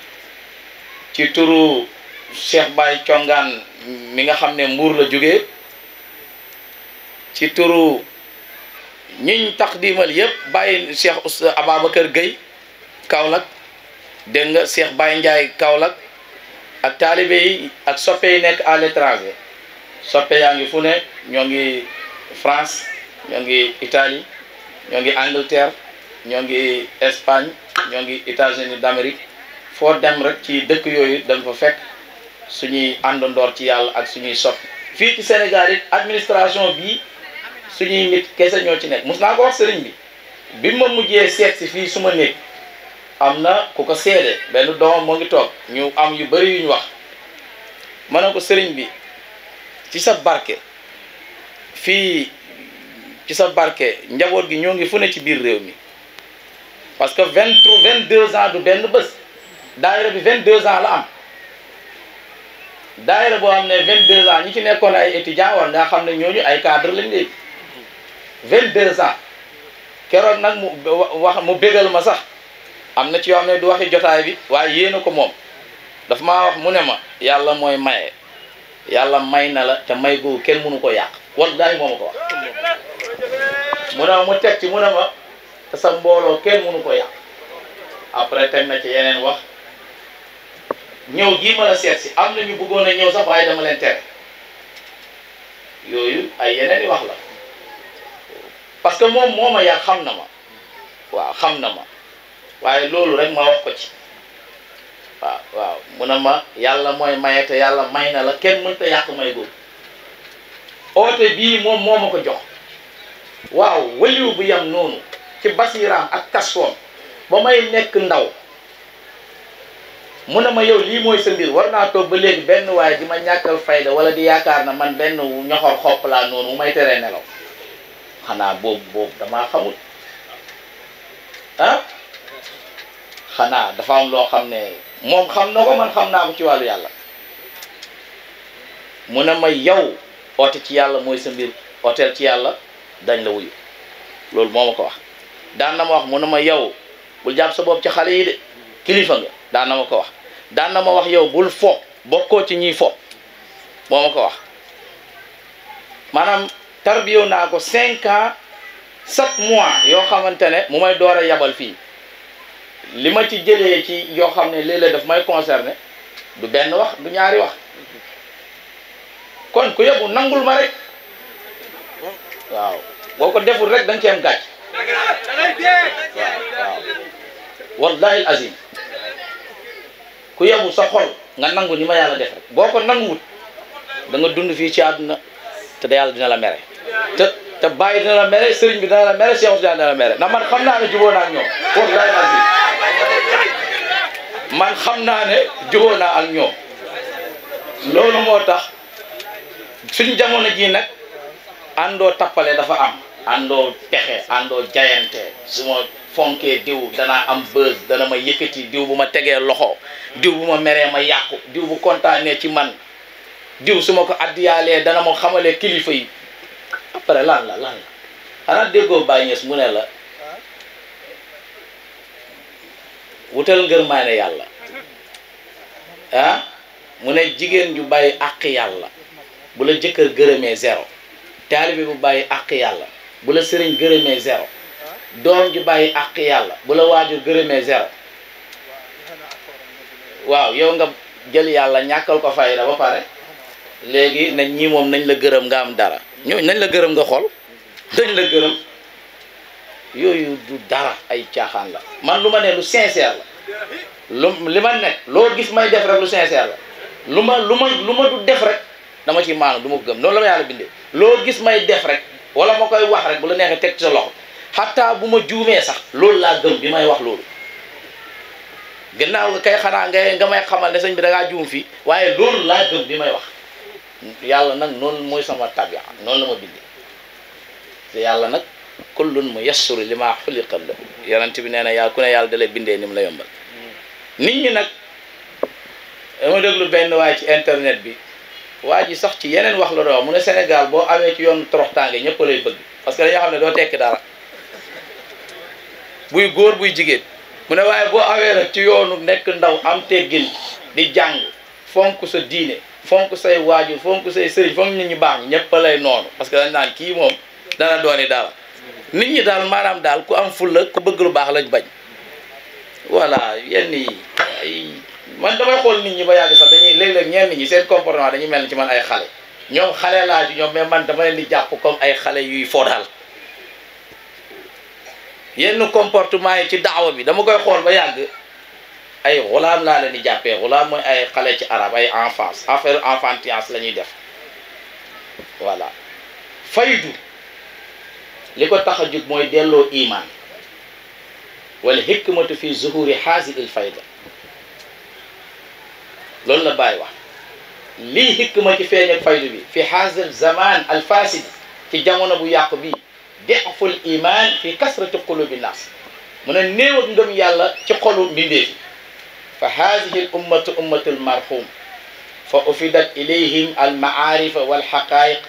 ci turu Cheikh Baye Congaan mi nga xam ne mbuur la jógee ci turu ñiñ taqdimal yépp bàyyi Cheikh Oustaz Ababacar Gueye Kaolack dégg nga Cheikh Baye Ndiaye ak taalibe yi ak soppe yi nekk à l'étranger soppe yaa ngi fu ne ñoo ngi France ñoo ngi Italie ñoo ngi Angleterre ñoo ngi Espagne ñoo ngi États-Unis d'Amérique foo dem rek ci dëkk yooyu dañ fa fekk suñuy àndandoor ci yàlla ak suñuy sot fii ci Sénégal it administration bii suñuy nit kese ñoo ci nekk mos naa ko wax sëriñ bi bi ma mujjee seet si fii su néeg am na ku ko seede benn doomam moo ngi toog ñu am yu bëri yu ñu wax ma ne ko sëriñ bi ci sa barke. fii ci sa barke njaboot gi ñoo ngi fu ne ci biir réew mi parce que vingt vingt deux ans du benn bës daayira bi vingt deux ans la am daayira boo xam ne vingt deux ans ñu ci nekkoon ay étudiants war nga xam ne ñooñu ay cadre lañ léegi vingt deux ans nag mu mu bégal ma sax am na ci yoo xam ne du waxi jotaay bi waaye yéena ko moom dafa maa mu ne ma yàlla mooy maye yàlla may na la te may googu kenn mënu ko yàq wallahi moo ma ko wax mu ne ma mu teg ci mu a ma te sa mbooloo kenn mënu ko yàq après teg na ci yeneen wax ñëw gii ma la seet si am na ñu bëggoon a ñëw sax waaye dama leen tere yooyu ay yeneen i wax la parce que moom moo ma yàq xam na ma waaw xam na ma waaye loolu rek ma wax ko ci waaw waaw mu ne ma yàlla mooy maye te yàlla may na la kenn mënta yàq may googu oote bii moom moo ma ko jox waaw wëliw bu yam noonu ci basiiraam ak tasoon ba may nekk ndaw mu ne ma yow lii mooy sa mbir war naa toog ba léegi benn waaye di ma ñàkkal fayda wala di yaakaar na man benn ñoxor xopp laa noonu mu may teree nelaw xanaa boobu boobu damaa xamul ah xanaa dafa am loo xam ne moom xam na ko man xam naa ko ci wàllu yàlla mu ne ma yow oote ci yàlla mooy sa mbir ci yàlla dañ la wuyu loolu moo ma ko wax daan na ma wax mu ne ma yow bul jàpp sa bopp ci xale yi de kilifa nga daan na ma ko wax daan na ma wax yow bul fo bokkoo ci ñiy fo moo ma ko wax maanaam tarbiyo naa ko cinq a sept mois yoo xamante ne mu may door a yabal fii li ma ci jëlee ci yoo xam ne léeg-léeg daf may concerné du benn wax du ñaari wax kon ku yóbbu nangul ma rek waaw boo ko deful rek da nga ci am gàcc wallahi azim ku yóbbu sa xol nga nangu ni ma yàlla def rek boo ko nanguwut da dund fii ci àdduna te da yàlla dina la mere te te bàyyi dina la mere sëriñ bi dina la mere Cheikh Ousmane dina la mere ndax man xam naa ne naa ak ñoom wallahi man xam naa ne jubóo naa ak ñoom loolu moo tax suñu jamono jii nag àndoo tappale dafa am àndoo pexe àndoo jayante su ma fonkee diw danaa am bës dana ma yëkkati diw bu ma tegee loxo diw bu ma meree ma yàqu diw bu kontaanee ci man diw su ma ko addiyaalee dana ma xamalee kilifa yi après lan la lan la xanaa déggoo Baye Niass mu ne la wutal ngërmaane yàlla ah mu ne jigéen ju bàyyi àq yàlla bu la jëkkër gërëmee zéro taalibe bu bàyyi àq yàlla bu la sëriñ gërëmee zéro doom ju bàyyi àq yàlla bu la waajur gërëmee zéro waaw yow nga jël yàlla ñàkkal ko la ba pare léegi nañ ñii moom nañ la gërëm nga am dara ñooñu nañ la gërëm nga xool nañ la gërëm yooyu du dara ay caaxaan la man lu ma ne lu sincère la lu li ma loo gis may def lu sincère la lu ma lu ma lu ma du def rek dama ci maanu du ma gëm noonu la ma yàlla bindee loo gis may def rek wala ma koy wax rek bu la neexee teg ci sa loxo xataa bu ma juumee sax loolu laa gëm bi may wax loolu gannaaw nga kay xanaa nga may xamal ne sëñ bi fii waaye loolu laa gëm bi may wax yàlla nag noonu mooy sama tabia noonu la ma bindee yàlla nag lu mu yassuru li maa xuliqa lahu yonent bi nee na yàlla ku ne yàlla da lay bindee ni mu la yombal hmm. nit ñi nag dama déglu benn waaye ci internet bi waa ji sax ci yeneen wax la doon mu ne Sénégal boo awee ci yoonu toroxtaange ñëpp lay bëgg parce que dañoo xam ne doo tekki dara buy góor buy jigéen mu ne waaye boo awee nag ci yoonu nekk ndaw am teggin di jàng fonk sa diine fonk say waajur fonk say sëriñ fonk nit ñi baax ñëpp lay noonu parce que dañ naan kii moom dana doon yi dara nit ñi daal maanaam daal ku am fulla ku bëgg lu baax lañu bañ voilà yenn yi man damay xool nit ñi ba yàgg sax dañuy léeg-léeg ñenn ñi seen comportement dañuy mel ni ci man ay xale ñoom xale laa ci ñoom mais man dama leen di jàpp comme ay xale yuy foodaal yenn comportement yi ci daawa bi dama koy xool ba yàgg ay xulaam laa leen di jàppee xulaam mooy ay xale ci arab ay enfance affaire enfantillage la ñuy def voilà faydu li ko tax a jug mooy delloo iman wala hikmatu fi zuhuri haasi il fayda loolu la bàyyi wax lii hikma ci feeñ ak faydu bi fi haazal zaman al fasid ci jamono bu yàqu bi deful iman fi kasrati qulubi nas mu ne néew ak ngëm yàlla ci xolu mbindeefi fa haadihi l ummatu ummatu l marhum fa ufidat ilayhim al maarifa wal xaqaayiq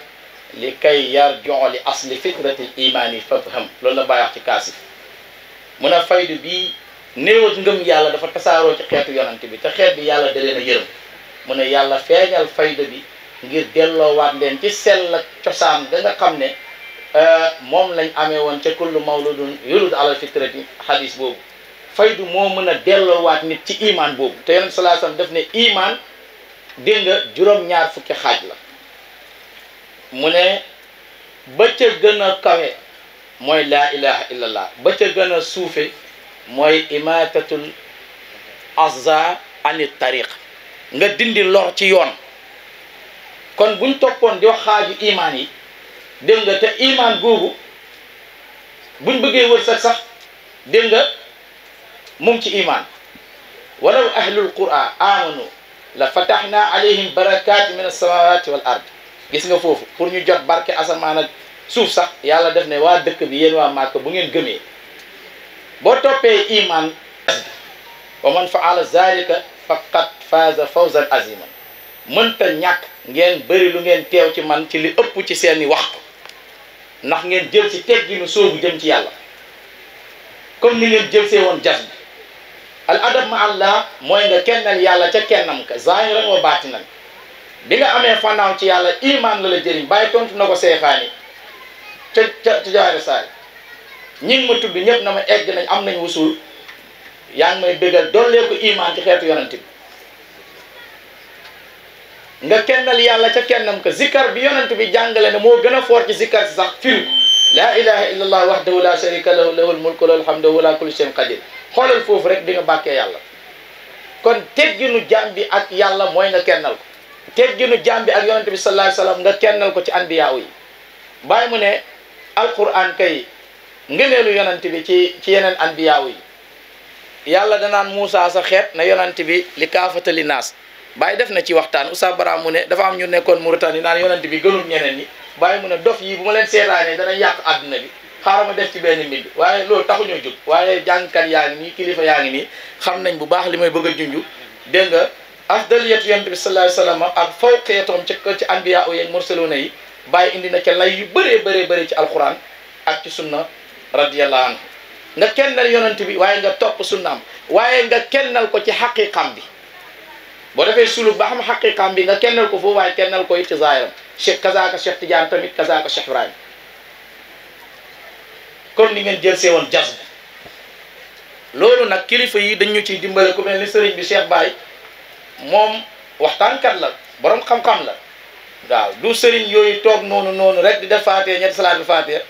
li kay yarjoo li asli fitrati l imani fafham loolu la bàyyi wax ci kaasif mu ne faydu bii néew ak yàlla dafa tasaaroo ci xeetu yonante bi te xeet bi yàlla da leen a yërëm mu ne yàlla feeñal fayda bi ngir delloowaat leen ci sell ak cosaan da nga xam ne euh, moom lañ amee woon ca kullu mawludun yulud alal fitrati hadis boobu faydu moo mën a delloowaat nit ci imaan boobu te yonent salaa sallam daf ne iman dégg nga juróom-ñaar fukki xaaj la mu ne ba ca gën a kawe mooy laa ilaha illallah ba ca gën a suufe mooy imatatul azza anit tariq nga dindi lor ci yoon kon buñ toppoon di wax xaaju imaan yi dégg nga te imaan googu buñ bëggee wërsëg sax dégg nga mu ngi ci imaan walaw ahlul quran amanu la fataxna alayhim barakaat min alsamawati wal ard gis nga foofu pour ñu jot barke asamaan ak suuf sax yàlla def na waa dëkk bi yéen waa màkk bu ngeen gëmee boo toppee iman wa man faala zalika faqad faaza fawzan aziman mënta ñàkk ngeen bari lu ngeen teew ci man ci li ëpp ci seeni waxtu ndax ngeen jël ci tegginu soobu jëm ci yàlla comme ni ngeen jël see woon jas bi al adab ma allah mooy nga kennal yàlla ca kennam ka zahiran wa baatinan bi nga amee fanaaw ci yàlla iman la la jëriñ bàyyi tontu na ko seexaani ca ca ca jaare saari ñi ma tudd ñëpp na ma egg nañ am nañ wusul yaa ngi may bégal dollee ko iman ci xeetu yonent bi nga kennal yàlla ca kennam ka zikkar bi yonent bi jàngale na moo gën a foor ci zikkar si sax firi laa ilaha illa allah wahdahu la sharika lahu lahul mulku lahul hamdu wa la kulli shay'in qadir xoolal foofu rek di nga bàkkee yàlla kon tegginu jaam bi ak yàlla mooy nga kennal ko tegginu jaam bi ak yonent bi sallallahu alayhi wasallam nga kennal ko ci anbiyaaw yi bàyyi mu ne alquran kay ngëneelu yonent bi ci ci yeneen anbiyaaw yi yàlla danaan Moussa sa xeet na yonent bi li kaafatali naas bàyyi def na ci waxtaan Oussa Bara mu ne dafa am ñu nekkoon Mauritanie naan yonent bi gënul ñeneen ñi bàyyi mu a dof yi bu ma leen seetaanee dana yàq àdduna bi xaaral ma def ci benn mbind waaye loolu taxuñoo jóg waaye jàngkat yaa ngi nii kilifa yaa ngi nii xam nañ bu baax li may bëgg a junj dégg nga afdaliyatu yonent bi sallallahu alayhi wasallam ak fawqiyatoom ci ci anbiya yi ak mursaluna yi bàyyi indi na ca lay yu bëree bëree bëri ci alquran ak ci radiyallahu anhu nga kennal yonent bi waaye nga topp sunnaam waaye nga kennal ko ci xaqiqam bi boo defee sulub ba xam xaqiqam bi nga kennal ko foofu waaye kennal ko it ci zaahiram cheikh kazaaka cheikh tamit kazaaka cheikh Ibrahim comme ni ngeen jël see woon jas loolu nag kilifa yi dañ ñu ciy dimbale ku mel ni sëriñ bi Cheikh baay moom waxtaankat la borom xam-xam la waaw du sëriñ yooyu toog noonu noonu rek di def faatee ñetti salaat faatee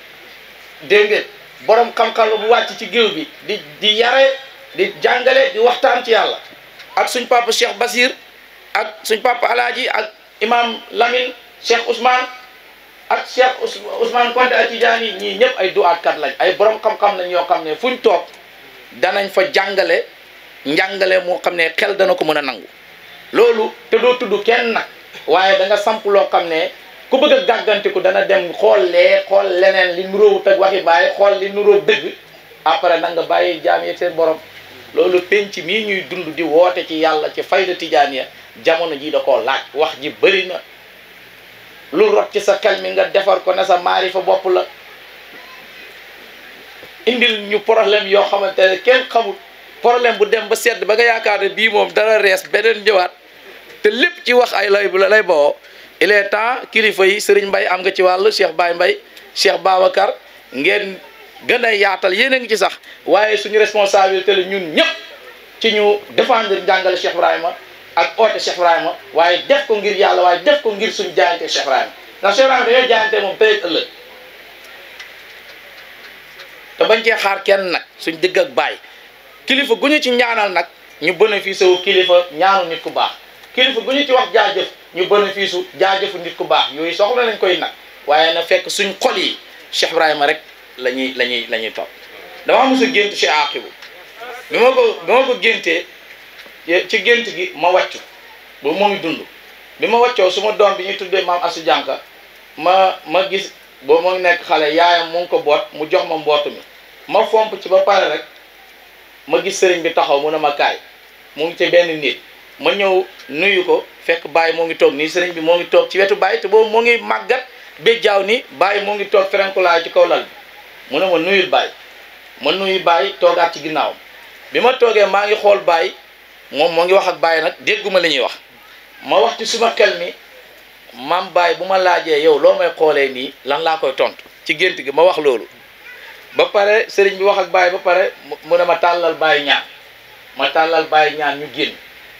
dégg borom xam-xam la bu wàcc ci géew bi di di yare di jàngale di waxtaan ci yàlla ak suñ papa Cheikh Basir ak suñ papa alaaji ak imam Lamine Cheikh Ousmane ak Cheikh Ousmane Konte ak Tidiane ñii ñëpp ay du duwaatkat lañ ay boroom xam-xam lañ yoo xam ne fuñ toog danañ fa jàngale njàngale moo xam ne xel dana ko mën a nangu loolu te doo tudd kenn nag waaye da nga loo xam ne ku bëgg a gàggantiku dana dem xool lee xool leneen li nuróowut ak waxi bàyyi xool li nuróo dëgg après na nga bàyyi jaam yeeg seen borom loolu penc mii ñuy dund di woote ci yàlla ci tijaan ya jamono ji da koo laaj wax ji bëri na lu rot ci sa xel mi nga defar ko ne sa fa bopp la indil ñu problème yoo xamante ne kenn xamul problème bu dem ba sedd ba nga yaakaar ne bii moom dara rees beneen ñëwaat te lépp ci wax ay lay lay boo il est temps kilifa yi Serigne Mbaye am nga ci wàllu Cheikh Baye Mbaye Cheikh Babacar ngeen gën a yaatal yéen a ngi ci sax waaye suñu responsabilité la ñun ñëpp ci ñu défendre jàngale Cheikh Ibrahima ak oote Cheikh ma waaye def ko ngir yàlla waaye def ko ngir suñu jaayante Cheikh Ibrahima ndax Cheikh Ibrahima dañoo jaayante moom tey ëllëg te bañ cee xaar kenn nag suñ dëgg ak baay kilifa gu ñu ci ñaanal nag ñu bénéfice wu kilifa ñaanu nit ku baax kilifa gu ñu ci wax jaajëf. ñu bénéfice u jaajëfu nit ku baax yooyu soxla nañ koy nag waaye na fekk suñ xol yi Cheikh Ibrahima rek lañuy lañuy la ñuy la ñuy topp damaa mos a gént Cheikh Aqibu bi ko bi ma ko géntee ci gént gi ma wàccu ba moomi dund bi ma wàccoo su ma bi ñu tuddee maam Asu Jànka ma ma gis boo ma nekk xale yaayam mu ko boot mu jox ma mbootu mi ma fomp ci ba pare rek ma gis sëriñ bi taxaw mu ne ma kaay mu ngi ci benn nit ma ñëw nuyu ko fekk bàyyi moo ngi toog nii sëriñ bi moo ngi toog ci wetu bàyyi te moo ngi màggat ba jaaw ni bàyyi moo ngi toog ferenkulaay ci kaw lal bi mu ne ma nuyul bàyyi ma nuyu bàyyi toogaat ci ginnaaw bi ma toogee maa ngi xool bàyyi moom moo ngi wax ak bàyyi nag dégguma li ñuy wax ma wax ci suma xel mi maam bàyyi bu ma laajee yow loo may xoolee nii lan laa koy tontu ci gént gi ma wax loolu ba pare sëriñ bi wax ak bàyyi ba pare mu ne ma tàllal bàyyi ñaan ma tàllal bàyyi ñaan ñu génn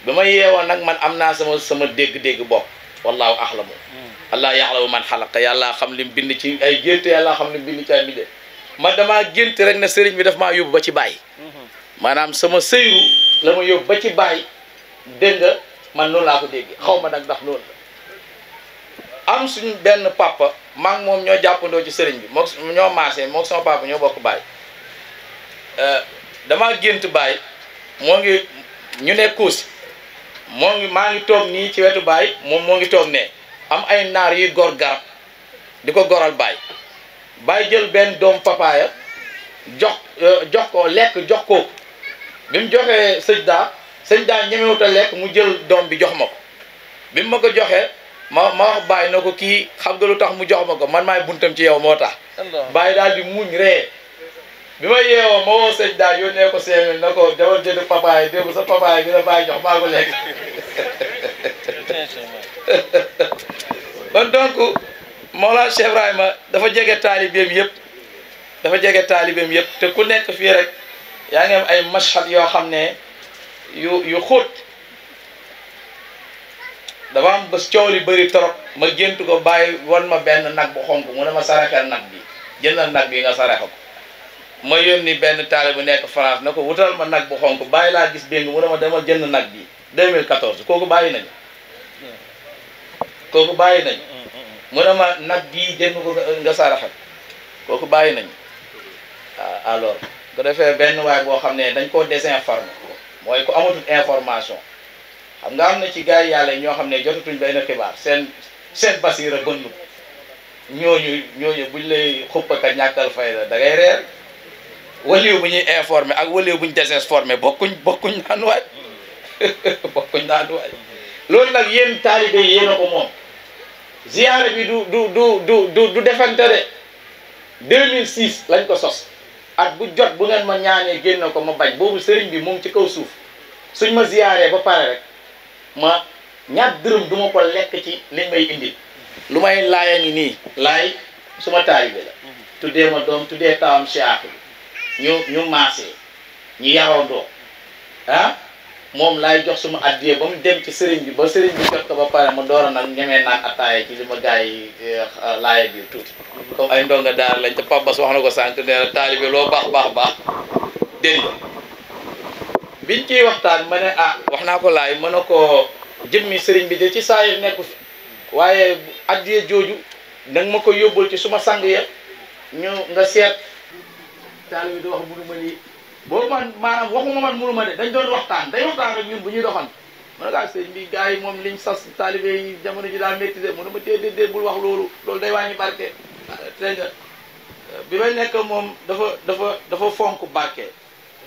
ba ma yeewoon nag man am naa sama sama dégg-dégg bopp wallaahu axlamu hmm. allah yaxlamu man xalaqa yàlla xam lim bind ci ay gént yàlla xam lim bind ci ay mide ma damaa gént rek ne sëriñ bi daf maa yóbbu ba ci bàyyi hmm. maanaam sama sëyru la ma yóbbu ba ci bàyyi dégg nga man noonu laa ko déggee xaw ma nag ndax loolu la am suñ benn papa maa ngi moom ñoo jàppandoo ci sëriñ bi mook ñoo maasee mook sama papa ñoo bokk bàyyi euh, damaa gént bàyyi moo ngi ñu ne kuusi moo ngi maa ngi toog nii ci wetu baay moom moo ngi toog nee am ay naar yuy gor garab di ko goral baay baay jël benn doom papaaya jox euh, jox ko lekk jox ko bi mu joxee sëñ daa sëñ daa ñemewut lekk mu jël doom bi jox ma ko bi mu ma ko joxee ma ma wax baay na ko kii xam nga lu tax mu jox ma ko man maay buntam ci yow moo tax baay daal di muñ ree bi ma yeewoo ma woo sëñ daa yónnee ko seen na ko demal jënd papaay démb sa papaay donc Mawlana dafa jege taalibeem yëpp dafa jege taalibeem yëpp te ku nekk fii rek yaa ngi am ay mashhad yoo xam ne yu yu dafa am bés coow li bëri trop ma gént ko bàyyi wan ma benn nag bu xonk mu ne ma saraxel nag bi jëndal nag bi nga saraxe ko ma yónni benn taale bu nekk France na ko wutal ma nag bu xonk bàyyi laa gis béng mu ne ma demal jënd nag bi 2014 kooku bàyyi nañu kooku bàyyi nañu mu ne ma nag bii jënd ko nga saraxal kooku bàyyi nañu ah, alors bu defee benn waay boo xam ne dañ koo désinformé mooy ku amatul information xam nga am na ci gars yi yàlla ñoo xam ne jotatuñ benn xibaar seen seen basiira bënn ñooñu ñooñu buñ lay xupp ak ñàkkal fayda da ngay reer waliw bu ñuy informé ak waliw bu ñu désinformé bokkuñ bokkuñ naan waay bokkuñ naan waay loolu nag yéen taalibe yi yéen ko moom ziyaare bi du du du du du du defante de 2006 lañ ko sos at bu jot bu ngeen ma ñaanee génn ko ma bañ boobu sëriñ bi moom ci kaw suuf suñ ma ziyaaree ba pare rek ma ñaar dërëm duma ko lekk ci liñ may indil lu may laaya ngi nii laay suma taalibe la mm-hmm. tuddee ma doom tuddee taawam si bi ñu ñu maasee ñu yarandoo ah moom laay jox suma addiyee ba mu dem ci sëriñ bi ba sëriñ bi jot ko ba pare mu door nag ñemee naan attaaya ci li ma gars yi eh, laaya biir tuuti comme ay ndonga daar lañ te Pape Bass wax na ko sànq nee na taalibe loo baax baax baax dégg nga biñ ciy waxtaan ma ne ah wax naa ko laay mën na ko jëmmi sëriñ bi de ci saa yi nekku fi waaye addiyee jooju da ma ko yóbbul ci suma sang ya ñu nga seet taali bi di wax munu ma lii boobu man maanaam waxuma man munu ma de dañ doon waxtaan day waxtaan rek ñun bu ñuy doxan mën na kaa ah, sëñ bi gars yi moom liñ sas taalibe yi jamono ji daa métti de munu ma tée bul wax loolu loolu day wàññi barke ah, dégg nga bi may nekk moom dafa dafa dafa fonk barke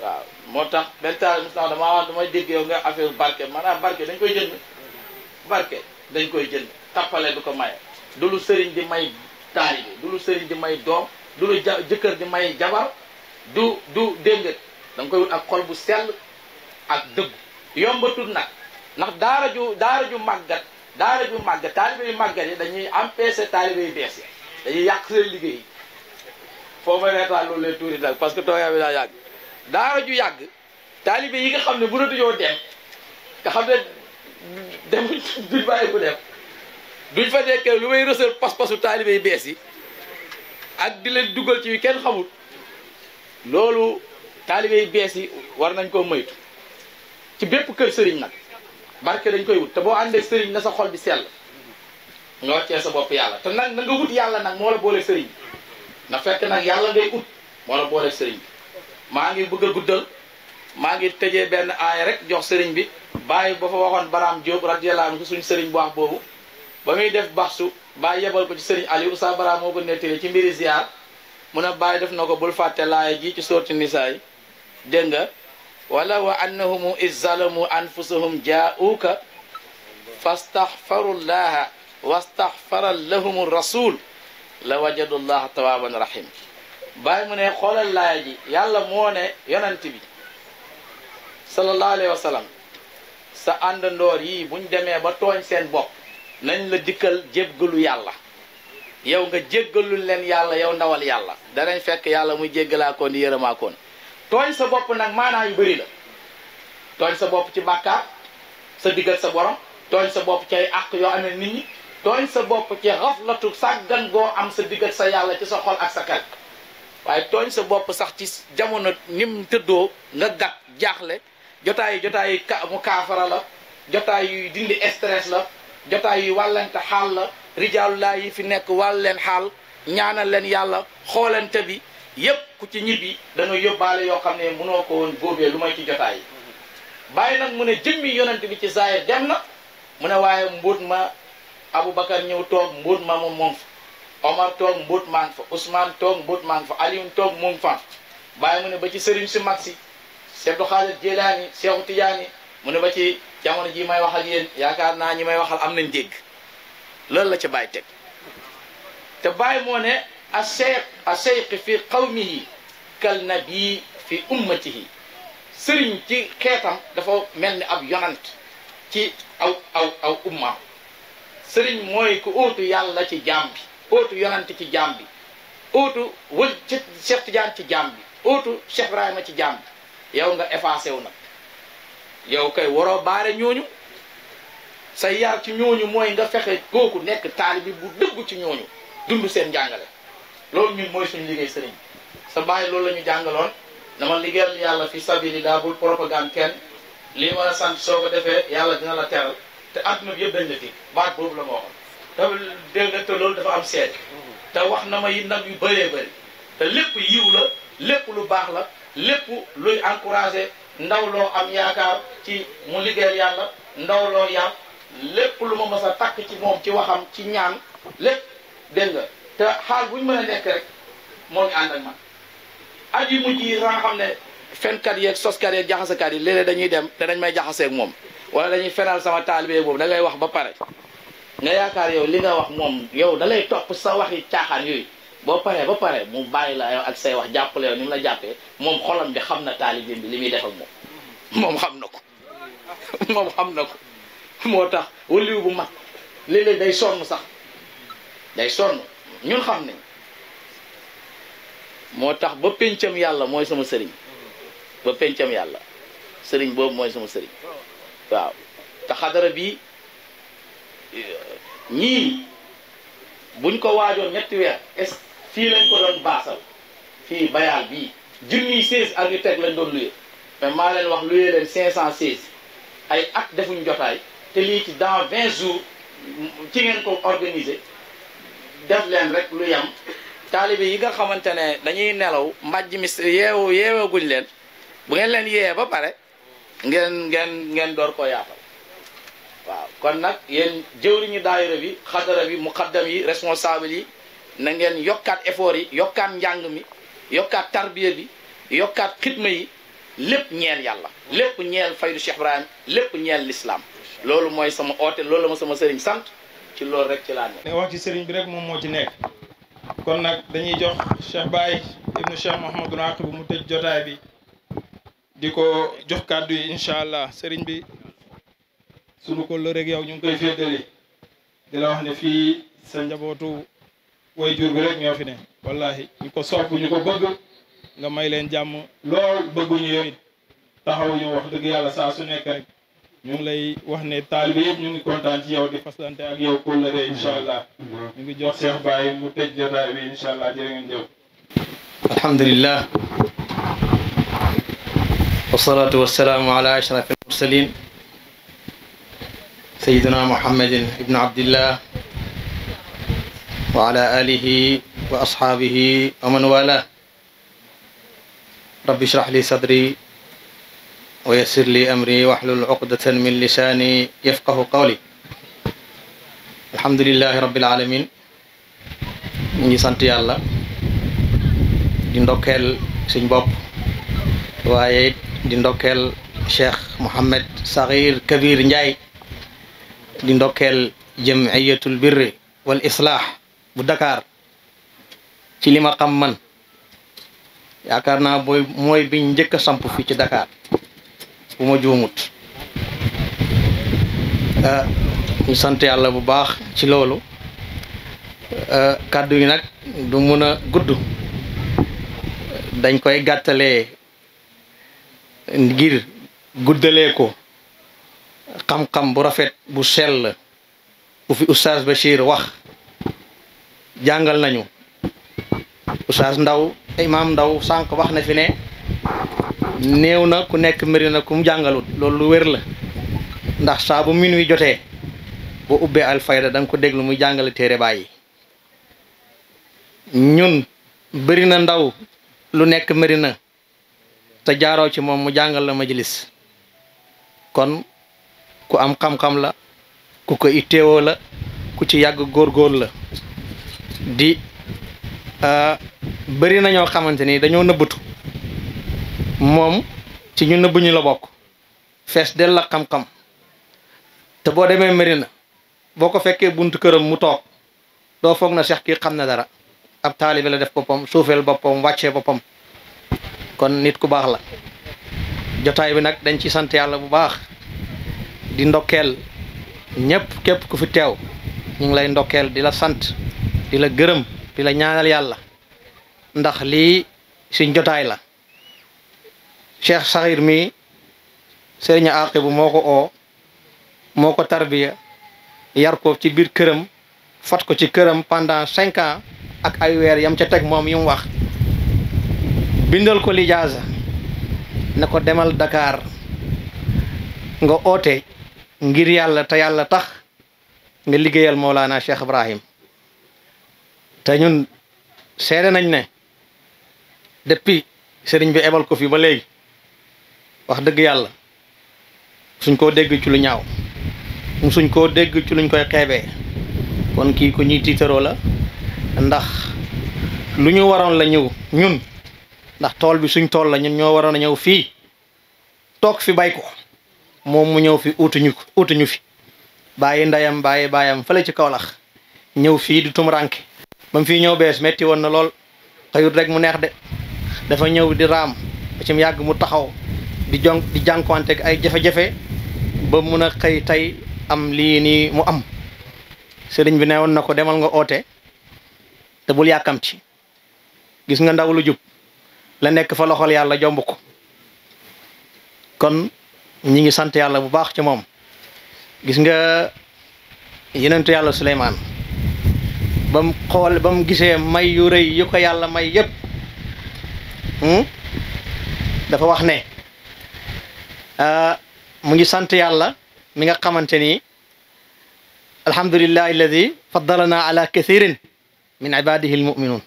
waaw moo tax benn taal mos naa damay dégg nga affaire barke maanaam barke dañ koy jënd barke dañ koy jënd tappale du ko maye du lu sëriñ di may taalibe du lu sëriñ di may doom du lu ja jëkkër di may jabar du du déngat da koy wut ak xol bu sell ak dëgg yombatul nag ndax daara ju daara ju màggat daara ju màggat taalibe yu màggat yi dañuy empêcher taalibe yu bees yi dañuy yàq seen liggéey foo ma reetaan loolu lay tuuri nag parce que tooyaa bi daa yàgg daara ju yàgg taalibe yi nga xam ne mënatuñoo dem nga xam ne dem duñ bàyyi ku dem duñ fa nekkee lu may rësal pas-pasu taalibe yu bees yi ak di leen dugal ci yu kenn xamul loolu taalibe yu bees yi war nañ koo moytu ci bépp kër sëriñ nag barke dañ koy wut te boo àndee sëriñ na sa xol bi sell nga wàccee sa bopp yàlla te nag na nga wut yàlla nag moo la boole sëriñ na fekk nag yàlla ngay ut moo sëriñ bi maa ngi bëgg a guddal maa ngi tëjee benn aaya rek jox sëriñ bi bàyyi ba fa waxoon baraam Diop radiyallahu anhu suñ sëriñ bu wax boobu ba muy def baxsu bàyyi yebal ko ci sëriñ Aliou Oustaz Baraam moo ko nettali ci mbiri ziar mun a bàyyi def na ko bul fàtte laaya ji ci sorti nisaay dégg nga wala wa annahum iz zalamu anfusahum jaa'uuka fastaxfaru llaha wastaxfara lahum rasul la wajadu llaha tawaaban rahim bàyyi mu ne xoolal laaya ji yàlla moo ne yonent bi sallallahu alayhi wa sa àndandoor yi buñ demee ba tooñ seen bopp nañ la dikkal jéggalu yàlla yow nga jéggalul leen yàlla yow ndawal yàlla danañ fekk yàlla muy jéggalaakoon di yërëmaakoon tooñ sa bopp nag maanaam yu bëri la tooñ sa bopp ci bàkkaar sa diggal sa borom tooñ sa bopp ci àq yoo amee nit ñi tooñ sa bopp ci xaflatu sàggan goo am sa diggal sa yàlla ci sa xol ak sa xel waaye tooñ sa bopp sax ci jamono nim tëddoo nga gat jaaxle jotaay jotaay mu kaafara la jotaay yuy dindi stress la jotaay yuy wàllante xaal la rijaalullaa yi fi nekk wàll leen xaal ñaanal leen yàlla xoolante bi yépp ku ci ñibbi dañoo yóbbaale yoo xam ne mënoo ko woon góobee lu may ci jotaay yi bàyyi nag mu ne jëmmi yonent bi ci zaahir dem na mu ne waaye mbóot ma abu Aboubacar ñëw toog mbóot ma moom moom fa Omar toog mbóot maa ngi fa Ousmane toog mbóot maa ngi fa Alioune toog moom fa bàyyi mu ne ba ci sëriñ si mag si Seex Abdu Xaadir Jilaani Seexu Tijaani mu ne ba ci jamono ji may waxal yéen yaakaar naa ñi may waxal am nañ dégg loolu la ci bàyyi teg te bàyyi moo ne asey aseyqi fi qawmihi kal nabi fi ummatihi sëriñ ci xeetam dafa mel ni ab yonant ci aw aw aw ummaam sëriñ mooy ku óotu yàlla ci jaam bi óotu yonant ci jaam bi óotu wël ci Cheikh jaam bi óotu Cheikh ci jaam bi yow nga effacé wu nag yow kay waroo baare ñooñu sa yar ci ñooñu mooy nga fexe kooku nekk taalibi bu dëggu ci ñooñu dund seen jàngale loolu ñun mooy suñu liggéey sëriñ sa bàyyi loolu la ñu jàngaloon dama liggéeyal yàlla fi sabilillah bul propagande kenn li ma a sant soo ko defee yàlla dina la teral te adduna bi yëpp dañ fi dégg baat boobu la moo waxoon te dégg nga te loolu dafa am seet te wax na ma it nag yu bëree bëri te lépp yiw la lépp lu baax la lépp luy encouragé ndaw loo am yaakaar ci mu liggéeyal yàlla ndaw loo yàpp lépp lu ma mës a takk ci moom ci waxam ci ñaan lépp dégg nga te xaal bu ñu mën a nekk rek moo ngi ànd ak man at yu mujj yi nga xam ne fenkat yeeg soskat yeeg jaxasekat yi léeg dañuy dem te dañ may jaxaseeg moom wala dañuy fenal sama taalibee boobu da ngay wax ba pare nga yaakaar yow li nga wax moom yow da lay topp sa waxi caaxaan yooyu boo paree ba pare mu bàyyi la ak say wax jàppale yow ni mu la jàppee moom xolam bi xam na taalibeem bi li muy def ak moom xam na ko moom xam na ko moo tax waliyu bu mag léeg-léeg day sonn sax day sonn ñun xam nañ moo tax ba pencam yàlla mooy sama sëriñ ba pencam yàlla sëriñ boobu mooy sama sëriñ waaw te xadara bi eh, ñii buñ ko waajoon ñetti weer est fii lañ ko doon baasal fii bayaal bii junniy 16 ak yu teg lañ doon luye mais maa leen wax luye leen 516 ay at defuñ jotaay te lii ci dans vingt jours ci ngeen ko organiser def leen rek lu yam taalibe yi nga xamante ne dañuy nelaw mbàjj mi yeewu yeewaguñ leen bu ngeen leen yeewee ba pare ngeen ngeen ngeen door ko yaatal waaw kon nag yéen jëwriñu daayira bi xadara bi muqaddam yi responsable yi na ngeen yokkaat effort yi yokkaat njàng mi yokkaat tarbiya bi yokkaat xitma yi lépp ñeel yàlla lépp ñeel faydu Cheikh Ibrahim lépp ñeel lislaam loolu mooy sama oote loolu la ma sama sëriñ sant ci loolu rek ci laa ne wax ci sëriñ bi rek moom moo ci nekk kon nag dañuy jox Cheikh Baye ibnu Cheikh Mouhamadou Aqib bu mu tëj jotaay bi di ko jox kàddu yi incha allah sëriñ bi sunu ko lëreeg yow ñu ngi koy féddali dina la wax ne fii sa njabootu way jur bi rek ñoo fi ne wallahi ñu ko sopp ñu ko bëgg nga may leen jàmm lool bëgguñu yow it taxawuñu wax dëgg yàlla saa su nekk rek ñu ngi lay wax ne taalibe yëpp ñu ngi kontaan ci yow di faslante ak yow kóllëre incha allah ñu ngi jox Cheikh Baye mu tëj jotaay bi incha allah jërë ngeen jëf alhamdulillah wasalaatu wasalaamu ala ashraf almursalin sayidina muhammadin ibnu abdillah wa ala alihi wa ashaabihi wa man wala rabbi ishrah li sadri wa yassir li amri wahlul uqdatan min lisaani yafqahu qawli alhamdulillahi rabbil alamin ñu ngi sant yàlla di ndokkeel suñ bopp waaye it di ndokkeel cheikh Mouhamed Sakhir Kabir Ndiaye di ndokkeel jamiyatul birri wal islaax bu Dakar ci li ma xam man yaakaar naa booy mooy biñ njëkk a fii ci Dakar bu ma juumut eh, ñu sant yàlla bu baax ci loolu eh, kàddu yi nag du mun a gudd dañ koy gàttalee ngir guddalee ko xam-xam bu rafet bu sell bu fi oustaz Bachir wax jàngal nañu oustaz Ndaw imam Ndaw sànq wax na fi ne néew na ku nekk mbiri na ku mu jàngalut loolu lu wér la ndax saa bu minuit jotee bu ubbee alfayda danga ko déglu muy jàngale téere bàyyi ñun bëri na ndaw lu nekk mbiri na te jaaroo ci moom mu jàngal la majlis kon ku am xam-xam la ku ko itteewoo la ku ci yàgg góor la di ah, bëri na ñoo xamante ni dañoo nëbbatu moom ci ñu nëbb ñu la bokk fees dell la xam-xam te boo demee merina boo ko fekkee buntu këram mu toog doo foog na seex kii xam na dara ab taalibe la def boppam suufeel boppam wàccee boppam kon nit ku baax la jotaay bi nag dañ ci sant yàlla bu baax di ndokkeel ñépp képp ku fi teew ñu ngi lay ndokkeel di la sant di la gërëm di la ñaanal yàlla ndax lii suñ jotaay la cheikh saxiir mi sëriñ aqibu moo ko oo moo ko tarbiya yar ko ci biir këram fat ko ci këram pendant cinq ans ak ay weer yam ca teg moom yi wax bindal ko lijaasa na ko demal dakaar nga oote ngir yàlla te yàlla tax nga liggéeyal Mawlana Cheikh Ibrahim te ñun seede nañ ne depuis sëriñ bi ebal ko fi ba léegi wax dëgg yàlla suñ koo dégg ci lu ñaaw suñ koo dégg ci luñ koy xeebee kon kii ko ñuy tiitaroo la ndax lu ñu waroon la ñëw ñun ndax tool bi suñ tool la ñun ñoo waroon a ñëw fii toog fi bay ko moom mu ñëw fi uutuñu uutuñu fi bàyyi ndeyam bàyyi baayam fële ci Kaolack ñëw fii di tumuranke ba mu fi ñëw bees metti woon na lool xëyut rek mu neex de dafa ñëw di raam ba ci mu yàgg mu taxaw di jonk di jànkuwanteeg ay jafe-jafe ba mun a xëy tey am lii nii mu am sëriñ bi ne na ko demal nga oote te bul yàkkam gis nga ndaw lu jub la nekk fa loxol yàlla jomb ko kon ñi ngi sant yàlla bu baax ci moom gis nga yenentu yàlla Suleymaan ba mu xool ba mu gisee may yu rëy yu yàlla may yépp hmm, dafa wax ne mu ngi sant yàlla mi nga xamante ni alhamdulillahi alladi faddalana ala kathirin min ibadihi almuminun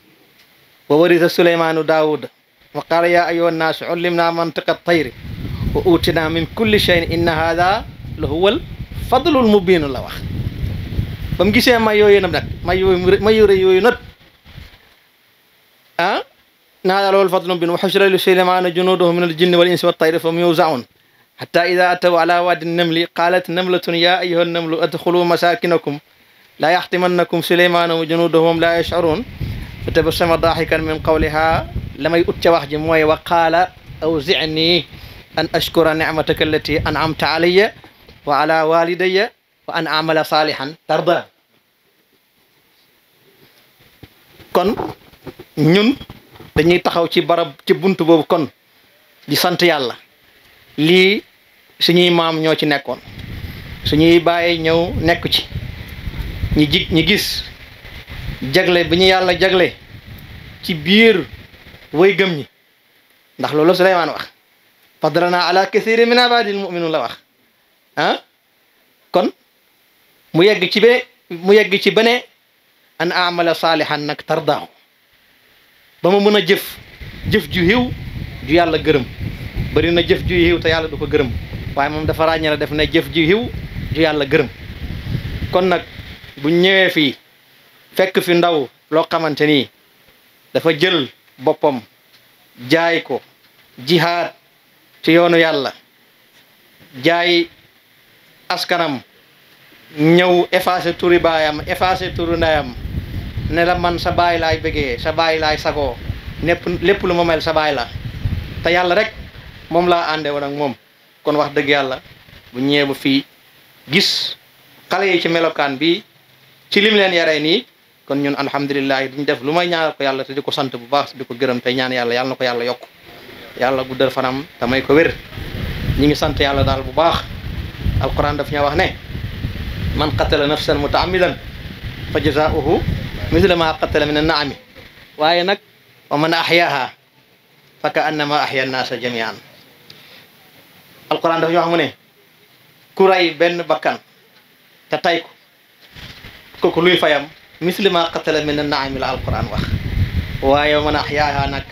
wa warisa suleymanu daawud wa qala ya ayuha nnaas ullimna mantiqa tayri wa utina min kulli cheyin inna hada la huwa al fadlu lmubinu la wax ba mu gisee may yooyu nag may yooyu may yore yooyu nag ah naa la loolu fadlu mubin wa xusira li suleymaana junuuduhu min al jinni wal insi wat tayri fa hum yuzaun xata ida ataw ala waadi namli qaalat namlatun ya ayuha namlu adxulu masakinakum laa yaxtimannakum suleymaanu wa junuuduhum laa yashcuruun fa tabassama daaxikan min qawliha la may ut ca wax ji mooy wa qaala awzicnii an ashkura nicmataka allati anamta alayya wa ala walidaya wa an amala saalihan tarda kon ñun dañuy taxaw ci barab ci bunt boobu kon di sant yàlla lii suñuy maam ñoo ci nekkoon suñuy bàyyi ñëw nekk ci ñi ji ñi gis jagle ba ñu yàlla jagle ci biir way gëm ñi ndax loolu Suleymaan wax fadrana ala kasiri min abadil muminun la wax ah kon mu yegg ci be mu yegg ci bene an amala saalihan nag tardaahu ba ma mën a jëf jëf ju xiw ju yàlla gërëm bari na jëf ju xiw te yàlla du ko gërëm waaye moom dafa ràññale def ne jëf ji xiw ju yàlla gërëm kon nag bu ñëwee fii fekk fi ndaw loo xamante ni dafa jël boppam jaay ko jihaad ci yoonu yàlla jaay askanam ñëw effacé turi baayam effacé turi ndayam ne la man sa baay laay bëggee sa baay laay sagoo népp lépp lu ma mel sa baay la te yàlla rek moom laa ànde woon ak moom kon wax dëgg yàlla bu ñëwee bu fii gis xale yi ci melokaan bi ci lim leen yaree nii kon ñun alhamdulilah duñ def lu may ñaanal ko yàlla te ko sant bu baax di ko gërëm te ñaan yàlla yàlla na ko yàlla yokk yàlla guddal fanam te may ko wér ñi ngi sant yàlla daal bu baax alquran daf ñoo wax ne man qatala nafsan mutaamidan fa jazaauhu misla ma qatala min annaami waaye nag wa man ahyaaha fa ka annama ahya annaasa alquran dafa ñoo xam ne ku benn bakkan te tay ko kooku luy fayam mislima qatala min naami la alquran wax waaye man axyaaha nag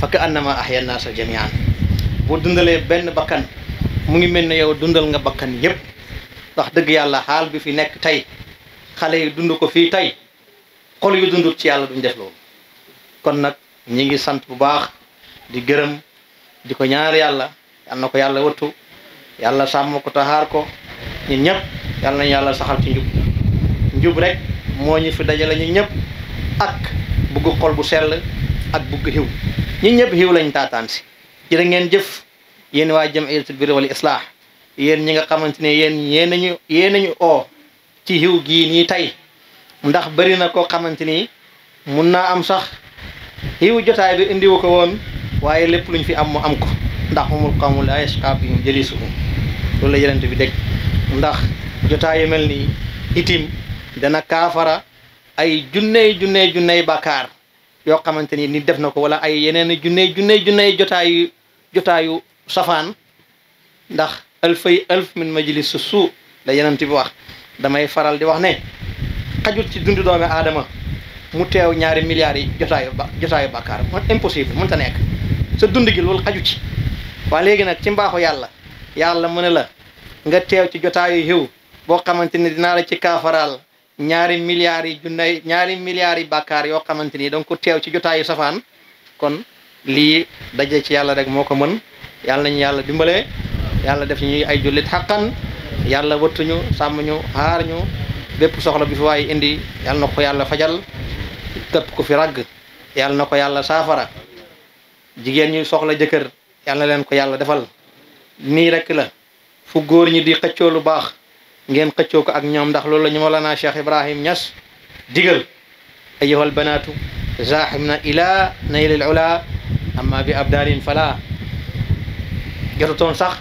fa ka annama axya naasa jamian bu dundalee benn bakkan mu ngi mel ne yow dundal nga bakkan yépp wax dëgg yàlla xaal bi fi nekk tey xale yi dund ko fii tey xol yu dundut ci yàlla duñ def loolu kon nag ñi ngi sant bu baax di gërëm di ko ñaar yàlla yal na ko yàlla wattu yàlla sàmm ko taxaar ko ñun ñëpp yal nañu yàlla saxal ci njub njub rek moo ñu fi dajale ñu ñëpp ak bugg xol bu sell ak bugg xiw ñun ñëpp xiw lañ taataan si jërë ngeen jëf yéen waa jëm birri wal yéen ñi nga xamante ne yéen yéen nañu yéen nañu oo ci xiw gii nii tey ndax bëri na koo xamante ni mun naa am sax xiw jotaay bi indiwu ko woon waaye lépp luñ fi am mu am ko ndax humul qawmu laa yashqaa jalisuhum loolu la yonent bi dégg ndax jotaay yu mel nii itim dana kaafara ay junne junney junne bàkkaar yoo xamante ni nit def na ko wala ay yeneen junne junney junne jotaayu jotaayu safaan ndax alfay alf min majlis suu la yonent bi wax damay faral di wax ne xajut ci dundu doomi aadama mu teew ñaari milliards yi jotaayu ba jotaayu bàkkaar impossible mënta nekk sa dund gi loolu xaju ci waa léegi nag ci mbaaxu yàlla yàlla mu ne la nga teew ci jotaayu xiw boo xamante ni dinaa la ci kaafaraal ñaari milliards yi junnay ñaari milliards yi bàkkaar yoo xamante ni donc teew ci jotaayu safaan kon lii daje ci yàlla rek moo ko mën yàlla nañu yàlla dimbale yàlla def ñuy ay jullit xaqan yàlla wëttuñu sàmm ñu xaar ñu bépp soxla bi fi waaye indi yàlla na ko yàlla fajal tëpp ko fi ragg yàlla na ko yàlla saafara jigéen ñuy soxla jëkkër yàlla leen ko yàlla defal nii rek la fu góor ñi di xëccoo lu baax ngeen xëccoo ko ak ñoom ndax loolu la ñu Mawlana Cheikh Ibrahim Niass digal ayyuhal banaatu zaaxim na ilaa naylil ula amma bi abdalin fala jotutoon sax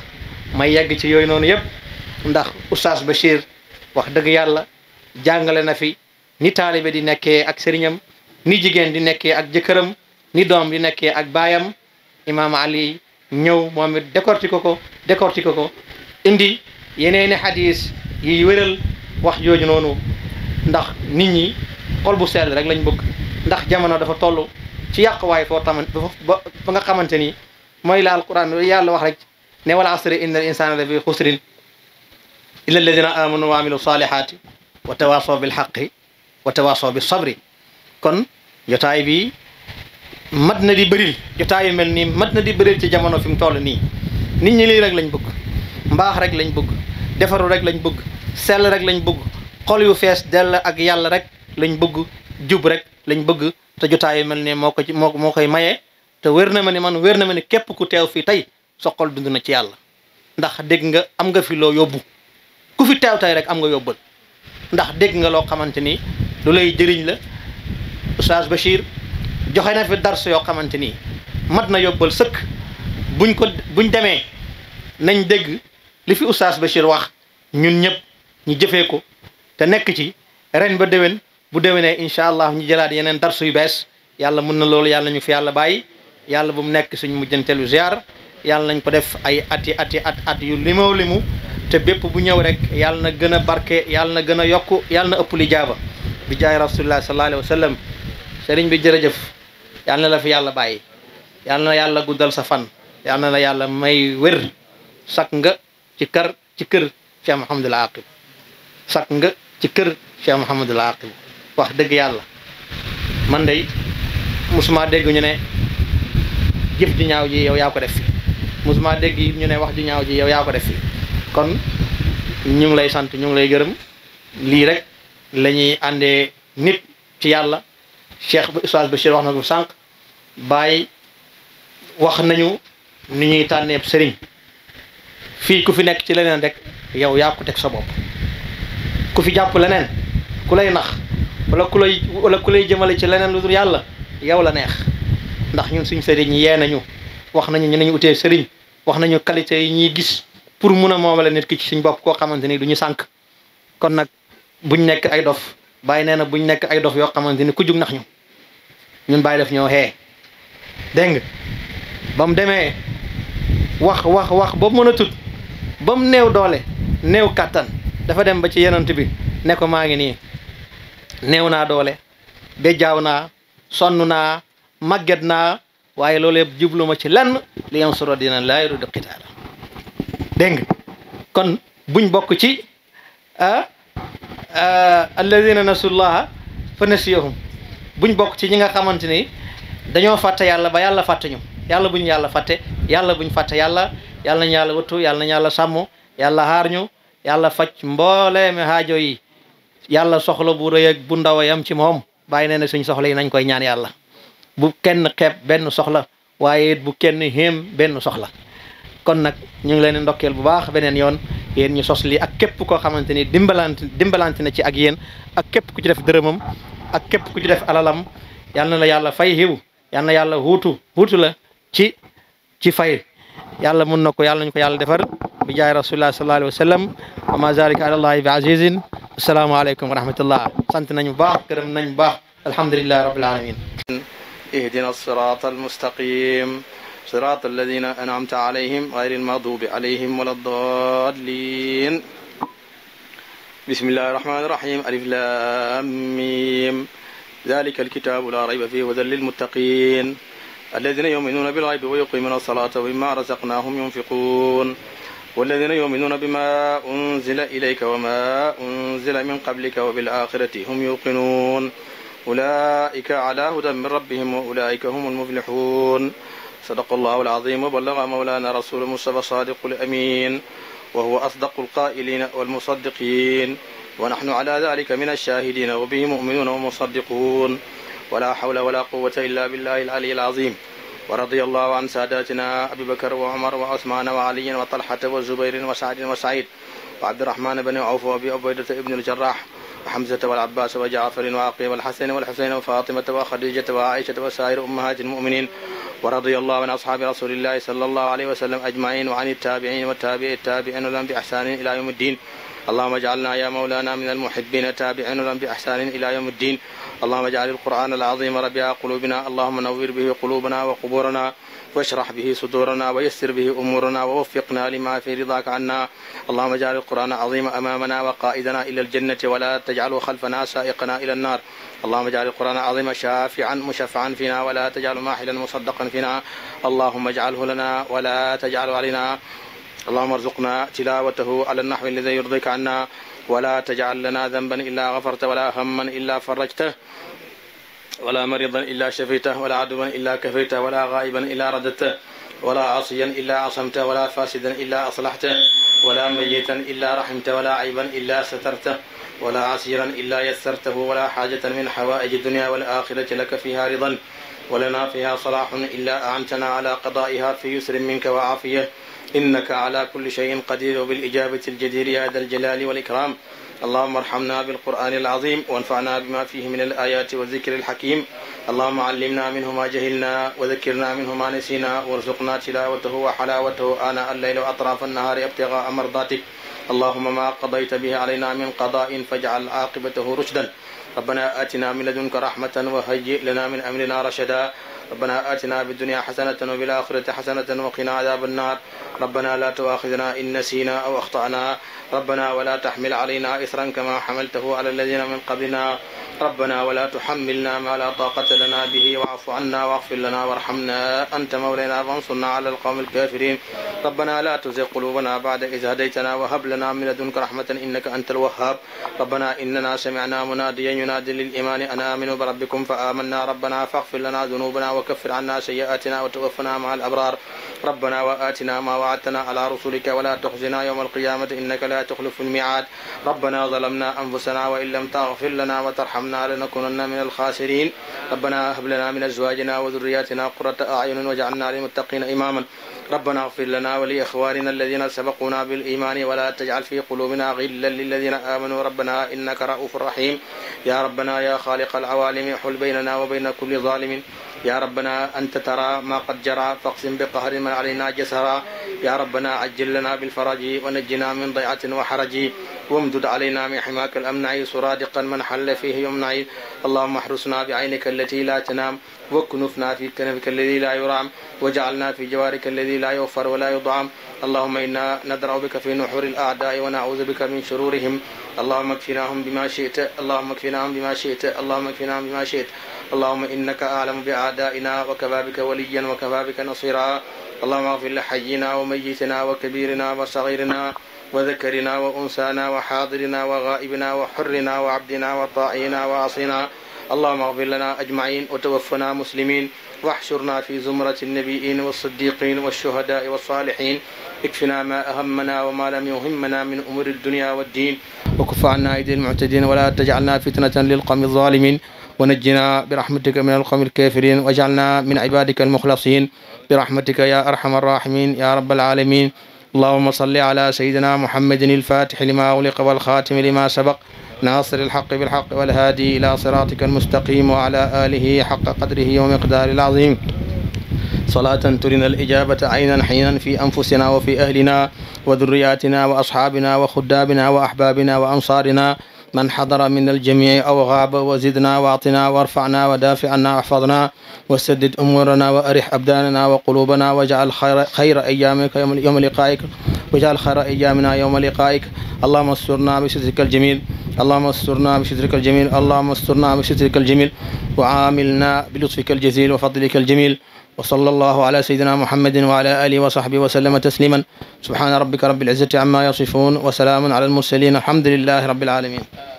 may yegg ci yooyu noonu yëpp ndax oustaz Bachir wax dëgg yàlla jàngale na fi ni taalibe di nekkee ak sëriñam ni jigéen di nekkee ak jëkkëram ni doom di nekkee ak baayam imaam Ali ñëw moom it décortiqué ko décortiqué ko indi yeneeni xadis yi wéral wax jooju noonu ndax nit ñi xol bu sell rek lañ bëgg ndax jamono dafa toll ci yàq waay foo taman ba nga xamante ni mooy la alquran yàlla wax rek ne wala asri inna al insana la fi xusrin illa alladina amanu wa amilu salihati wa tawasaw bil haqqi wa tawasaw bis sabri kon jotaay bi mat na di bëril jotaay yu mel nii mat na di bëril ci jamono fi mu toll nii nit ñi lii rek lañ bëgg mbaax rek lañ bëgg defaru rek lañ bëgg sell rek lañ bëgg xool yu fees dell ak yàlla rek lañ bëgg jub rek lañ bëgg te jotaay yu mel nii moo ko ci moo moo koy mayee te wër na ma ne man wér na ma ne képp ku teew fii tey sa xol dund na ci yàlla ndax dégg nga am nga fi loo yóbbu ku fi teew tey rek am nga yóbbal ndax dégg nga loo xamante ni lu lay jëriñ la Oustaz Bachir joxe na fi darsu yoo xamante ni mat na yóbbal sëkk buñ ko buñ demee nañ dégg li fi ba Bachir wax ñun ñëpp ñu jëfee ko te nekk ci ren ba dewen bu déwénee incha allah ñu jëlaat yeneen darsu yu bees yàlla mun na loolu yàlla ñu fi yàlla bàyyi yàlla bu mu nekk suñu mujjanteelu ziar yàlla nañ ko def ay ati ati at at yu limoo limu te bépp bu ñëw rek yàlla na gën a barke yàlla na gën a yokk yàlla na ëpp li jaaba bi jaay rasulillah sallallahu wa sallam yal na la fi yàlla bàyyi yal na yàlla guddal sa fan yal na la yàlla may wér sak nga ci kër ci kër Cheikh Mouhamadul Aqib sak nga ci kër Cheikh Mouhamadul Aqib wax dëgg yàlla man day musuma dégg ñu ne jëf ju ñaaw ji yow yaa ko def fi musuma dégg ñu ne wax ju ñaaw ji yow yaa ko def fi kon ñu ngi lay sant ñu ngi lay gërëm lii rek la ñuy nit ci yàlla cheikh ustaas Bachir wax na ko sànq bàyyi wax nañu nu ñuy tànnee sëriñ fii ku fi nekk ci leneen rek yow yaa ko teg sa bopp ku fi jàpp leneen ku lay nax walla ku lay wala ku lay jëmale ci leneen lu dul yàlla yow la neex ndax ñun suñ sëriñ yee nañu wax nañu ñu nañu utee sëriñ wax nañu qualité yi ñuy gis pour mun a moomale nit ki ci suñ bopp koo xamante ni du ñu sànq kon nag buñ nekk ay dof bàyyi nee na buñ nekk ay dof yoo xamante ni ku jug nax ñu ñun bàyyi def ñoo xee dégg nga ba mu demee wax wax wax ba mën a tut ba mu néew doole néew kàttan dafa dem ba ci yenant bi ne ko maa ngi nii néew naa doole de jaaw naa sonn naa màgget naa waaye loolu yëpp ci lenn li yam suro dina laa yuru di xitaala dégg kon buñ bokk ci ah alladina nasullaha fa nasiyahum buñ bokk ci ñi nga xamante ni dañoo fàtte yàlla ba yàlla fàtte ñu yàlla buñ yàlla fàtte yàlla buñ fàtte yàlla yàlla nañu yàlla wattu yàlla ñu yàlla sàmm yàlla xaar ñu yàlla faj mbooleemi haajo yi yàlla soxla bu rëy bu ndaw a yam ci moom bàyyi nee na suñ soxla yi nañ koy ñaan yàlla bu kenn xeeb benn soxla waaye it bu kenn xéem benn soxla kon nag ñu ngi leen ndokkeel bu baax beneen yoon yéen ñu sos li ak képp koo xamante ni dimbalante dimbalante na ci ak yéen ak képp ku ci def dërëmam ak képp ku ci def alalam yal na la yàlla fay xiw yal na yàlla huutu huutu la ci ci fay yàlla mun na ko yàlla nañu ko yàlla defar bi jaay rasulillah sallallahu alayhi wa sallam wa ma zalika ala allahi bi azizin asalaamaaleykum wa rahmatullah sant nañu baax gërëm nañu baax alhamdulillahi rabbil alamin ihdina sirata almustaqim صراط الذين أنعمت عليهم غير المغضوب عليهم ولا الضالين بسم الله الرحمن الرحيم ألف لام ميم ذلك الكتاب لا ريب فيه هدى للمتقين الذين يؤمنون بالغيب ويقيمون الصلاة ومما رزقناهم ينفقون والذين يؤمنون بما أنزل إليك وما أنزل من قبلك وبالآخرة هم يوقنون أولئك على هدى من ربهم وأولئك هم المفلحون صدق الله العظيم وبلغ مولانا رسول مصطفى صادق الأمين وهو أصدق القائلين والمصدقين ونحن على ذلك من الشاهدين وبه مؤمنون ومصدقون ولا حول ولا قوة إلا بالله العلي العظيم ورضي الله عن ساداتنا أبي بكر وعمر وعثمان وعلي وطلحة وزبير وسعد وسعيد وعبد الرحمن بن عوف وأبي عبيدة بن الجراح وحمزة والعباس وجعفر وعقيل والحسن والحسين وفاطمة وخديجة وعائشة وسائر أمهات المؤمنين ورضي الله عن أصحاب رسول الله صلى الله عليه وسلم أجمعين وعن التابعين والتابعي التابعين لهم بإحسان إلى يوم الدين اللهم اجعلنا يا مولانا من المحبين تابعين لهم بإحسان إلى يوم الدين اللهم اجعل القرآن العظيم ربيع قلوبنا اللهم نور به قلوبنا وقبورنا واشرح به صدورنا ويسر به أمورنا ووفقنا لما في رضاك عنا اللهم اجعل القرآن عظيم أمامنا وقائدنا إلى الجنة ولا تجعله خلفنا سائقنا إلى النار اللهم اجعل القرآن عظيم شافعا مشفعا فينا ولا تجعل ماحلا مصدقا فينا اللهم اجعله لنا ولا تجعل علينا اللهم ارزقنا تلاوته على النحو الذي يرضيك عنا ولا تجعل لنا ذنبا إلا غفرت ولا هما إلا فرجته ولا مريضا إلا شفيته ولا عدوا إلا كفيته ولا غائبا إلا رددته ولا عاصيا إلا عصمته ولا فاسدا إلا أصلحته ولا ميتا إلا رحمته ولا عيبا إلا سترته ولا عسيرا إلا يسرته ولا حاجة من حوائج الدنيا والآخرة لك فيها رضا ولنا فيها صلاح إلا أعنتنا على قضائها في يسر منك وعافية إنك على كل شيء قدير وبالإجابة الجدير يا ذا الجلال والإكرام اللهم ارحمنا بالقرآن العظيم وانفعنا بما فيه من الآيات والذكر الحكيم اللهم علمنا منه ما جهلنا وذكرنا منه ما نسينا وارزقنا تلاوته وحلاوته آناء الليل وأطراف النهار ابتغاء مرضاتك اللهم ما قضيت به علينا من قضاء فاجعل عاقبته رشدا ربنا آتنا من لدنك رحمة وهيئ لنا من أمرنا رشدا ربنا آتنا بالدنيا حسنة وفي الآخرة حسنة وقنا عذاب النار ربنا لا تؤاخذنا إن نسينا أو أخطأنا ربنا ولا تحمل علينا إثرا كما حملته على الذين من قبلنا ربنا ولا تحملنا ما لا طاقة لنا به واعف عنا واغفر لنا وارحمنا أنت مولينا فانصرنا على القوم الكافرين ربنا لا تزغ قلوبنا بعد إذ هديتنا وهب لنا من لدنك رحمة إنك أنت الوهاب ربنا إننا سمعنا مناديا ينادي للإيمان أن آمنوا بربكم فآمنا ربنا فاغفر لنا ذنوبنا وكفر عنا سيئاتنا وتوفنا مع الأبرار ربنا وآتنا ما وعدتنا على رسلك ولا تخزنا يوم القيامة إنك لا ولا تخلف الميعاد ربنا ظلمنا أنفسنا وإن لم تغفر لنا وترحمنا لنكونن من الخاسرين ربنا هب لنا من أزواجنا وذرياتنا قرة أعين واجعلنا للمتقين إماما ربنا اغفر لنا ولإخواننا الذين سبقونا بالإيمان ولا تجعل في قلوبنا غلا للذين آمنوا ربنا إنك رؤوف رحيم يا ربنا يا خالق العوالم حل بيننا وبين كل ظالم يا ربنا أنت ترى ما قد جرى فاقسم بقهر من علينا جسرا يا ربنا عجل لنا بالفرج ونجنا من ضيعة وحرج وامدد علينا من حماك الأمنع سرادقا من حل فيه يمنع اللهم احرسنا بعينك التي لا تنام واكنفنا في كنفك الذي لا يرام وجعلنا في جوارك الذي لا يغفر ولا يضعم اللهم إنا ندرع بك في نحور الأعداء ونعوذ بك من شرورهم اللهم اكفناهم بما شئت اللهم اكفناهم بما شئت اللهم اكفناهم بما شئت اللهم إنك أعلم بأعدائنا وكفى بك وليا وكفى بك نصيرا اللهم اغفر لحينا وميتنا وكبيرنا وصغيرنا وذكرنا وأنسانا وحاضرنا وغائبنا وحرنا وعبدنا وطائنا وعصينا اللهم اغفر لنا أجمعين وتوفنا مسلمين واحشرنا في زمرة النبيين والصديقين والشهداء والصالحين اكفنا ما أهمنا وما لم يهمنا من أمور الدنيا والدين وكف عنا أيدي المعتدين ولا تجعلنا فتنة للقوم الظالمين ونجنا برحمتك من القوم الكافرين واجعلنا من عبادك المخلصين برحمتك يا أرحم الراحمين يا رب العالمين اللهم صل على سيدنا محمد الفاتح لما أغلق والخاتم لما سبق ناصر الحق بالحق والهادي إلى صراطك المستقيم وعلى آله حق قدره ومقداره العظيم صلاة ترنا الإجابة عينا حينا في أنفسنا وفي أهلنا وذرياتنا وأصحابنا وخدامنا وأحبابنا وأنصارنا man xadara min aljamii aw xaaba wa zidna wa atina wa arfacna wa daafi'na wa axfadna wa saddid umuurana wa arix abdaanana wa quluubana wa jacal xayra ayaamika yowma liqaa'ik wa jacal xayra ayaamina yowma liqaa'ik allahuma asturna bi sitrika aljamiil allahuma asturna bi sitrika aljamiil allahuma asturna bi sitrika aljamiil wa caamilna bi lutfika aljasiil wa fadlika aljamiil وصلى الله على سيدنا محمد وعلى آله وصحبه وسلم تسليما سبحان ربك رب العزة عما يصفون وسلام على المرسلين الحمد لله رب العالمين